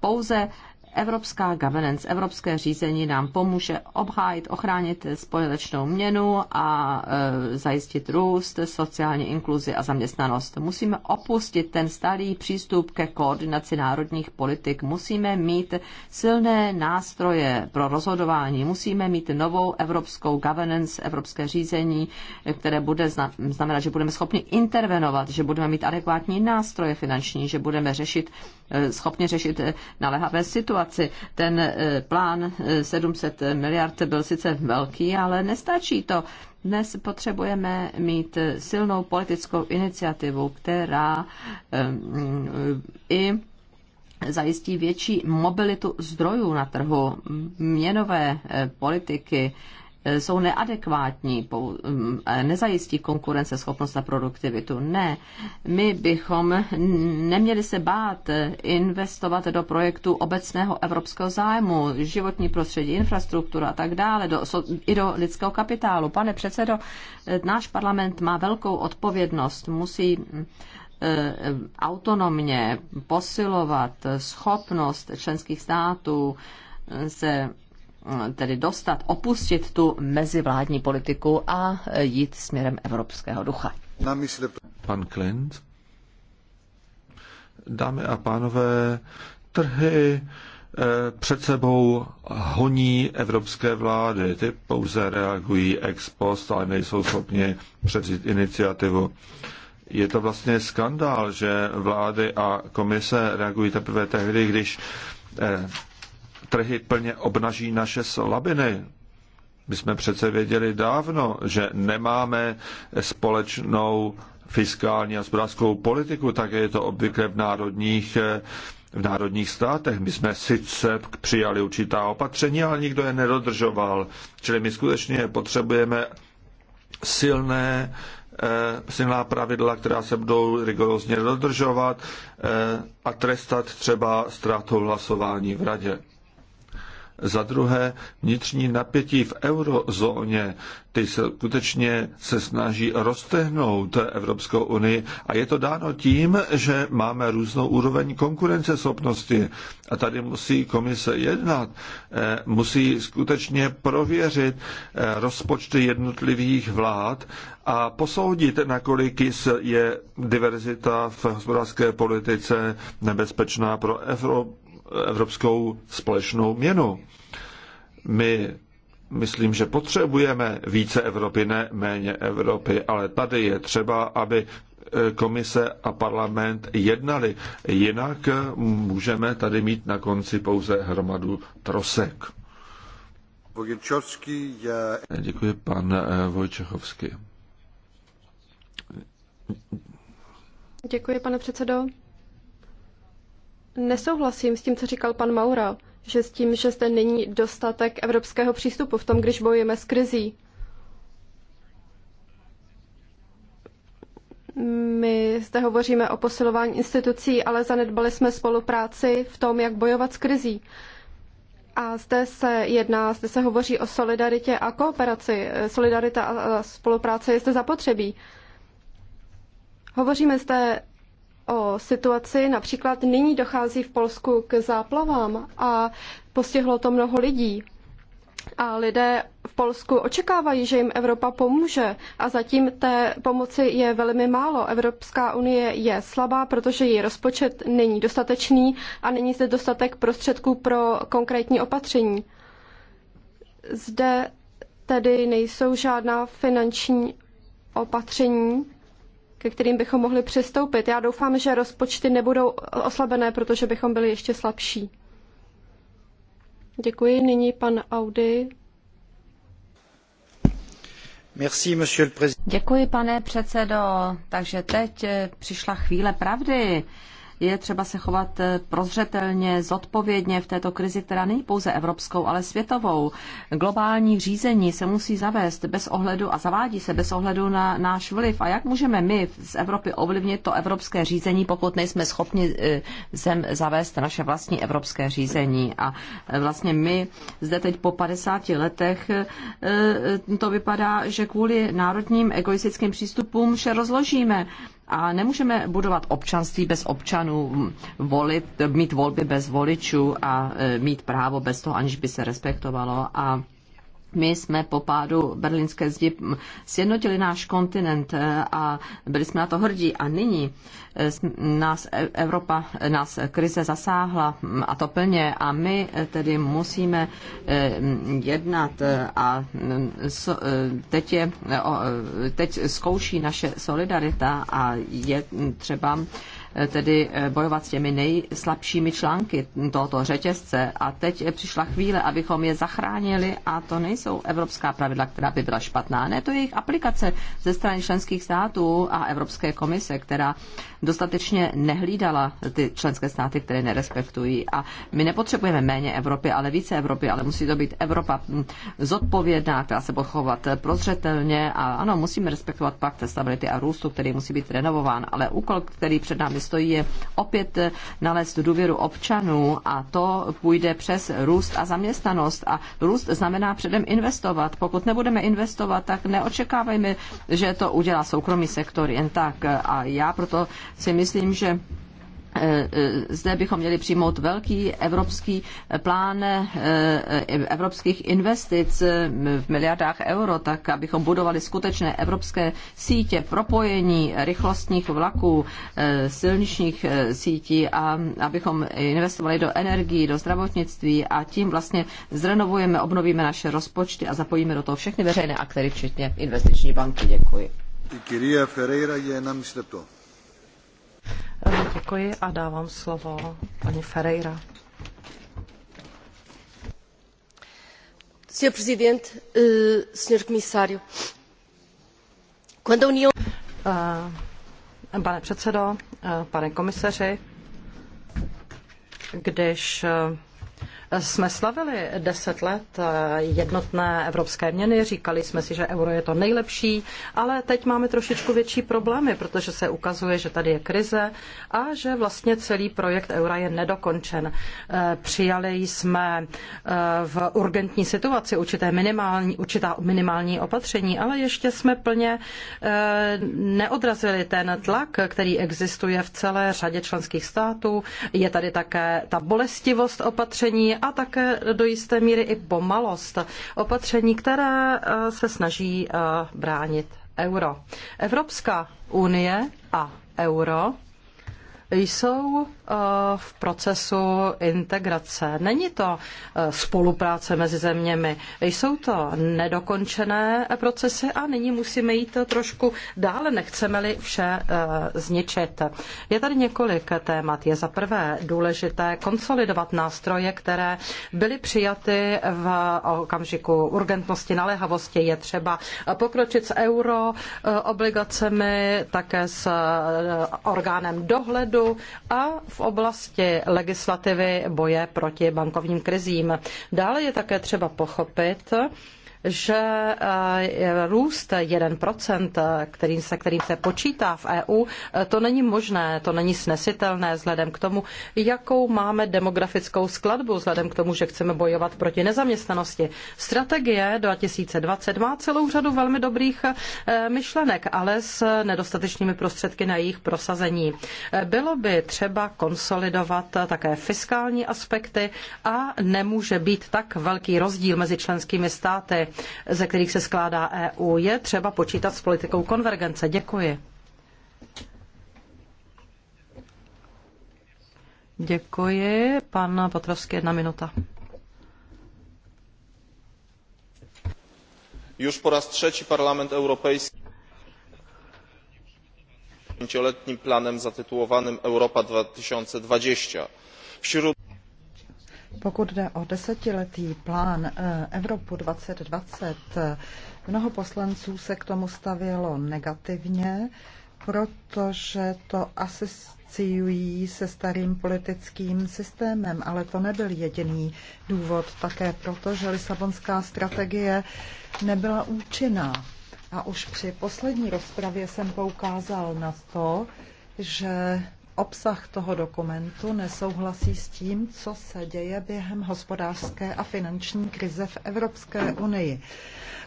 pouze Evropská governance, evropské řízení nám pomůže obhájit, ochránit společnou měnu a e, zajistit růst, sociální inkluzi a zaměstnanost. Musíme opustit ten starý přístup ke koordinaci národních politik. Musíme mít silné nástroje pro rozhodování. Musíme mít novou evropskou governance, evropské řízení, které bude znamenat, že budeme schopni intervenovat, že budeme mít adekvátní nástroje finanční, že budeme řešit, e, schopni řešit e, naléhavé situace situaci. Ten eh, plán 700 eh, miliard byl sice velký, ale nestačí to. Dnes potřebujeme mít eh, silnou politickou iniciativu, která i zajistí větší mobilitu zdrojů na trhu, měnové politiky, jsou neadekvátní, mm, nezajistí konkurenceschopnost a produktivitu. Ne, my bychom neměli se bát investovat do projektu obecného evropského zájmu, životní prostředí, infrastruktura a tak dále, do, i do lidského kapitálu. Pane předsedo, náš parlament má velkou odpovědnost, musí mm, e, autonomně posilovat schopnost členských států se tedy dostat, opustit tu mezivládní politiku a jít směrem evropského ducha. Pan Klint. Dámy a pánové, trhy eh, před sebou honí evropské vlády. Ty pouze reagují ex post, ale nejsou schopni převzít iniciativu. Je to vlastně skandál, že vlády a komise reagují teprve tehdy, když eh, trhy plně obnaží naše slabiny. My jsme přece věděli dávno, že nemáme společnou fiskální a hospodářskou politiku, také je to obvykle v národních v národních státech. My jsme sice přijali určitá opatření, ale nikdo je nedodržoval. Čili my skutečně potřebujeme silné, eh, silná pravidla, která se budou rigorózně dodržovat eh, a trestat třeba ztrátou hlasování v radě. Za druhé, vnitřní napětí v eurozóně, ty se skutečně se snaží roztehnout Evropskou unii a je to dáno tím, že máme různou úroveň konkurenceschopnosti a tady musí komise jednat, eh, musí skutečně prověřit eh, rozpočty jednotlivých vlád a posoudit, nakolik je diverzita v hospodářské politice nebezpečná pro Evropu evropskou společnou měnu. My myslím, že potřebujeme více Evropy, ne méně Evropy, ale tady je třeba, aby e, komise a parlament jednali. Jinak e, můžeme tady mít na konci pouze hromadu trosek. Je... Děkuji, pan e, Vojčechovský. Děkuji, pane předsedo nesouhlasím s tím, co říkal pan Maura, že s tím, že zde není dostatek evropského přístupu v tom, když bojujeme s krizí. My zde hovoříme o posilování institucí, ale zanedbali jsme spolupráci v tom, jak bojovat s krizí. A zde se jedná, zde se hovoří o solidaritě a kooperaci. Solidarita a spolupráce je zde zapotřebí. Hovoříme zde o situaci. Například nyní dochází v Polsku k záplavám a postihlo to mnoho lidí. A lidé v Polsku očekávají, že jim Evropa pomůže a zatím té pomoci je velmi málo. Evropská unie je slabá, protože její rozpočet není dostatečný a není zde dostatek prostředků pro konkrétní opatření. Zde tedy nejsou žádná finanční opatření ke kterým bychom mohli přistoupit. Já doufám, že rozpočty nebudou oslabené, protože bychom byli ještě slabší. Děkuji. Nyní pan Audi. Merci, Děkuji, pane předsedo. Takže teď přišla chvíle pravdy je třeba se chovat eh, prozřetelně, zodpovědně v této krizi, která není pouze evropskou, ale světovou. Globální řízení se musí zavést bez ohledu a zavádí se bez ohledu na náš vliv. A jak můžeme my z Evropy ovlivnit to evropské řízení, pokud nejsme schopni eh, zem zavést naše vlastní evropské řízení. A eh, vlastně my zde teď po 50 letech to vypadá, že kvůli národním egoistickým přístupům vše rozložíme. A nemůžeme budovat občanství bez občanů, volit, mít volby bez voličů a e, mít právo bez toho, aniž by se respektovalo. A my jsme po pádu berlínské zdi sjednotili náš kontinent eh, a byli jsme na to hrdí. A nyní eh, nás e- Evropa, eh, nás krize zasáhla hm, a to plně a my tedy musíme jednat a hm, teď, je, teď zkouší naše solidarita a je hm, třeba tedy eh, bojovat s těmi nejslabšími články tohoto řetězce. A teď přišla chvíle, abychom je zachránili a to nejsou evropská pravidla, která by byla špatná. Ne, to je jejich aplikace ze strany členských států a Evropské komise, která dostatečně nehlídala ty členské státy, které nerespektují. A my nepotřebujeme méně Evropy, ale více Evropy, ale musí to být Evropa hm, zodpovědná, která se bude chovat prozřetelně a ano, musíme respektovat pakt stability a růstu, který musí být renovován, ale úkol, který před námi stojí, je opět nalézt důvěru občanů a to půjde přes růst a zaměstnanost. A růst znamená předem investovat. Pokud nebudeme investovat, tak neočekávejme, že to udělá soukromý sektor jen tak. A já proto si myslím, že Eh, eh, zde bychom měli přijmout velký evropský plán eh, evropských investic mm, v miliardách euro, tak abychom budovali skutečné evropské sítě, propojení rychlostních vlaků, silničních sítí a abychom investovali do energii, do zdravotnictví a tím vlastně zrenovujeme, obnovíme naše rozpočty a zapojíme do toho všechny veřejné aktéry, včetně investiční banky. Děkuji. Ferreira je na Děkuji a dávám slovo paní Ferreira. Senhor Presidente, eh, Senhor Comissário, quando a União... Eh, pane předsedo, eh, pane komisaři, když jsme slavili deset let jednotné evropské měny, říkali jsme si, že euro je to nejlepší, ale teď máme trošičku větší problémy, protože se ukazuje, že tady je krize a že vlastně celý projekt eura je nedokončen. Eh, přijali jsme eh, v urgentní situaci určité minimální, určitá minimální opatření, ale ještě jsme plně eh, neodrazili ten tlak, který existuje v celé řadě členských států. Je tady také ta bolestivost opatření, a také do jisté míry i pomalost opatření, které eh, se snaží eh, bránit euro. Evropská unie a euro jsou Eh, v procesu integrace. Není to eh, spolupráce mezi zeměmi. Jsou to nedokončené procesy a nyní musíme jít trošku dále, nechceme-li vše eh, zničit. Je tady několik témat. Je za prvé důležité konsolidovat nástroje, které byly přijaty v okamžiku urgentnosti, naléhavosti. Je třeba pokročit s euro obligacemi, také s orgánem dohledu a v oblasti legislativy boje proti bankovním krizím. Dále je také třeba pochopit, že eh, růst 1%, procent, eh, se, kterým se počítá v EU, eh, to není možné, to není snesitelné vzhledem k tomu, jakou máme demografickou skladbu, vzhledem k tomu, že chceme bojovat proti nezaměstnanosti. Strategie 2020 má celou řadu velmi dobrých myšlenek, ale s nedostatečnými prostředky na jejich prosazení. Bylo by třeba konsolidovat také fiskální aspekty a nemůže být tak velký rozdíl mezi členskými státy ze kterých se skládá EU. Je třeba počítat s politikou konvergence. Děkuji. Děkuji. Pan Potrovský, jedna minuta. Už po raz třetí Parlament Europejski pięcioletnim planem zatytułowanym Europa 2020. Wśród pokud jde o desetiletý plán eh, Evropu 2020, eh, mnoho poslanců se k tomu stavělo negativně, protože to asociují se starým politickým systémem, ale to nebyl jediný důvod, také proto, že Lisabonská strategie nebyla účinná. A už při poslední rozpravě jsem poukázal na to, že obsah toho dokumentu nesouhlasí s tím, co se děje během hospodářské a finanční krize v Evropské unii.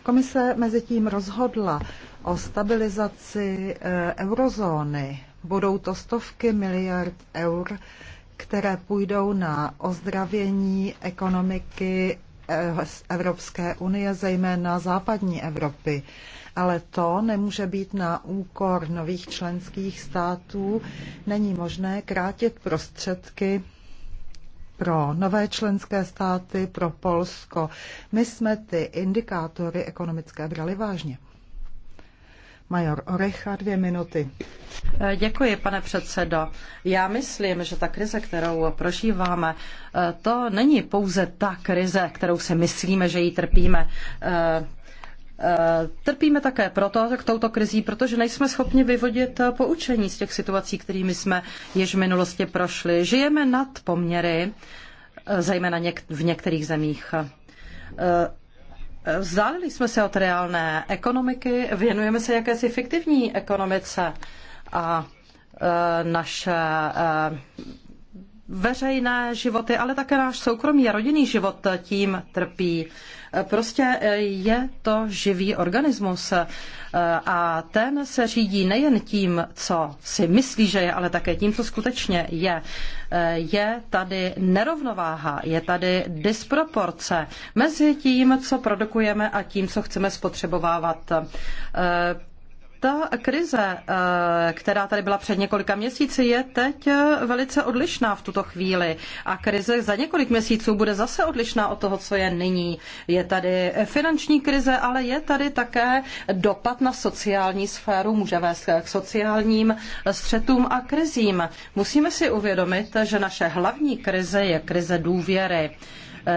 Komise mezi tím rozhodla o stabilizaci eh, eurozóny. Budou to stovky miliard eur, které půjdou na ozdravění ekonomiky z eh, Evropské unie, zejména západní Evropy. Ale to nemůže být na úkor nových členských států. Není možné krátit prostředky pro nové členské státy, pro Polsko. My jsme ty indikátory ekonomické brali vážně. Major Orecha, dvě minuty. Eh, děkuji, pane předsedo. Já myslím, že ta krize, kterou prožíváme, eh, to není pouze ta krize, kterou si myslíme, že ji trpíme. Eh, trpíme také proto, k touto krizí, protože nejsme schopni vyvodit poučení z těch situací, kterými jsme již v minulosti prošli. Žijeme nad poměry, zejména v některých zemích Vzdálili jsme se od reálné ekonomiky, věnujeme se jakési fiktivní ekonomice a e, naše e, veřejné životy, ale také náš soukromý a rodinný život tím trpí. Prostě je to živý organismus a ten se řídí nejen tím, co si myslí, že je, ale také tím, co skutečně je. Je tady nerovnováha, je tady disproporce mezi tím, co produkujeme a tím, co chceme spotřebovávat. Ta krize, eh, která tady byla před několika měsíci, je teď eh, velice odlišná v tuto chvíli. A krize za několik měsíců bude zase odlišná od toho, co je nyní. Je tady finanční krize, ale je tady také dopad na sociální sféru, může vést k sociálním střetům a krizím. Musíme si uvědomit, že naše hlavní krize je krize důvěry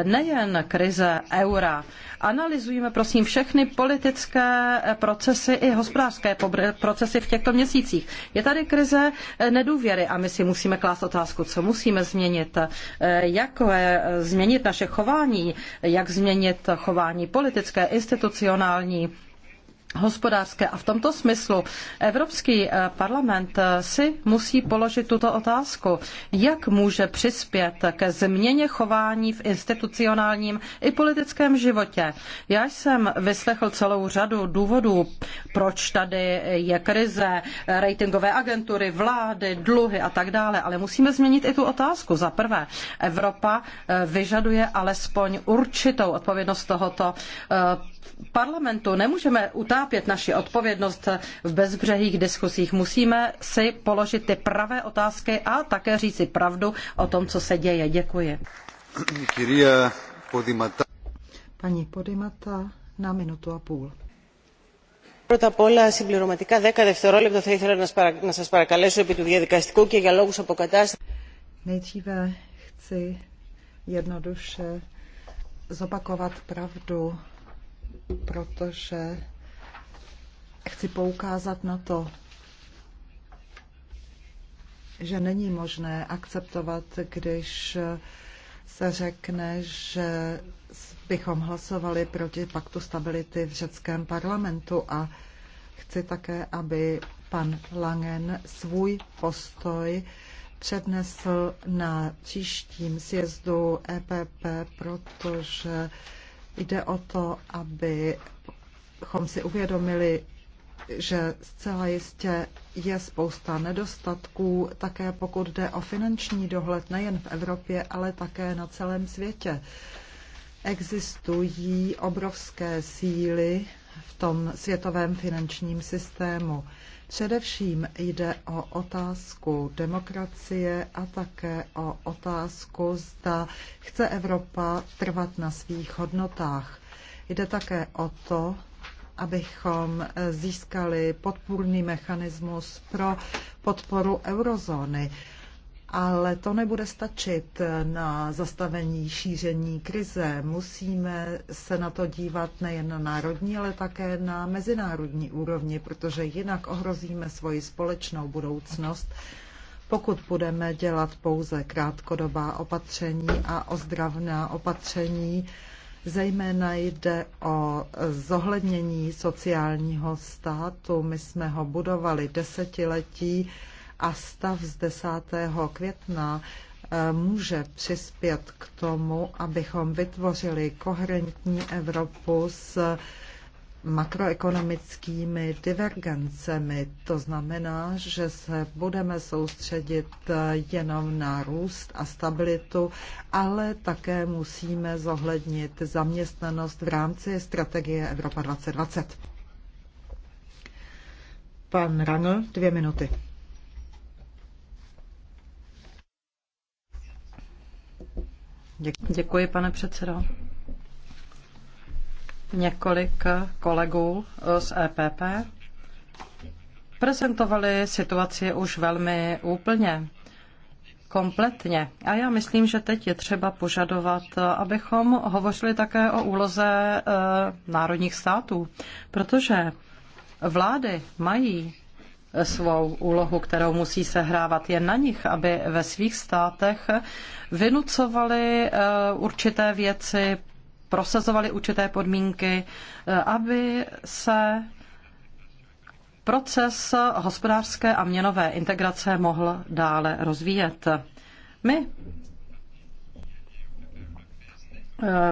nejen krize eura. Analyzujme prosím všechny politické procesy i hospodářské procesy v těchto měsících. Je tady krize nedůvěry a my si musíme klást otázku, co musíme změnit, jak eh, změnit naše chování, jak změnit chování politické, institucionální hospodářské. A v tomto smyslu Evropský eh, parlament eh, si musí položit tuto otázku. Jak může přispět ke změně chování v institucionálním i politickém životě? Já jsem vyslechl celou řadu důvodů, proč tady je krize, eh, ratingové agentury, vlády, dluhy a tak dále, ale musíme změnit i tu otázku. Za prvé, Evropa vyžaduje alespoň určitou odpovědnost tohoto parlamentu nemůžeme utápět naši odpovědnost v bezbřehých diskusích. Musíme si položit ty pravé otázky a také říci pravdu o tom, co se děje. Děkuji. Paní Podimata na minutu a půl. Πρώτα απ' όλα, συμπληρωματικά 10 δευτερόλεπτα θα ήθελα να, σας παρακαλέσω επί του διαδικαστικού και για λόγους αποκατάστασης. Nejdříve chci jednoduše zopakovat pravdu protože chci poukázat na to, že není možné akceptovat, když se řekne, že bychom hlasovali proti paktu stability v řeckém parlamentu a chci také, aby pan Langen svůj postoj přednesl na příštím sjezdu EPP, protože Jde o to, abychom si uvědomili, že zcela jistě je spousta nedostatků, také pokud jde o finanční dohled nejen v Evropě, ale také na celém světě. Existují obrovské síly, v tom světovém finančním systému. Především jde o otázku demokracie a také o otázku, zda chce Evropa trvat na svých hodnotách. Jde také o to, abychom získali podpůrný mechanismus pro podporu eurozóny ale to nebude stačit na zastavení šíření krize. Musíme se na to dívat nejen na národní, ale také na mezinárodní úrovni, protože jinak ohrozíme svoji společnou budoucnost, pokud budeme dělat pouze krátkodobá opatření a ozdravná opatření. Zejména jde o zohlednění sociálního státu. My jsme ho budovali desetiletí a stav z 10. května eh, může přispět k tomu, abychom vytvořili koherentní Evropu s makroekonomickými divergencemi. To znamená, že se budeme soustředit eh, jenom na růst a stabilitu, ale také musíme zohlednit zaměstnanost v rámci strategie Evropa 2020. Pan Rangel, dvě minuty. Děkuji, pane předsedo. Několik kolegů z EPP prezentovali situaci už velmi úplně kompletně. A já myslím, že teď je třeba požadovat, abychom hovořili také o úloze e, národních států, protože vlády mají svou úlohu, kterou musí sehrávat jen na nich, aby ve svých státech vynucovali eh, určité věci, prosazovali určité podmínky, eh, aby se proces hospodářské a měnové integrace mohl dále rozvíjet. My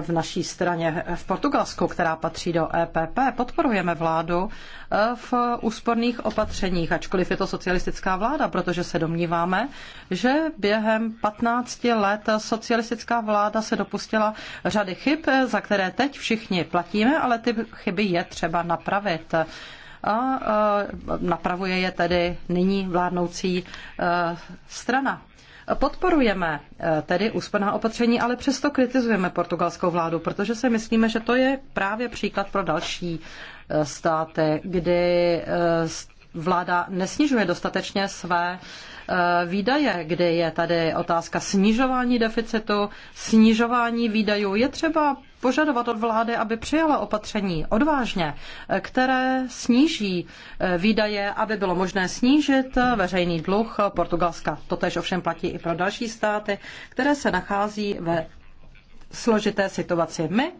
v naší straně v Portugalsku, která patří do EPP, podporujeme vládu eh, v úsporných opatřeních, ačkoliv je to socialistická vláda, protože se domníváme, že během 15 let socialistická vláda se dopustila řady chyb, za které teď všichni platíme, ale ty chyby je třeba napravit a napravuje je tedy nyní vládnoucí eh, strana. Podporujeme eh, tedy úsporná opatření, ale přesto kritizujeme portugalskou vládu, protože si myslíme, že to je právě příklad pro další eh, státy, kdy eh, vláda nesnižuje dostatečně své výdaje, kdy je tady otázka snižování deficitu, snižování výdajů. Je třeba požadovat od vlády, aby přijala opatření odvážně, eh, které sníží eh, výdaje, aby bylo možné snížit eh, veřejný dluh Portugalska. Totež ovšem platí i pro další státy, které se nachází ve složité situaci. My,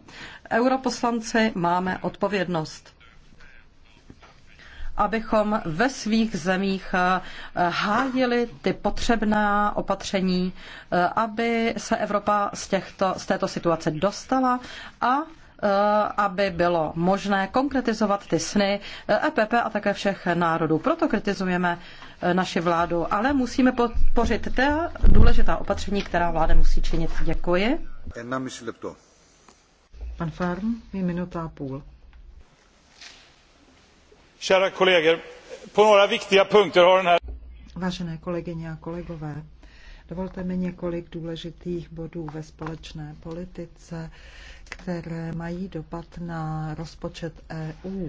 europoslanci, máme odpovědnost abychom ve svých zemích eh, hájili ty potřebná opatření, eh, aby se Evropa z, těchto, z této situace dostala a eh, aby bylo možné konkretizovat ty sny EPP e a také všech národů. Proto kritizujeme naši vládu, ale musíme podpořit ta důležitá opatření, která vláda musí činit. Děkuji. Pan Farm, je minuta a půl. Vážené kolegyně a kolegové, dovolte mi několik důležitých bodů ve společné politice, které mají dopad na rozpočet EU.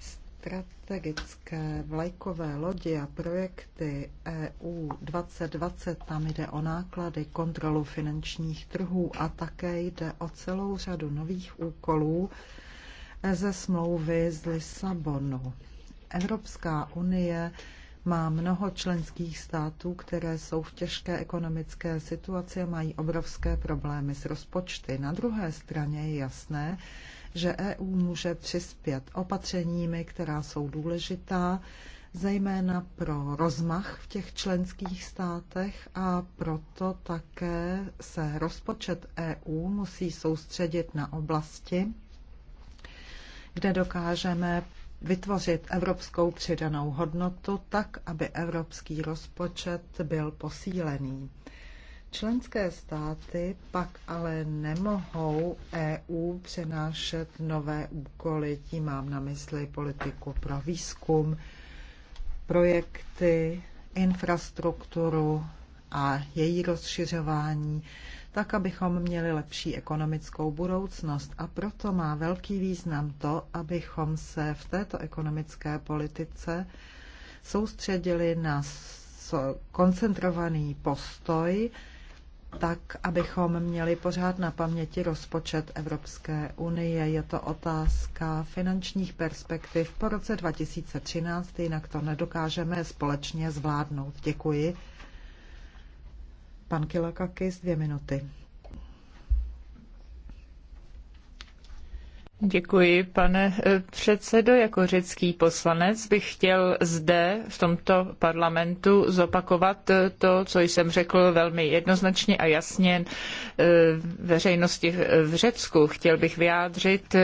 Strategické vlajkové lodi a projekty EU 2020, tam jde o náklady, kontrolu finančních trhů a také jde o celou řadu nových úkolů ze smlouvy z Lisabonu. Evropská unie má mnoho členských států, které jsou v těžké ekonomické situaci a mají obrovské problémy s rozpočty. Na druhé straně je jasné, že EU může přispět opatřeními, která jsou důležitá, zejména pro rozmach v těch členských státech a proto také se rozpočet EU musí soustředit na oblasti, kde dokážeme vytvořit evropskou přidanou hodnotu tak, aby evropský rozpočet byl posílený. Členské státy pak ale nemohou EU přenášet nové úkoly, tím mám na mysli politiku pro výzkum, projekty, infrastrukturu a její rozšiřování, tak abychom měli lepší ekonomickou budoucnost. A proto má velký význam to, abychom se v této ekonomické politice soustředili na koncentrovaný postoj, tak, abychom měli pořád na paměti rozpočet Evropské unie. Je to otázka finančních perspektiv po roce 2013, jinak to nedokážeme společně zvládnout. Děkuji. Pan Kilakakis, dvě minuty. Děkuji, pane eh, předsedo. Jako řecký poslanec bych chtěl zde v tomto parlamentu zopakovat eh, to, co jsem řekl velmi jednoznačně a jasně eh, veřejnosti v Řecku. Chtěl bych vyjádřit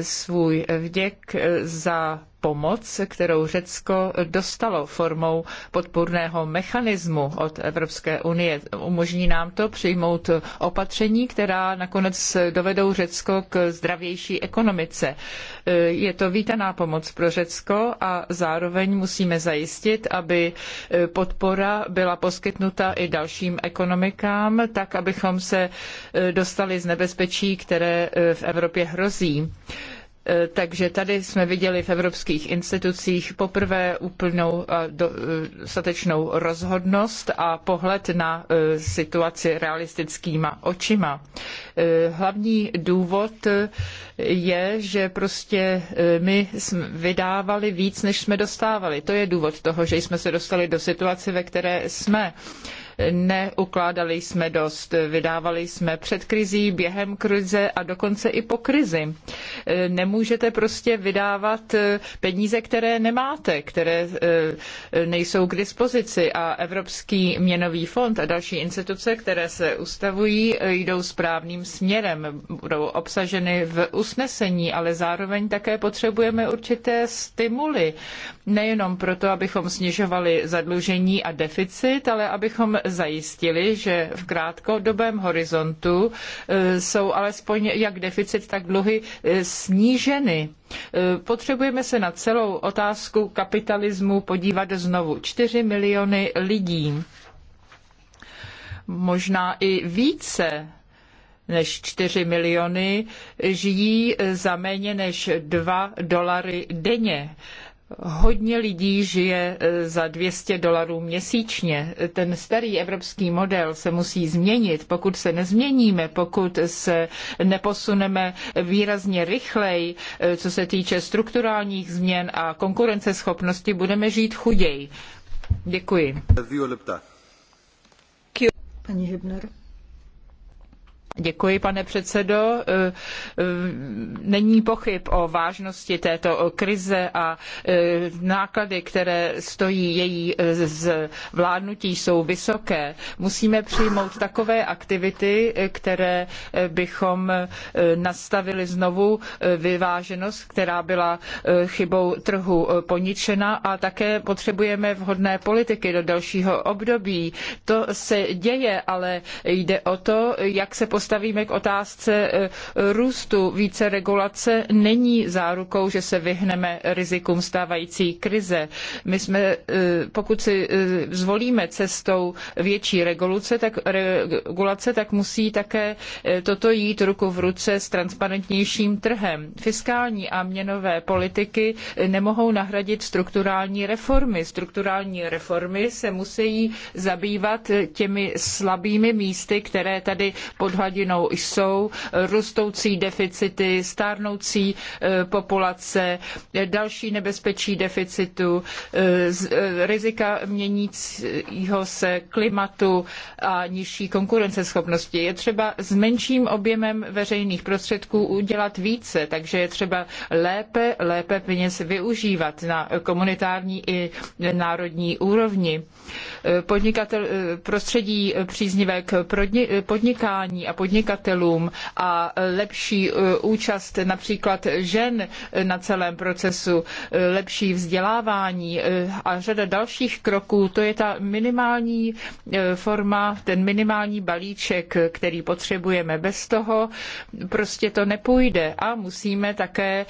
svůj vděk za pomoc, kterou Řecko dostalo formou podpůrného mechanismu od Evropské unie. Umožní nám to přijmout opatření, která nakonec dovedou Řecko k zdravější ekonomice. Je to vítaná pomoc pro Řecko a zároveň musíme zajistit, aby podpora byla poskytnuta i dalším ekonomikám, tak abychom se dostali z nebezpečí, které v Evropě hrozí. Eh, takže tady jsme viděli v evropských institucích poprvé úplnou eh, dostatečnou eh, rozhodnost a pohled na situaci realistickýma očima. Hlavní důvod je, že prostě my jsme vydávali víc, než jsme dostávali. To je důvod toho, že jsme se dostali do situace, ve které jsme neukládali jsme dost, vydávali jsme před krizí, během krize a dokonce i po krizi. Nemůžete prostě vydávat eh, peníze, které nemáte, které eh, nejsou k dispozici a Evropský měnový fond a další instituce, které se ustavují, eh, jdou správným směrem, budou obsaženy v usnesení, ale zároveň také potřebujeme určité stimuly, nejenom proto, abychom snižovali zadlužení a deficit, ale abychom zajistili, že v krátkodobém horizontu e, jsou alespoň jak deficit, tak dluhy e, sníženy. E, potřebujeme se na celou otázku kapitalismu podívat znovu. 4 miliony lidí, možná i více než 4 miliony, žijí za méně než 2 dolary denně hodně lidí žije e, za 200 dolarů měsíčně. Ten starý evropský model se musí změnit. Pokud se nezměníme, pokud se neposuneme výrazně rychleji, e, co se týče strukturálních změn a konkurenceschopnosti, budeme žít chuději. Děkuji. Paní Děkuji, pane předsedo. E, e, není pochyb o vážnosti této krize a e, náklady, které stojí její vládnutí, jsou vysoké. Musíme přijmout takové aktivity, které bychom nastavili znovu vyváženost, která byla chybou trhu poničena a také potřebujeme vhodné politiky do dalšího období. To se děje, ale jde o to, jak se postavíme postavíme k otázce eh, růstu. Více regulace není zárukou, že se vyhneme rizikům stávající krize. My jsme, eh, pokud si eh, zvolíme cestou větší regulace, tak, regulace, tak musí také toto jít ruku v ruce s transparentnějším trhem. Fiskální a měnové politiky nemohou nahradit strukturální reformy. Strukturální reformy se musí zabývat těmi slabými místy, které tady podhladí hladinou jsou rostoucí deficity, stárnoucí eh, populace, další nebezpečí deficitu, eh, eh, rizika měnícího se klimatu a nižší konkurenceschopnosti. Je třeba s menším objemem veřejných prostředků udělat více, takže je třeba lépe, lépe peněz využívat na komunitární i národní úrovni. Podnikatel, prostředí příznivé k podnikání a podnikání podnikatelům a lepší e, účast například žen na celém procesu, e, lepší vzdělávání e, a řada dalších kroků, to je ta minimální forma, ten minimální balíček, který potřebujeme. Bez toho prostě to nepůjde a musíme také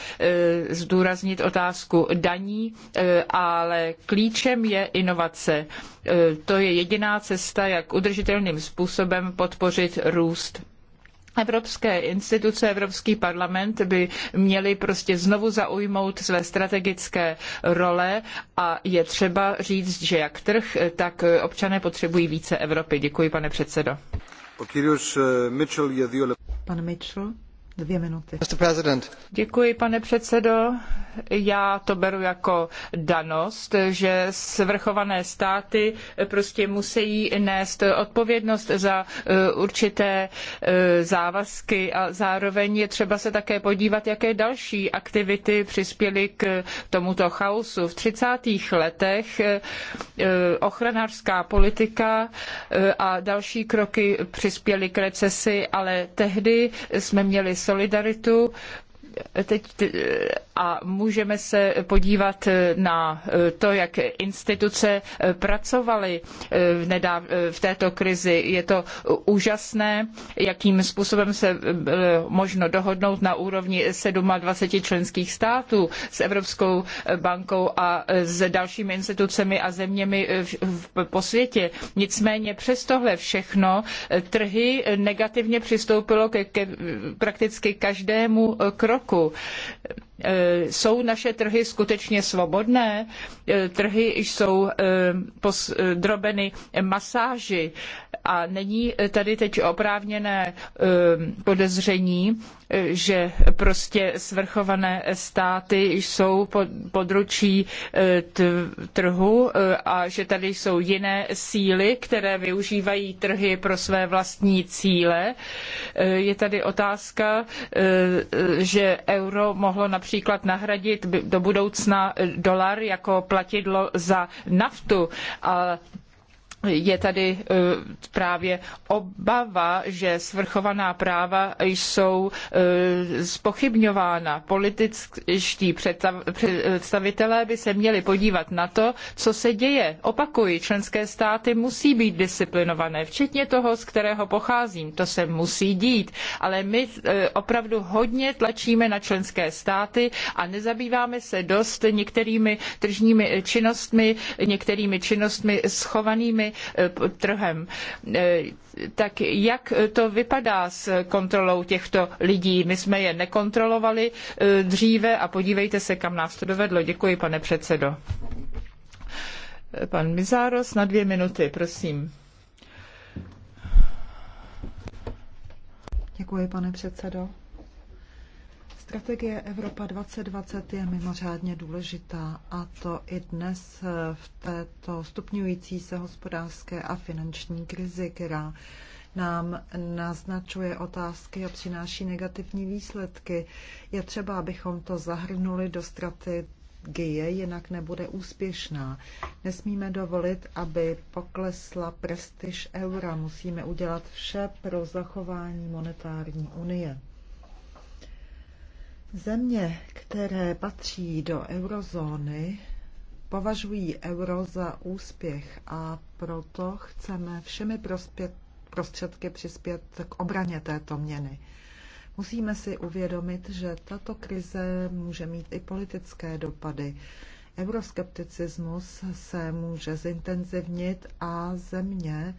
zdůraznit otázku daní, ale klíčem je inovace. To je jediná cesta, jak udržitelným způsobem podpořit růst. Evropské instituce, Evropský parlament by měly prostě znovu zaujmout své strategické role a je třeba říct, že jak trh, tak občané potřebují více Evropy. Děkuji, pane předsedo. Pan Mitchell, Dvě minuty. Děkuji, pane předsedo. Já to beru jako danost, že svrchované státy prostě musí nést odpovědnost za eh, určité eh, závazky a zároveň je třeba se také podívat, jaké další aktivity přispěly k tomuto chaosu. V 30. letech eh, ochranářská politika a další kroky přispěly k recesi, ale tehdy jsme měli solidaritu teď a můžeme se podívat na eh, to, jak instituce eh, pracovaly eh, v, této krizi. Je to úžasné, jakým způsobem se bylo možno dohodnout na úrovni 27 členských států s Evropskou bankou a s dalšími institucemi a zeměmi po světě. Nicméně přes tohle všechno trhy negativně přistoupilo ke, ke prakticky každému kroku. Eh, jsou naše trhy skutečně svobodné? Eh, trhy jsou eh, podrobeny masáži a není tady teď oprávněné um, podezření, že prostě svrchované státy jsou pod, područí eh, trhu eh, a že tady jsou jiné síly, které využívají trhy pro své vlastní cíle. Eh, je tady otázka, že euro mohlo například nahradit do budoucna dolar jako platidlo za naftu, A je tady e, právě obava, že svrchovaná práva jsou e, spochybňována. Političtí představitelé by se měli podívat na to, co se děje. Opakuji, členské státy musí být disciplinované, včetně toho, z kterého pocházím. To se musí dít, ale my e, opravdu hodně tlačíme na členské státy a nezabýváme se dost některými tržními činnostmi, některými činnostmi schovanými Eh, trhem. Eh, tak jak to vypadá s kontrolou těchto lidí? My jsme je nekontrolovali eh, dříve a podívejte se, kam nás to dovedlo. Děkuji, pane předsedo. Pan Mizáros na dvě minuty, prosím. Děkuji, pane předsedo. Strategie Evropa 2020 je mimořádně důležitá a to i dnes v této stupňující se hospodářské a finanční krizi, která nám naznačuje otázky a přináší negativní výsledky. Je třeba, abychom to zahrnuli do strategie, jinak nebude úspěšná. Nesmíme dovolit, aby poklesla prestiž eura. Musíme udělat vše pro zachování monetární unie. Země, které patří do eurozóny, považují euro za úspěch a proto chceme všemi prostředky přispět k obraně této měny. Musíme si uvědomit, že tato krize může mít i politické dopady. Euroskepticismus se může zintenzivnit a země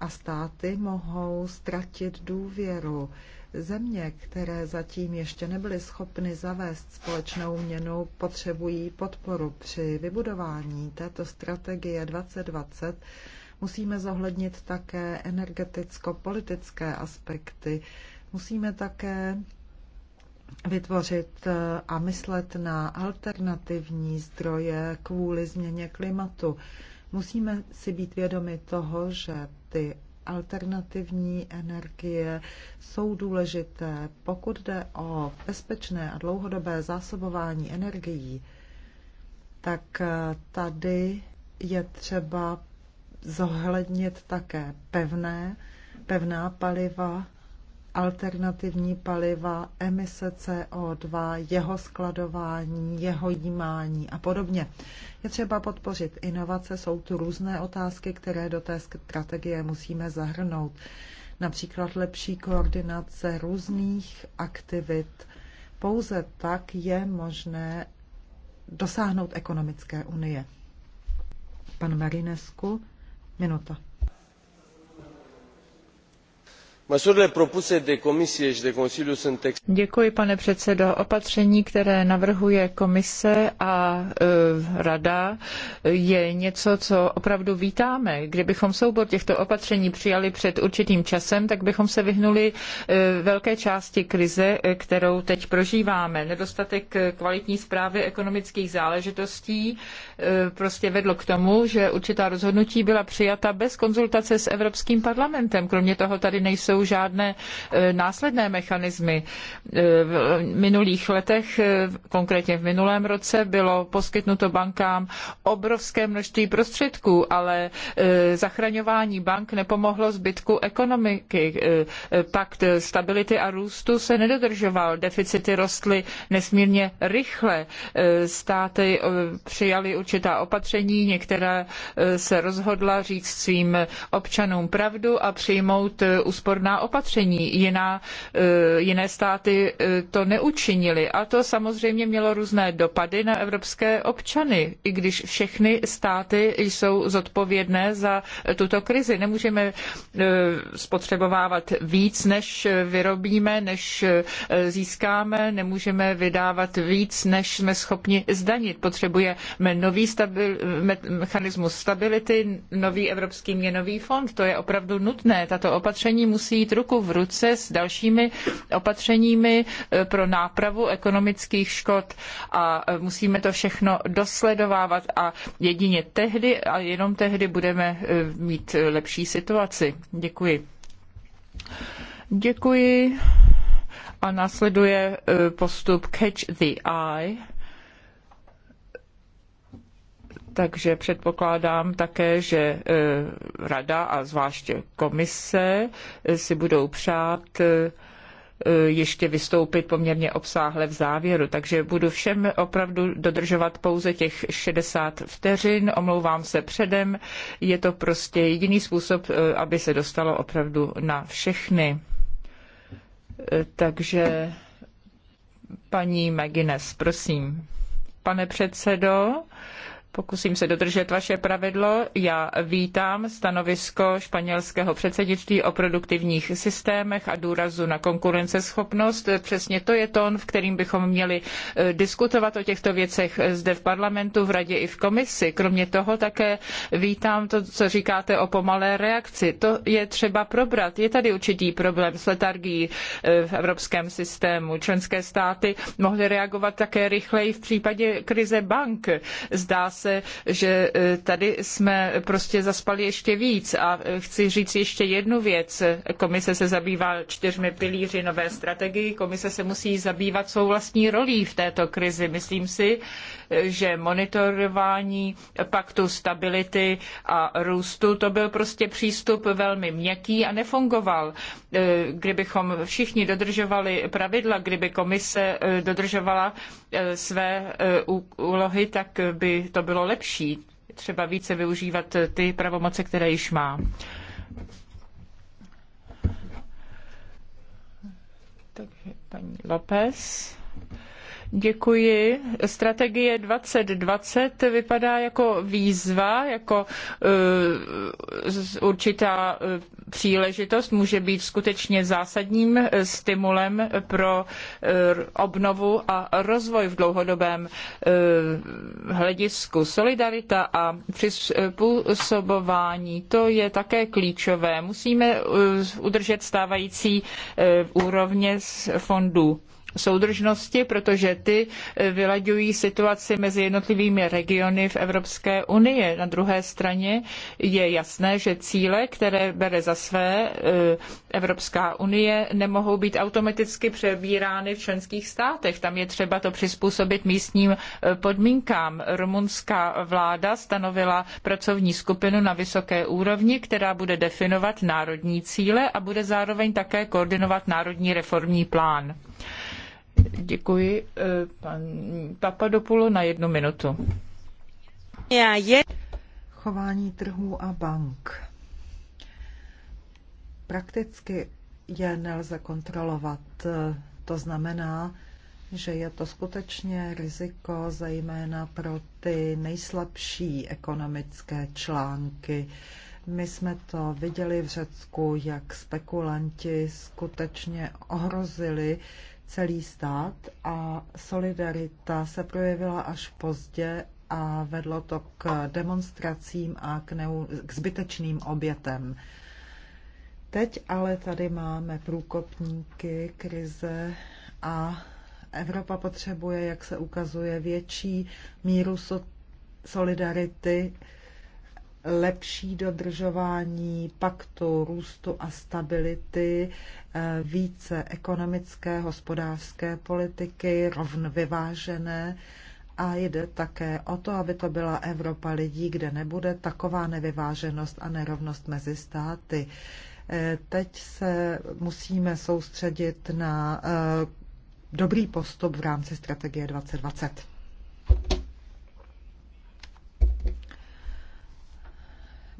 a státy mohou ztratit důvěru. Země, které zatím ještě nebyly schopny zavést společnou měnu, potřebují podporu. Při vybudování této strategie 2020 musíme zohlednit také energeticko-politické aspekty. Musíme také vytvořit eh, a myslet na alternativní zdroje kvůli změně klimatu. Musíme si být vědomi toho, že ty alternativní energie jsou důležité. Pokud jde o bezpečné a dlouhodobé zásobování energií, tak eh, tady je třeba zohlednit také pevné, pevná paliva alternativní paliva, emise CO2, jeho skladování, jeho jímání a podobně. Je třeba podpořit inovace, jsou tu různé otázky, které do té strategie musíme zahrnout. Například lepší koordinace různých aktivit. Pouze tak je možné dosáhnout ekonomické unie. Pan Marinesku, minuta. Măsurile propuse de Comisie și de Consiliu sunt Děkuji, pane předsedo. Opatření, které navrhuje Komise a e, Rada, je něco, co opravdu vítáme. Kdybychom soubor těchto opatření přijali před určitým časem, tak bychom se vyhnuli e, velké části krize, e, kterou teď prožíváme. Nedostatek e, kvalitní zprávy ekonomických záležitostí e, prostě vedl k tomu, že určitá rozhodnutí byla přijata bez konzultace s Evropským parlamentem. Kromě toho tady nejsou nejsou žádné eh, následné mechanismy. Eh, v minulých letech, eh, konkrétně v minulém roce, bylo poskytnuto bankám obrovské množství prostředků, ale zachraňování bank nepomohlo zbytku ekonomiky. Pakt stability a růstu se nedodržoval, deficity rostly nesmírně rychle, státy přijaly určitá opatření, Některá se rozhodla říct svým občanům pravdu a přijmout úsporné úsporná opatření. Jiná, eh, jiné státy eh, to neučinily a to samozřejmě mělo různé dopady na evropské občany, i když všechny státy jsou zodpovědné za tuto krizi. Nemůžeme eh, spotřebovávat víc, než vyrobíme, než získáme, nemůžeme vydávat víc, než jsme schopni zdanit. Potřebujeme nový stabil, mechanismus stability, nový Evropský měnový fond. To je opravdu nutné. Tato opatření musí musí jít ruku v ruce s dalšími opatřeními eh, pro nápravu ekonomických škod a eh, musíme to všechno dosledovávat a jedině tehdy a jenom tehdy budeme eh, mít lepší situaci. Děkuji. Děkuji. A následuje postup Catch the Eye. Takže předpokládám také, že e, rada a zvláště komise e, si budou přát e, ještě vystoupit poměrně obsáhle v závěru, takže budu všem opravdu dodržovat pouze těch 60 vteřin, omlouvám se předem, je to prostě jediný způsob, aby se dostalo opravdu na všechny. Takže paní Magines, prosím. Pane předsedo, Pokusím se dodržet vaše pravidlo. Já vítám stanovisko španělského předsednictví o produktivních systémech a důrazu na konkurenceschopnost. Přesně to je tón, v kterým bychom měli eh, diskutovat o těchto věcech zde v parlamentu, v radě i v komisi. Kromě toho také vítám to, co říkáte o pomalé reakci. To je třeba probrat. Je tady určitý problém s letargií eh, v evropském systému. Členské státy mohly reagovat také rychleji v případě krize bank. Zdá se, se, že e, tady jsme prostě zaspali ještě víc. A e, chci říct ještě jednu věc. Komise se zabývá čtyřmi pilíři nové strategii. Komise se musí zabývat svou vlastní rolí v této krizi. Myslím si, e, že monitorování paktu stability a růstu, to byl prostě přístup velmi měkký a nefungoval. Kdybychom všichni dodržovali pravidla, kdyby komise dodržovala E, své e, úlohy, tak by to bylo lepší. Třeba více využívat ty pravomoce, které již má. Takže paní López. Děkuji. Strategie 2020 vypadá jako výzva, jako eh, určitá eh, příležitost, může být skutečně zásadním eh, stimulem pro obnovu a rozvoj v dlouhodobém hledisku. Solidarita a přizpůsobování, to je také klíčové. Musíme udržet stávající úrovně z fondů soudržnosti, protože ty eh, vylaďují situaci mezi jednotlivými regiony v Evropské unii. Na druhé straně je jasné, že cíle, které bere za své eh, Evropská unie, nemohou být automaticky přebírány v členských státech. Tam je třeba to přizpůsobit místním eh, podmínkám. Rumunská vláda stanovila pracovní skupinu na vysoké úrovni, která bude definovat národní cíle a bude zároveň také koordinovat národní reformní plán. Děkuji. Eh, pan Papadopulo na jednu minutu. Já je. Chování trhů a bank. Prakticky je nelze kontrolovat. To znamená, že je to skutečně riziko zejména pro ty nejslabší ekonomické články. My jsme to viděli v Řecku, jak spekulanti skutečně ohrozili celý stát a solidarita se projevila až pozdě a vedlo to k demonstracím a k, neu, k zbytečným obětem. Teď ale tady máme průkopníky krize a Evropa potřebuje, jak se ukazuje, větší míru so- solidarity lepší dodržování paktu růstu a stability, eh, více ekonomické, hospodářské politiky, rovn vyvážené. A jde také o to, aby to byla Evropa lidí, kde nebude taková nevyváženost a nerovnost mezi státy. Eh, teď se musíme soustředit na eh, dobrý postup v rámci strategie 2020.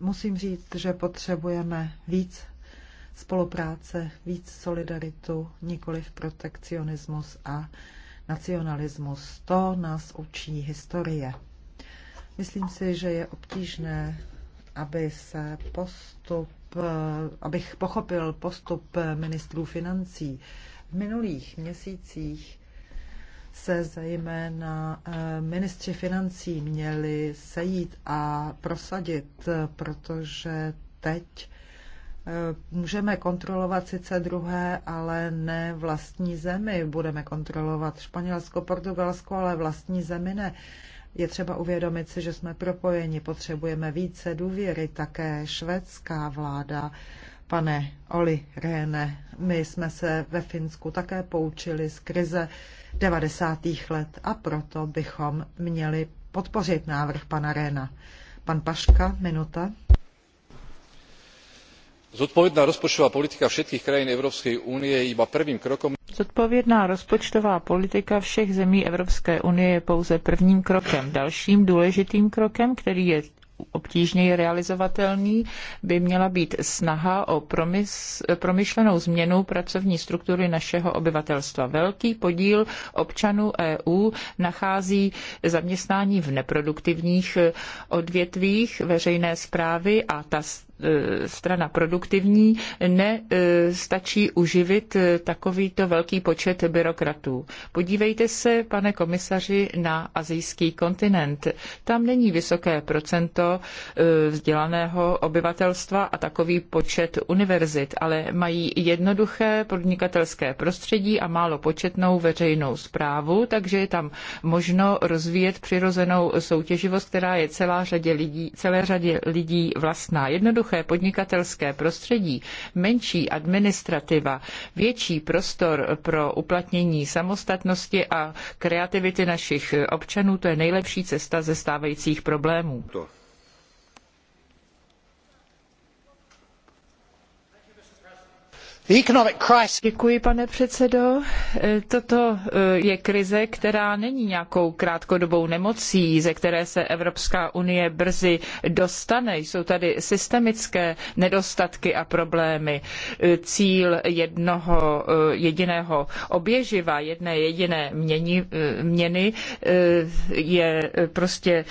musím říct, že potřebujeme víc spolupráce, víc solidaritu, nikoli v protekcionismus a nacionalismus. To nás učí historie. Myslím si, že je obtížné, aby se postup, abych pochopil postup ministrů financí v minulých měsících se zejména eh, ministři financí měli sejít a prosadit, protože teď eh, můžeme kontrolovat sice druhé, ale ne vlastní zemi. Budeme kontrolovat Španělsko, Portugalsko, ale vlastní zemi ne. Je třeba uvědomit si, že jsme propojeni, potřebujeme více důvěry. Také švédská vláda, pane Oli Rehne, my jsme se ve Finsku také poučili z krize 90. let a proto bychom měli podpořit návrh pana Réna. Pan Paška, minuta. Zodpovědná rozpočtová politika všech krajín Evropské unie je iba prvním krokem. Zodpovědná rozpočtová politika všech zemí Evropské unie je pouze prvním krokem. Dalším důležitým krokem, který je obtížněji realizovatelný, by měla být snaha o promys, promyšlenou změnu pracovní struktury našeho obyvatelstva. Velký podíl občanů EU nachází zaměstnání v neproduktivních odvětvích veřejné zprávy a ta Eh, strana produktivní nestačí uživit eh, takovýto velký počet byrokratů. Podívejte se, pane komisaři, na azijský kontinent. Tam není vysoké procento eh, vzdělaného obyvatelstva a takový počet univerzit, ale mají jednoduché podnikatelské prostředí a málo početnou veřejnou správu, takže je tam možno rozvíjet přirozenou soutěživost, která je celá řadě lidí, celé řadě lidí vlastná. Jednoduché jednoduché podnikatelské prostředí, menší administrativa, větší prostor pro uplatnění samostatnosti a kreativity našich občanů, to je nejlepší cesta ze stávajících problémů. To. Děkuji, pane předsedo. E, toto e, je krize, která není nějakou krátkodobou nemocí, ze které se Evropská unie brzy dostane. Jsou tady systemické nedostatky a problémy. E, cíl jednoho jediného oběživa, jedné jediné měni, měny je prostě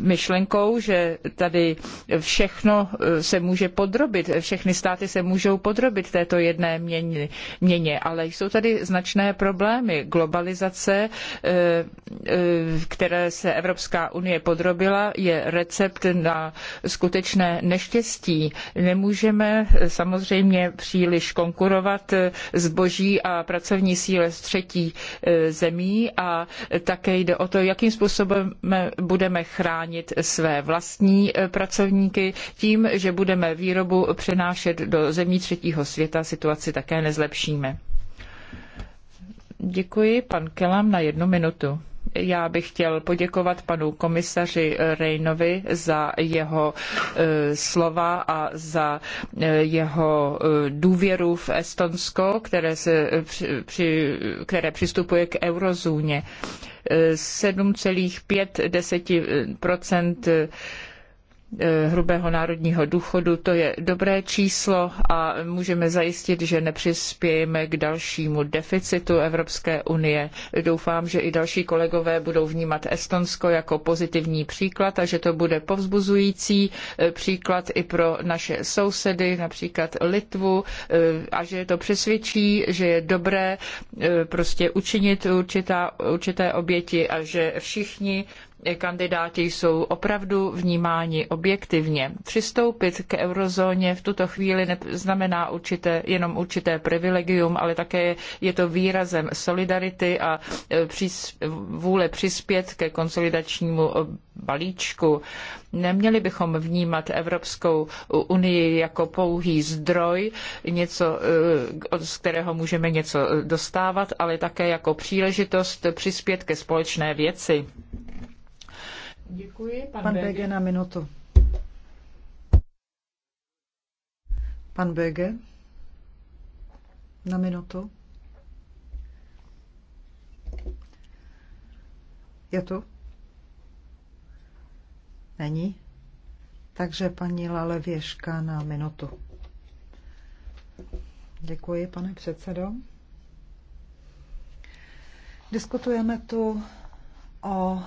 myšlenkou, že tady všechno se může podrobit, všechny státy se můžou podrobit té této jedné měně, Ale jsou tady značné problémy. Globalizace, eh, eh, které se Evropská unie podrobila, je recept na skutečné neštěstí. Nemůžeme eh, samozřejmě příliš konkurovat zboží a pracovní síle z třetí zemí a také jde o to, jakým způsobem budeme chránit své vlastní pracovníky tím, že budeme výrobu přenášet do zemí třetího světa světa situaci také nezlepšíme. Děkuji, pan Kelam, na jednu minutu. Já bych chtěl poděkovat panu komisaři Reynovi za jeho eh, slova a za eh, jeho eh, důvěru v Estonsko, které, se, při, které přistupuje k eurozóně. 7,5 Eh, hrubého národního důchodu. To je dobré číslo a můžeme zajistit, že nepřispějeme k dalšímu deficitu Evropské unie. Doufám, že i další kolegové budou vnímat Estonsko jako pozitivní příklad a že to bude povzbuzující eh, příklad i pro naše sousedy, například Litvu, eh, a že to přesvědčí, že je dobré prostě učinit určitá, určité oběti a že všichni kandidáti jsou opravdu vnímáni objektivně. Přistoupit k eurozóně v tuto chvíli neznamená určité, jenom určité privilegium, ale také je to výrazem solidarity a e, vůle přispět ke konsolidačnímu e, balíčku. Neměli bychom vnímat Evropskou unii jako pouhý zdroj, něco, e, z kterého můžeme něco dostávat, ale také jako příležitost přispět ke společné věci. Děkuji. Pan, pan Bege na minutu. Pan Bege na minutu. Je tu? Není? Takže paní Lalevěška na minutu. Děkuji, pane předsedo. Diskutujeme tu o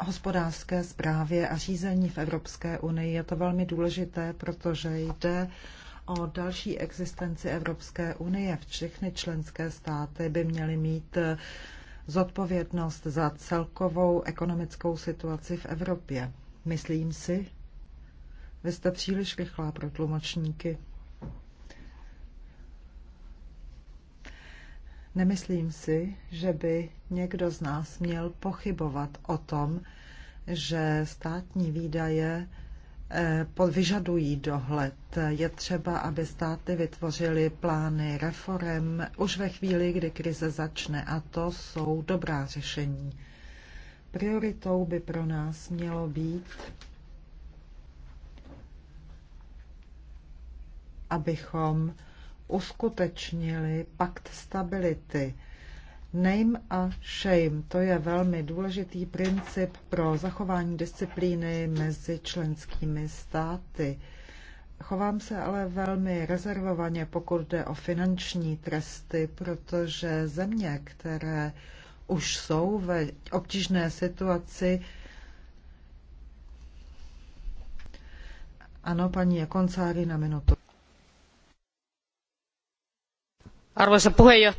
hospodářské zprávě a řízení v Evropské unii. Je to velmi důležité, protože jde o další existenci Evropské unie. Všechny členské státy by měly mít zodpovědnost za celkovou ekonomickou situaci v Evropě. Myslím si, vy jste příliš rychlá pro tlumočníky. Nemyslím si, že by někdo z nás měl pochybovat o tom, že státní výdaje eh, vyžadují dohled. Je třeba, aby státy vytvořily plány reform už ve chvíli, kdy krize začne a to jsou dobrá řešení. Prioritou by pro nás mělo být, abychom uskutečnili pakt stability. Name a shame, to je velmi důležitý princip pro zachování disciplíny mezi členskými státy. Chovám se ale velmi rezervovaně, pokud jde o finanční tresty, protože země, které už jsou ve obtížné situaci, ano, paní Koncáry na minutu. arvoisa puhemies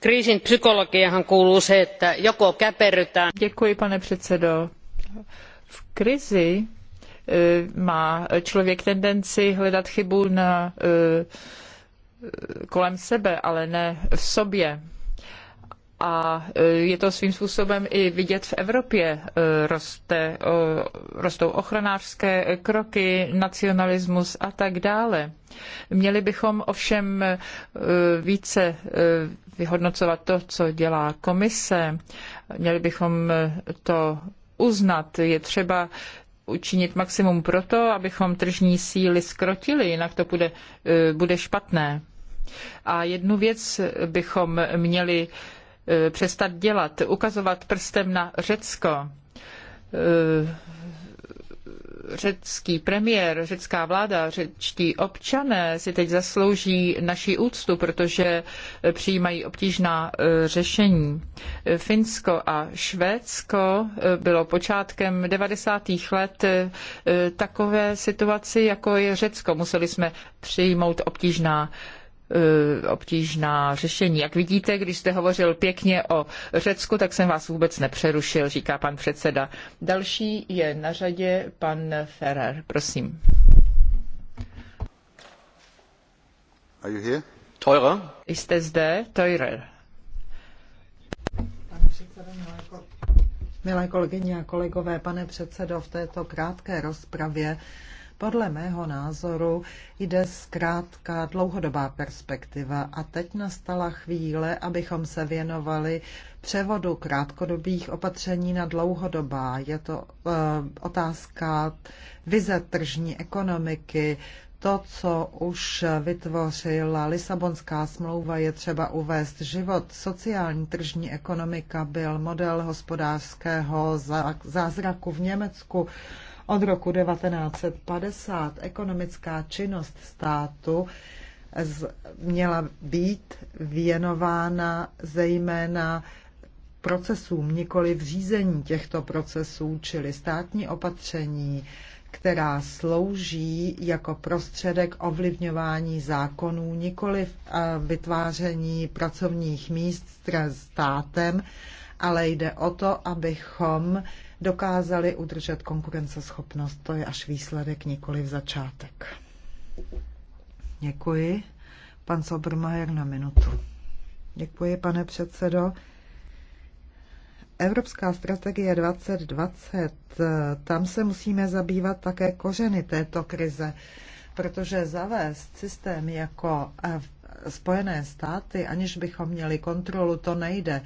kriisin psykologiaanhan kuuluu se että joko käperrytään. Děkuji, pane předsedo. V krizi e, má člověk tendenci hledat chybu na, e, kolem sebe, ale ne v sobě a e, je to svým způsobem i vidět v Evropě. E, roste, rostou ochranářské kroky, nacionalismus a tak dále. Měli bychom ovšem e, více vyhodnocovat to, co dělá komise. Měli bychom to uznat. Je třeba učinit maximum pro to, abychom tržní síly skrotili, jinak to bude, bude špatné. A jednu věc bychom měli Eh, přestat dělat, ukazovat prstem na Řecko. Eh, řecký premiér, řecká vláda, řečtí občané si teď zaslouží naší úctu, protože přijímají obtížná eh, řešení. Finsko a Švédsko bylo počátkem 90. let takové situaci, jako je Řecko. Museli jsme přijmout obtížná řešení Eh, obtížná řešení. Jak vidíte, když jste hovořil pěkně o Řecku, tak jsem vás vůbec nepřerušil, říká pan předseda. Další je na řadě pan Ferrer, prosím. Are you here? Jste zde, Teurer. milé kolegyně a kolegové, pane předsedo, v této krátké rozpravě podle mého názoru jde zkrátka dlouhodobá perspektiva a teď nastala chvíle, abychom se věnovali převodu krátkodobých opatření na dlouhodobá. Je to uh, otázka vize tržní ekonomiky, to, co už vytvořila Lisabonská smlouva, je třeba uvést život. Sociální tržní ekonomika byl model hospodářského zázraku v Německu. Od roku 1950 ekonomická činnost státu měla být věnována zejména procesům, nikoli v řízení těchto procesů, čili státní opatření, která slouží jako prostředek ovlivňování zákonů, nikoli v vytváření pracovních míst státem, ale jde o to, abychom dokázali udržet konkurenceschopnost. To je až výsledek, nikoli v začátek. Děkuji. Pan Sobrmajer na minutu. Děkuji, pane předsedo. Evropská strategie 2020, tam se musíme zabývat také kořeny této krize, protože zavést systém jako Spojené státy, aniž bychom měli kontrolu, to nejde.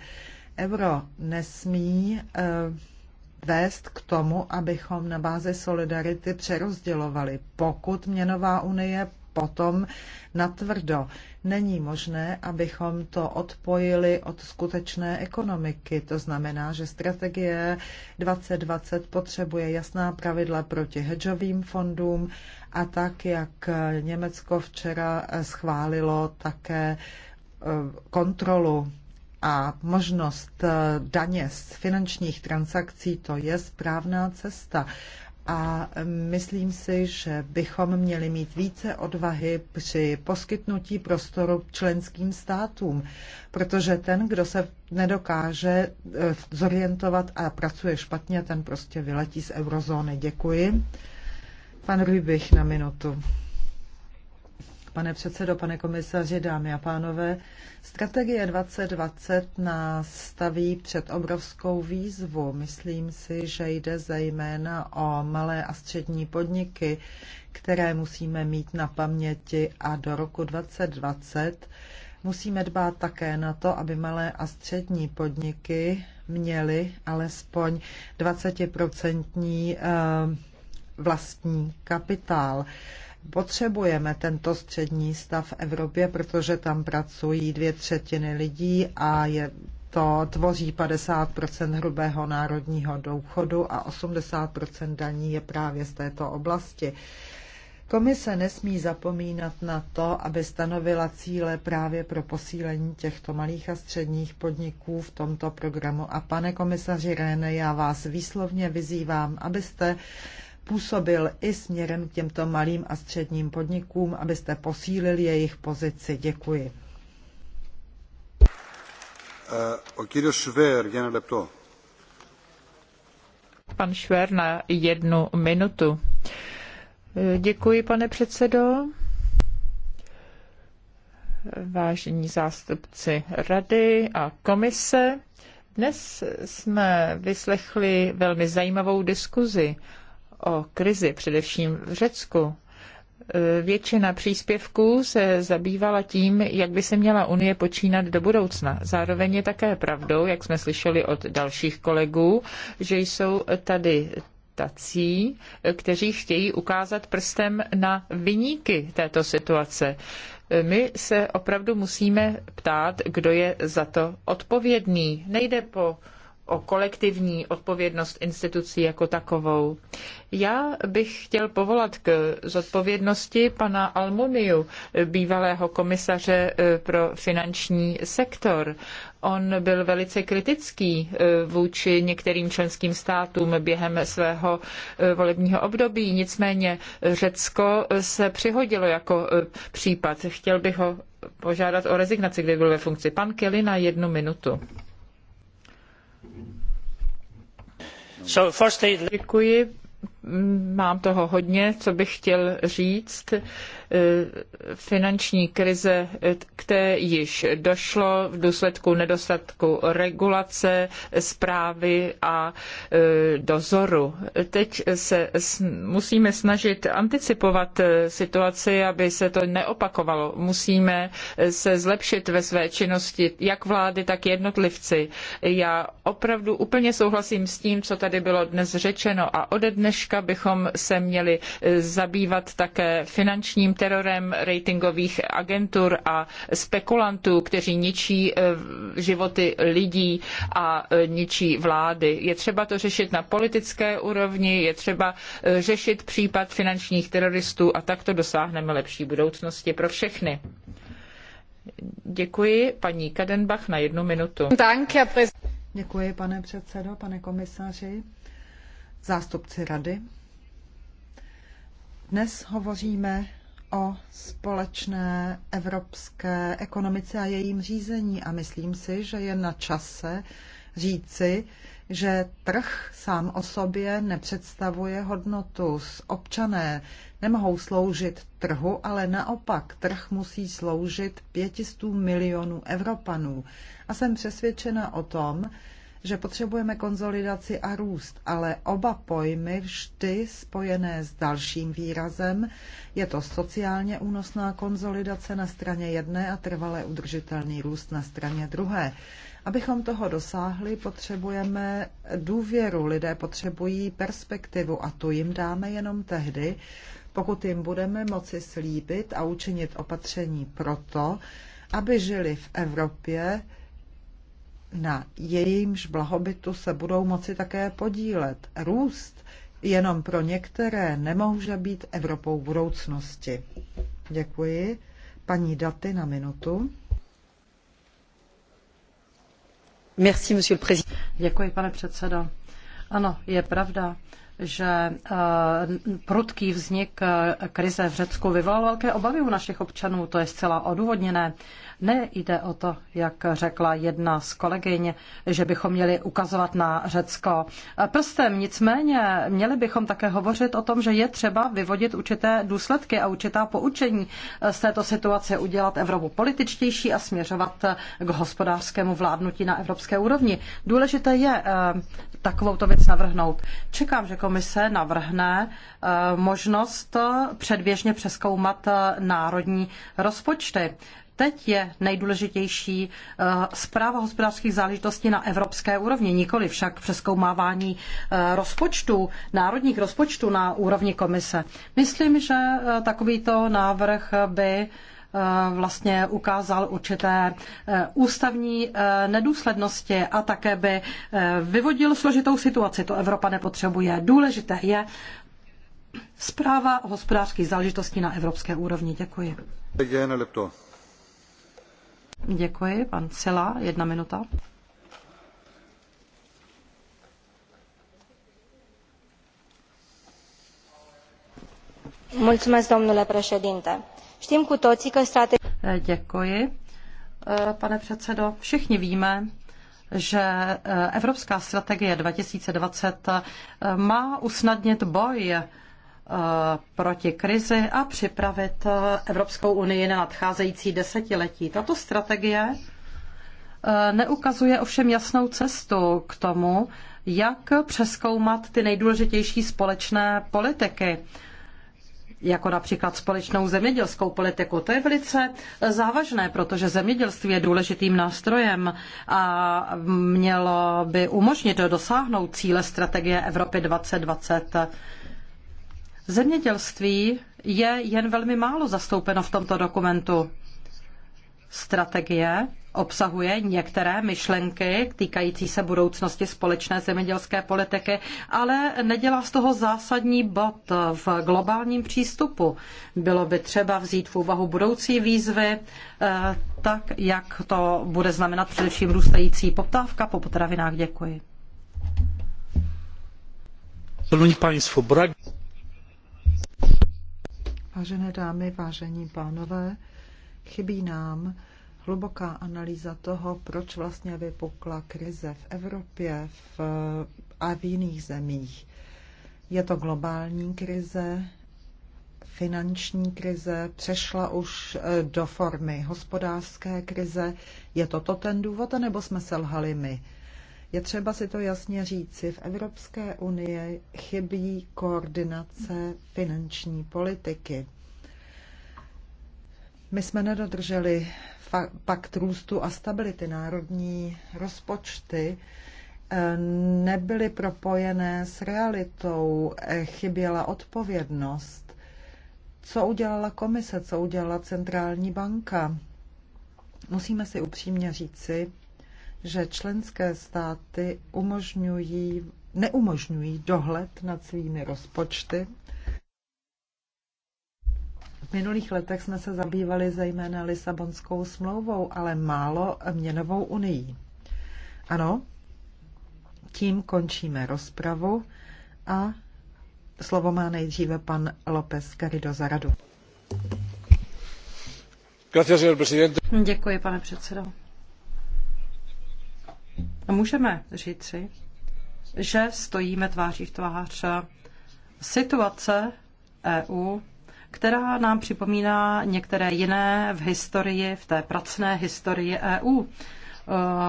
Euro nesmí eh, vést k tomu, abychom na bázi solidarity přerozdělovali. Pokud měnová unie potom natvrdo. Není možné, abychom to odpojili od skutečné ekonomiky. To znamená, že strategie 2020 potřebuje jasná pravidla proti hedžovým fondům a tak, jak Německo včera schválilo také eh, kontrolu a možnost eh, daně z finančních transakcí, to je správná cesta. A myslím si, že bychom měli mít více odvahy při poskytnutí prostoru členským státům, protože ten, kdo se nedokáže eh, zorientovat a pracuje špatně, ten prostě vyletí z eurozóny. Děkuji. Pan Rybich na minutu pane předsedo, pane komisaři, dámy a pánové. Strategie 2020 nás staví před obrovskou výzvu. Myslím si, že jde zejména o malé a střední podniky, které musíme mít na paměti a do roku 2020 musíme dbát také na to, aby malé a střední podniky měly alespoň 20% eh, vlastní kapitál. Potřebujeme tento střední stav v Evropě, protože tam pracují dvě třetiny lidí a je to tvoří 50 hrubého národního důchodu a 80 daní je právě z této oblasti. Komise nesmí zapomínat na to, aby stanovila cíle právě pro posílení těchto malých a středních podniků v tomto programu. A pane komisaři René, já vás výslovně vyzývám, abyste působil i směrem k těmto malým a středním podnikům, abyste posílili jejich pozici. Děkuji. Eh, Pan Šver na jednu minutu. Eh, děkuji, pane předsedo. Vážení zástupci rady a komise, dnes jsme vyslechli velmi zajímavou diskuzi o krizi, především v Řecku, e, Většina příspěvků se zabývala tím, jak by se měla Unie počínat do budoucna. Zároveň je také pravdou, jak jsme slyšeli od dalších kolegů, že jsou tady tací, kteří chtějí ukázat prstem na vyníky této situace. E, my se opravdu musíme ptát, kdo je za to odpovědný. Nejde po o kolektivní odpovědnost institucí jako takovou. Já bych chtěl povolat k zodpovědnosti pana Almoniu, bývalého komisaře e, pro finanční sektor. On byl velice kritický e, vůči některým členským státům během svého e, volebního období, nicméně Řecko se přihodilo jako případ. Chtěl bych ho požádat o rezignaci, kdyby byl ve funkci. Pan Kelly na jednu minutu. So firstly... Děkuji mám toho hodně, co bych chtěl říct. E, finanční krize, e, které již došlo v důsledku nedostatku regulace, zprávy a e, dozoru. Teď se musíme snažit anticipovat situaci, aby se to neopakovalo. Musíme se zlepšit ve své činnosti, jak vlády, tak jednotlivci. Já opravdu úplně souhlasím s tím, co tady bylo dnes řečeno a ode dneška hlediska bychom se měli eh, zabývat také finančním terorem ratingových agentur a spekulantů, kteří ničí eh, životy lidí a eh, ničí vlády. Je třeba to řešit na politické úrovni, je třeba řešit případ finančních teroristů a takto dosáhneme lepší budoucnosti pro všechny. Děkuji paní Kadenbach na jednu minutu. Děkuji, pane předsedo, pane komisaři zástupci rady. Dnes hovoříme o společné evropské ekonomice a jejím řízení a myslím si, že je na čase říci, že trh sám o sobě nepředstavuje hodnotu. Občané nemohou sloužit trhu, ale naopak trh musí sloužit 500 milionů Evropanů. A jsem přesvědčena o tom, že potřebujeme konzolidaci a růst, ale oba pojmy vždy spojené s dalším výrazem. Je to sociálně únosná konzolidace na straně jedné a trvalé udržitelný růst na straně druhé. Abychom toho dosáhli, potřebujeme důvěru. Lidé potřebují perspektivu a tu jim dáme jenom tehdy, pokud jim budeme moci slíbit a učinit opatření proto, aby žili v Evropě, na jejímž blahobytu se budou moci také podílet. Růst jenom pro některé nemůže být Evropou budoucnosti. Děkuji. Paní Daty na minutu. Merci, monsieur le président. Děkuji, pane předsedo. Ano, je pravda, že eh, prudký vznik eh, krize v Řecku vyvolal velké obavy u našich občanů. To je zcela odůvodněné. Nejde o to, jak řekla jedna z kolegyň, že bychom měli ukazovat na Řecko prstem. Nicméně měli bychom také hovořit o tom, že je třeba vyvodit určité důsledky a určitá poučení z této situace, udělat Evropu političtější a směřovat k hospodářskému vládnutí na evropské úrovni. Důležité je eh, takovouto věc navrhnout. Čekám, že komise navrhne eh, možnost eh, předběžně přeskoumat národní rozpočty. Teď je nejdůležitější eh, zpráva hospodářských záležitostí na evropské úrovni, nikoli však přeskoumávání eh, rozpočtu, národních rozpočtů na úrovni komise. Myslím, že eh, takovýto návrh by vlastně ukázal určité ústavní nedůslednosti a také by vyvodil složitou situaci. To Evropa nepotřebuje. Důležité je zpráva hospodářských záležitostí na evropské úrovni. Děkuji. Děkuji. Pan Sila, jedna minuta. Mulțumesc, domnule președinte. Știm cu toții că strategia... Eh, děkuji, eh, pane předsedo. Všichni víme, že eh, Evropská strategie 2020 má usnadnit boj Eh, proti krizi a připravit eh, Evropskou unii na nadcházející desetiletí. Tato strategie eh, neukazuje ovšem jasnou cestu k tomu, jak přeskoumat ty nejdůležitější společné politiky jako například společnou zemědělskou politiku. To je velice závažné, protože zemědělství je důležitým nástrojem a mělo by umožnit dosáhnout cíle strategie Evropy 2020. Zemědělství je jen velmi málo zastoupeno v tomto dokumentu. Strategie obsahuje některé myšlenky týkající se budoucnosti společné zemědělské politiky, ale nedělá z toho zásadní bod v globálním přístupu. Bylo by třeba vzít v úvahu budoucí výzvy, eh, tak jak to bude znamenat především růstající poptávka po potravinách. Děkuji. Szanowni brak Vážené dámy, vážení pánové, chybí nám hluboká analýza toho, proč vlastně vypukla krize v Evropě v, a v jiných zemích. Je to globální krize, finanční krize, přešla už e, do formy hospodářské krize. Je to to ten důvod, anebo jsme selhali my? Je třeba si to jasně říci. V Evropské unii chybí koordinace finanční politiky. My jsme nedodrželi pakt růstu a stability. Národní rozpočty eh, nebyly propojené s realitou, eh, chyběla odpovědnost. Co udělala komise, co udělala centrální banka? Musíme si upřímně říci, že členské státy umožňují, neumožňují dohled nad svými rozpočty. V minulých letech jsme se zabývali zejména Lisabonskou smlouvou, ale málo měnovou unii. Ano, tím končíme rozpravu a slovo má nejdříve pan López Garrido za radu. Děkuji, pane předsedo můžeme říci, že stojíme tváří v tvář situace EU, která nám připomíná některé jiné v historii, v té pracné historii EU.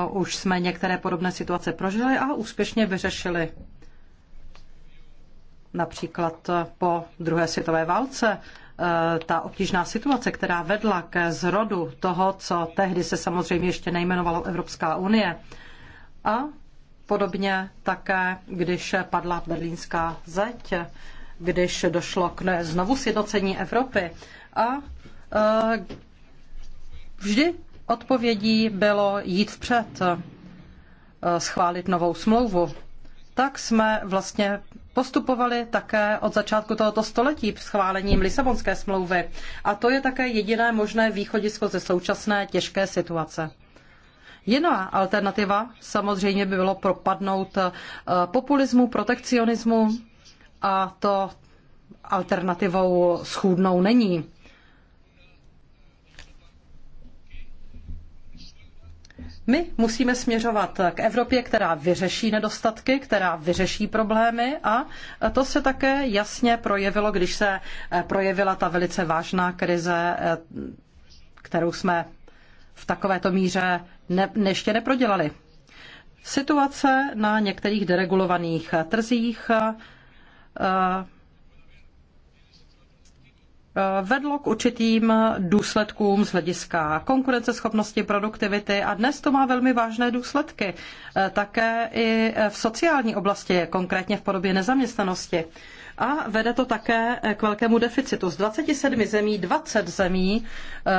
Uh, už jsme některé podobné situace prožili a úspěšně vyřešili. Například po druhé světové válce uh, ta obtížná situace, která vedla ke zrodu toho, co tehdy se samozřejmě ještě nejmenovalo Evropská unie, a podobně také, když padla berlínská zeď, když došlo k znovu sjednocení Evropy. A e, vždy odpovědí bylo jít vpřed, e, schválit novou smlouvu. Tak jsme vlastně postupovali také od začátku tohoto století schválením Lisabonské smlouvy. A to je také jediné možné východisko ze současné těžké situace. Jiná alternativa samozřejmě by bylo propadnout eh, populismu, protekcionismu a to alternativou schůdnou není. My musíme směřovat k Evropě, která vyřeší nedostatky, která vyřeší problémy a to se také jasně projevilo, když se eh, projevila ta velice vážná krize, eh, kterou jsme v takovéto míře ne, ještě neprodělali. Situace na některých deregulovaných trzích eh, eh, vedlo k určitým důsledkům z hlediska konkurenceschopnosti, produktivity a dnes to má velmi vážné důsledky. Eh, také i v sociální oblasti, konkrétně v podobě nezaměstnanosti. A vede to také k velkému deficitu. Z 27 zemí 20 zemí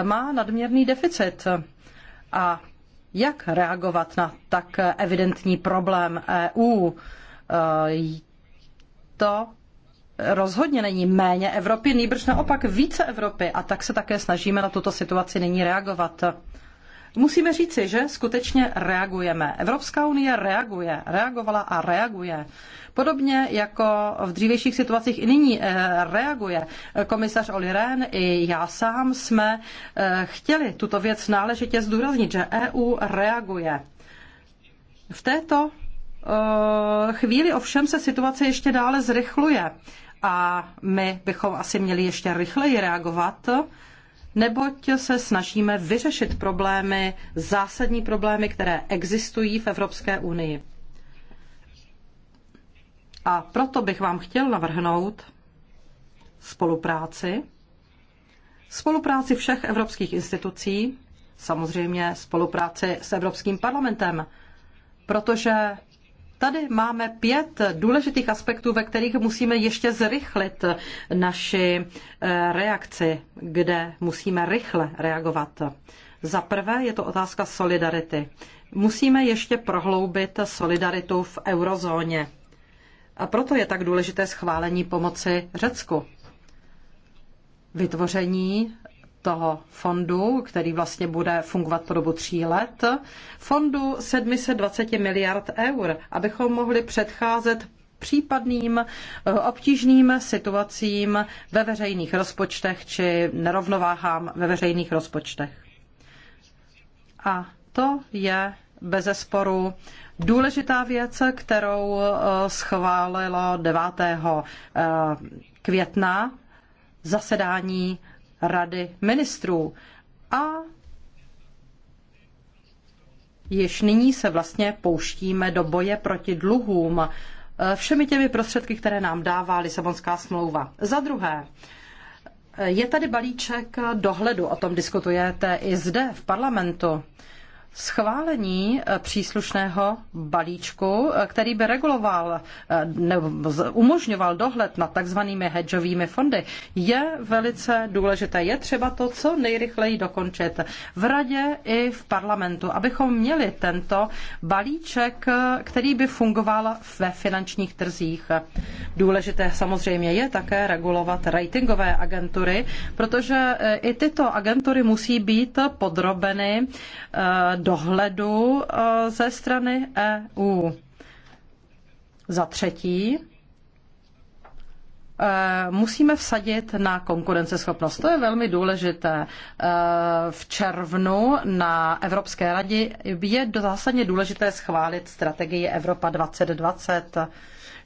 má nadměrný deficit. A jak reagovat na tak evidentní problém EU. E, to rozhodně není méně Evropy, nýbrž naopak více Evropy a tak se také snažíme na tuto situaci nyní reagovat. Musíme říci, že skutečně reagujeme. Evropská unie reaguje, reagovala a reaguje. Podobně jako v dřívějších situacích i nyní eh, reaguje. Komisař Oli Rehn i já sám jsme eh, chtěli tuto věc náležitě zdůraznit, že EU reaguje. V této eh, chvíli ovšem se situace ještě dále zrychluje a my bychom asi měli ještě rychleji reagovat, neboť se snažíme vyřešit problémy, zásadní problémy, které existují v Evropské unii. A proto bych vám chtěl navrhnout spolupráci, spolupráci všech evropských institucí, samozřejmě spolupráci s Evropským parlamentem, protože Tady máme pět důležitých aspektů, ve kterých musíme ještě zrychlit naši eh, reakci, kde musíme rychle reagovat. Za prvé je to otázka solidarity. Musíme ještě prohloubit solidaritu v eurozóně. A proto je tak důležité schválení pomoci Řecku. Vytvoření toho fondu, který vlastně bude fungovat po dobu tří let, fondu 720 miliard eur, abychom mohli předcházet případným eh, obtížným situacím ve veřejných rozpočtech či nerovnováhám ve veřejných rozpočtech. A to je bezesporu důležitá věc, kterou eh, schválilo 9. Eh, května zasedání rady ministrů. A již nyní se vlastně pouštíme do boje proti dluhům eh, všemi těmi prostředky, které nám dává Lisabonská smlouva. Za druhé, eh, je tady balíček dohledu, o tom diskutujete i zde v parlamentu schválení eh, příslušného balíčku, eh, který by reguloval eh, nebo umožňoval dohled nad takzvanými hedžovými fondy, je velice důležité. Je třeba to co nejrychleji dokončit v radě i v parlamentu, abychom měli tento balíček, který by fungoval ve finančních trzích. Důležité samozřejmě je také regulovat ratingové agentury, protože i tyto agentury musí být podrobeny dohledu eh, ze strany EU. Za třetí, eh, musíme vsadit na konkurenceschopnost. To je velmi důležité. Eh, v červnu na Evropské radě je zásadně důležité schválit strategii Evropa 2020,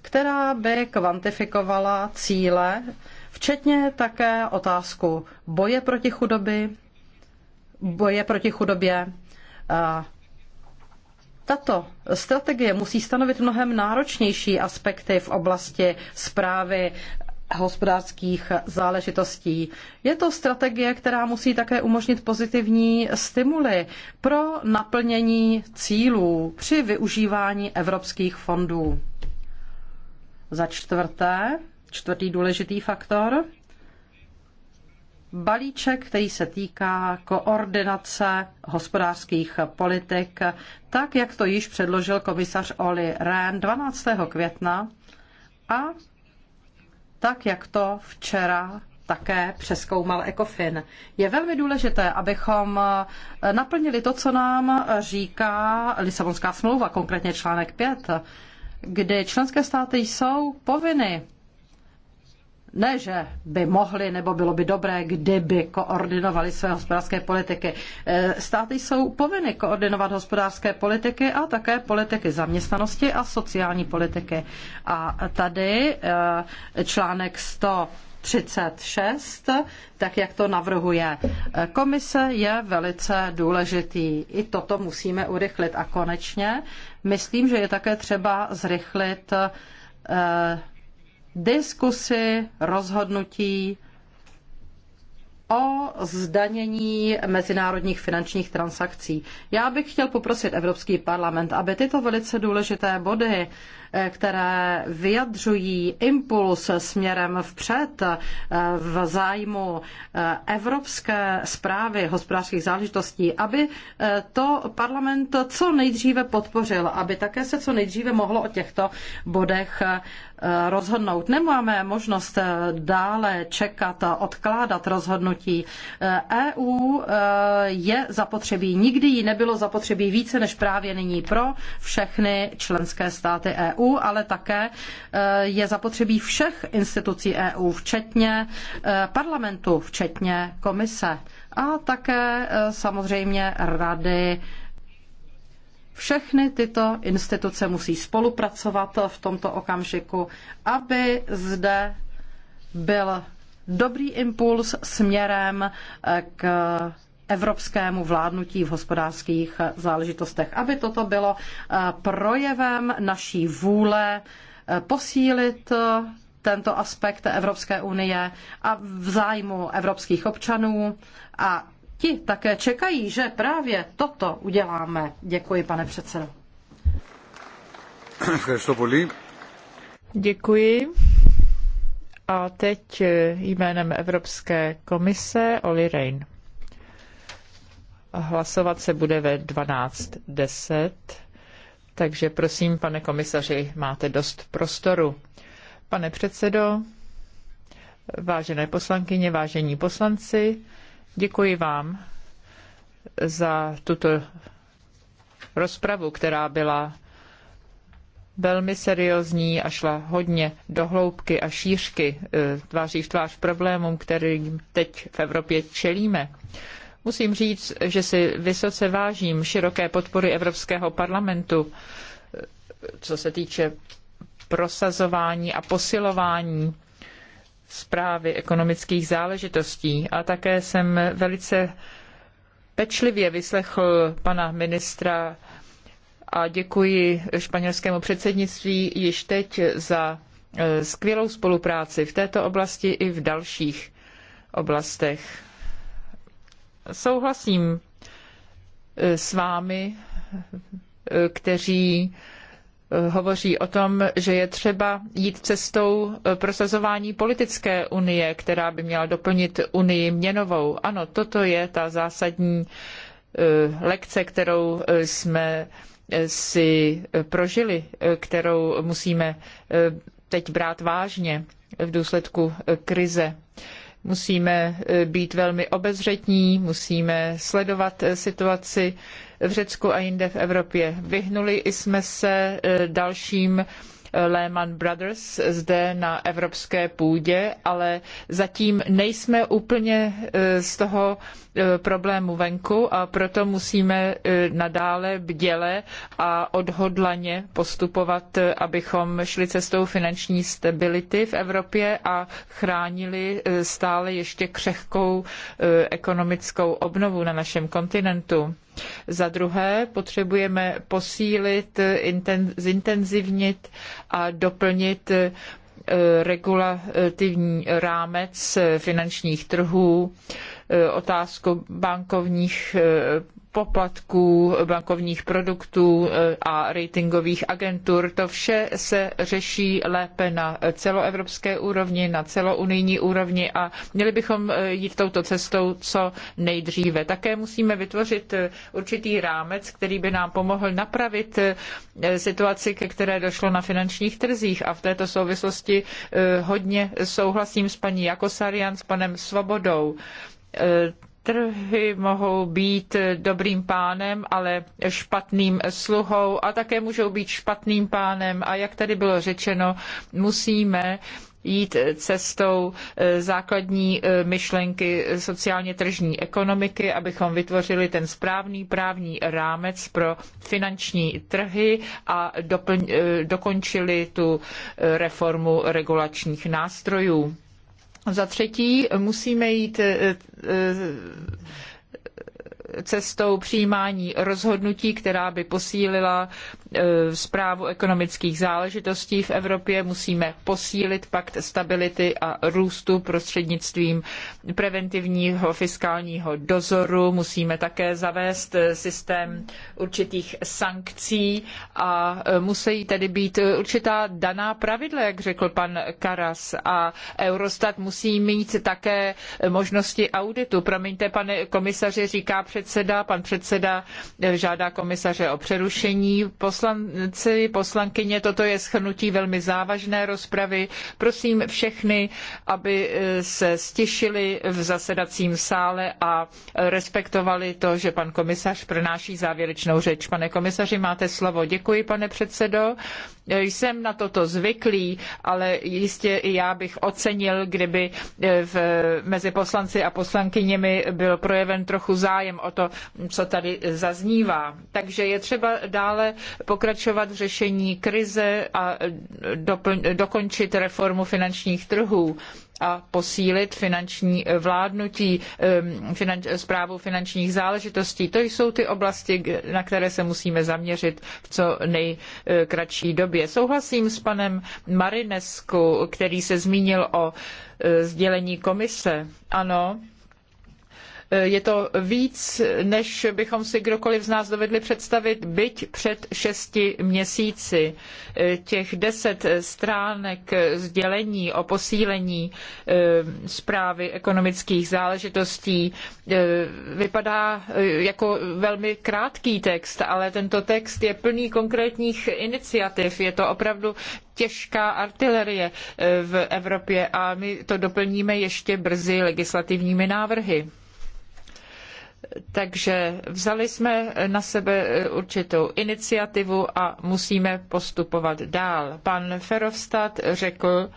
která by kvantifikovala cíle, včetně také otázku boje proti chudoby, boje proti chudobě, tato strategie musí stanovit mnohem náročnější aspekty v oblasti zprávy hospodářských záležitostí. Je to strategie, která musí také umožnit pozitivní stimuly pro naplnění cílů při využívání evropských fondů. Za čtvrté, čtvrtý důležitý faktor, balíček, který se týká koordinace hospodářských politik, tak jak to již předložil komisař Oli Rehn 12. května a tak jak to včera také přeskoumal ECOFIN. Je velmi důležité, abychom naplnili to, co nám říká Lisabonská smlouva, konkrétně článek 5, kdy členské státy jsou povinny ne, že by mohli, nebo bylo by dobré, kdyby koordinovali své hospodářské politiky. E, státy jsou povinny koordinovat hospodářské politiky a také politiky zaměstnanosti a sociální politiky. A tady e, článek 100 36, tak jak to navrhuje. Komise je velice důležitý. I toto musíme urychlit. A konečně myslím, že je také třeba zrychlit e, diskusi, rozhodnutí o zdanění mezinárodních finančních transakcí. Já bych chtěl poprosit Evropský parlament, aby tyto velice důležité body které vyjadřují impuls směrem vpřed eh, v zájmu eh, evropské zprávy hospodářských záležitostí, aby eh, to parlament co nejdříve podpořil, aby také se co nejdříve mohlo o těchto bodech rozhodnout. Nemáme možnost dále čekat a odkládat rozhodnutí. EU e je zapotřebí. Nikdy jí nebylo zapotřebí více než právě nyní pro všechny členské státy EU. EU, ale také eh, je zapotřebí všech institucí EU, včetně eh, parlamentu, včetně komise a také eh, samozřejmě rady všechny tyto instituce musí spolupracovat v tomto okamžiku, aby zde byl dobrý impuls směrem k evropskému vládnutí v hospodářských záležitostech, aby toto bylo eh, projevem naší vůle eh, posílit eh, tento aspekt Evropské unie a v zájmu evropských občanů a ti také čekají, že právě toto uděláme. Děkuji, pane předsedo. Děkuji. A teď jménem Evropské komise Oli Rein. Hlasovat se bude ve 12.10, takže prosím, pane komisaři, máte dost prostoru. Pane předsedo, vážené poslankyně, vážení poslanci, děkuji vám za tuto rozpravu, která byla velmi seriózní a šla hodně do hloubky a šířky e, tváří v tvář problémům, kterým teď v Evropě čelíme. Musím říct, že si vysoce vážím široké podpory Evropského parlamentu, co se týče prosazování a posilování zprávy ekonomických záležitostí. A také jsem velice pečlivě vyslechl pana ministra a děkuji španělskému předsednictví již teď za eh, skvělou spolupráci v této oblasti i v dalších oblastech. Souhlasím eh, s vámi, eh, kteří eh, hovoří o tom, že je třeba jít cestou prosazování politické unie, která by měla doplnit unii měnovou. Ano, toto je ta zásadní lekce, kterou jsme si prožili, kterou musíme teď brát vážně v důsledku krize. Musíme e, být velmi obezřetní, musíme sledovat e, situaci v Řecku a jinde v Evropě. Vyhnuli jsme se e, dalším Lehman Brothers zde na evropské půdě, ale zatím nejsme úplně eh, z toho eh, problému venku a proto musíme eh, nadále bděle a odhodlaně postupovat, abychom šli cestou finanční stability v Evropě a chránili stále ještě křehkou ekonomickou obnovu na našem kontinentu. Za druhé potřebujeme posílit, zintenzivnit a doplnit eh, regulativní rámec finančních trhů, eh, otázku bankovních eh, poplatků, bankovních produktů eh, a ratingových agentur. To vše se řeší lépe na celoevropské úrovni, na celounijní úrovni a měli bychom eh, jít touto cestou co nejdříve. Také musíme vytvořit eh, určitý rámec, který by nám pomohl napravit situaci, ke které došlo na finančních trzích a v této souvislosti hodně souhlasím s paní Jakosarian, s panem Svobodou trhy mohou být dobrým pánem, ale špatným sluhou a také můžou být špatným pánem. A jak tady bylo řečeno, musíme jít cestou eh, základní eh, myšlenky sociálně tržní ekonomiky, abychom vytvořili ten správný právní rámec pro finanční trhy a doplň, eh, dokončili tu reformu regulačních nástrojů. Za třetí musíme jít eh, eh, cestou přijímání rozhodnutí, která by posílila e, správu ekonomických záležitostí v Evropě. Musíme posílit pakt stability a růstu prostřednictvím preventivního fiskálního dozoru. Musíme také zavést e, systém určitých sankcí a e, musí tedy být určitá daná pravidla, jak řekl pan Karas. A Eurostat musí mít také možnosti auditu. Promiňte, pane komisaři, říká před předseda. Pan předseda eh, žádá komisaře o přerušení. Poslanci, poslankyně, toto je schrnutí velmi závažné rozpravy. Prosím všechny, aby eh, se stišili v zasedacím sále a respektovali to, že pan komisař pronáší závěrečnou řeč. Pane komisaři, máte slovo. Děkuji, pane předsedo. Jsem na toto zvyklý, ale jistě i já bych ocenil, kdyby eh, v, mezi poslanci a poslankyněmi byl projeven trochu zájem o to, co tady zaznívá. Takže je třeba dále pokračovat v řešení krize a eh, dokončit reformu finančních trhů a posílit finanční eh, vládnutí, ehm, finanč, zprávu finančních záležitostí. To jsou ty oblasti, na které se musíme zaměřit v co nejkratší eh, době. Souhlasím s panem Marinesku, který se zmínil o eh, sdělení komise. Ano, je to víc, než bychom si kdokoliv z nás dovedli představit, byť před šesti měsíci. Těch deset stránek sdělení o posílení eh, zprávy ekonomických záležitostí eh, vypadá eh, jako velmi krátký text, ale tento text je plný konkrétních iniciativ. Je to opravdu těžká artilerie v Evropě a my to doplníme ještě brzy legislativními návrhy. Takže vzali jsme na sebe určitou iniciativu a musíme postupovat dál. Pan Ferovstad řekl,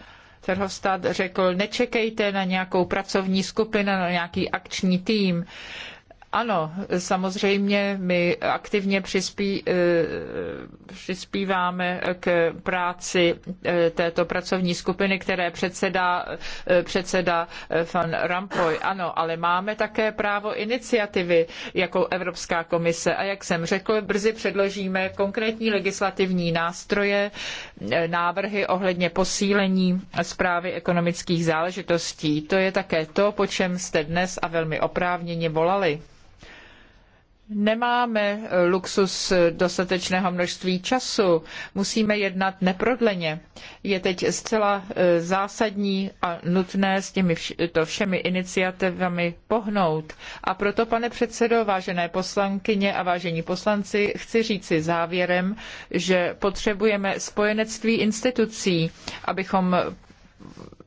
Verhofstadt řekl, nečekejte na nějakou pracovní skupinu, na nějaký akční tým. Ano, samozřejmě my aktivně přispí, eh, přispíváme k práci eh, této pracovní skupiny, které předsedá eh, předseda van Rampoy. Ano, ale máme také právo iniciativy jako Evropská komise. A jak jsem řekl, brzy předložíme konkrétní legislativní nástroje, návrhy ohledně posílení zprávy ekonomických záležitostí. To je také to, po čem jste dnes a velmi oprávněně volali nemáme luxus dostatečného množství času, musíme jednat neprodleně. Je teď zcela e, zásadní a nutné s těmi vš- to všemi iniciativami pohnout. A proto, pane předsedo, vážené poslankyně a vážení poslanci, chci říci závěrem, že potřebujeme spojenectví institucí, abychom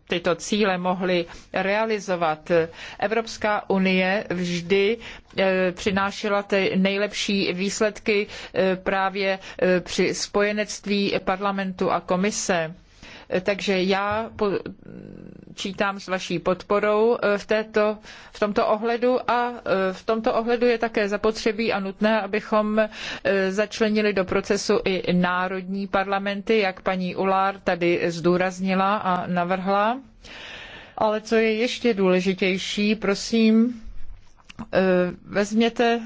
tyto cíle mohly realizovat. Evropská unie vždy e, přinášela ty nejlepší výsledky e, právě e, při spojenectví parlamentu a komise. Takže já čítám s vaší podporou eh, v, této, v tomto ohledu a eh, v tomto ohledu je také zapotřebí a nutné, abychom eh, začlenili do procesu i národní parlamenty, jak paní Ulár tady zdůraznila a navrhla. Ale co je ještě důležitější, prosím, vezměte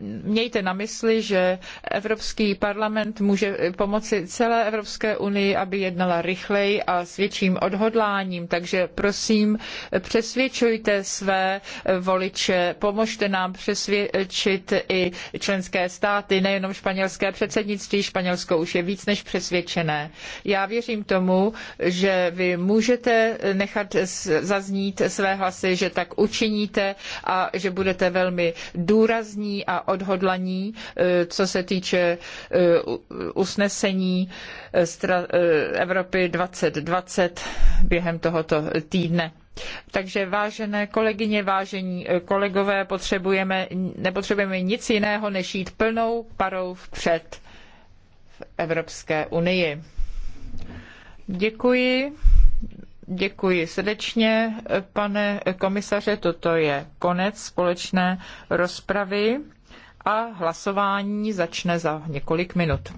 mějte na mysli, že Evropský parlament může pomoci celé Evropské unii, aby jednala rychleji a s větším odhodláním. Takže prosím, přesvědčujte své voliče, pomožte nám přesvědčit i členské státy, nejenom španělské předsednictví. Španělsko už je víc než přesvědčené. Já věřím tomu, že vy můžete nechat zaznít své hlasy, že tak učiníte a že budete velmi důrazní a odhodlaní, eh, co se týče eh, usnesení eh, Evropy 2020 během tohoto týdne. Takže vážené kolegyně, vážení kolegové, potřebujeme, nepotřebujeme nic jiného, než jít plnou parou vpřed v Evropské unii. Děkuji. Děkuji srdečně, pane komisaře. Toto je konec společné rozpravy a hlasování začne za několik minut.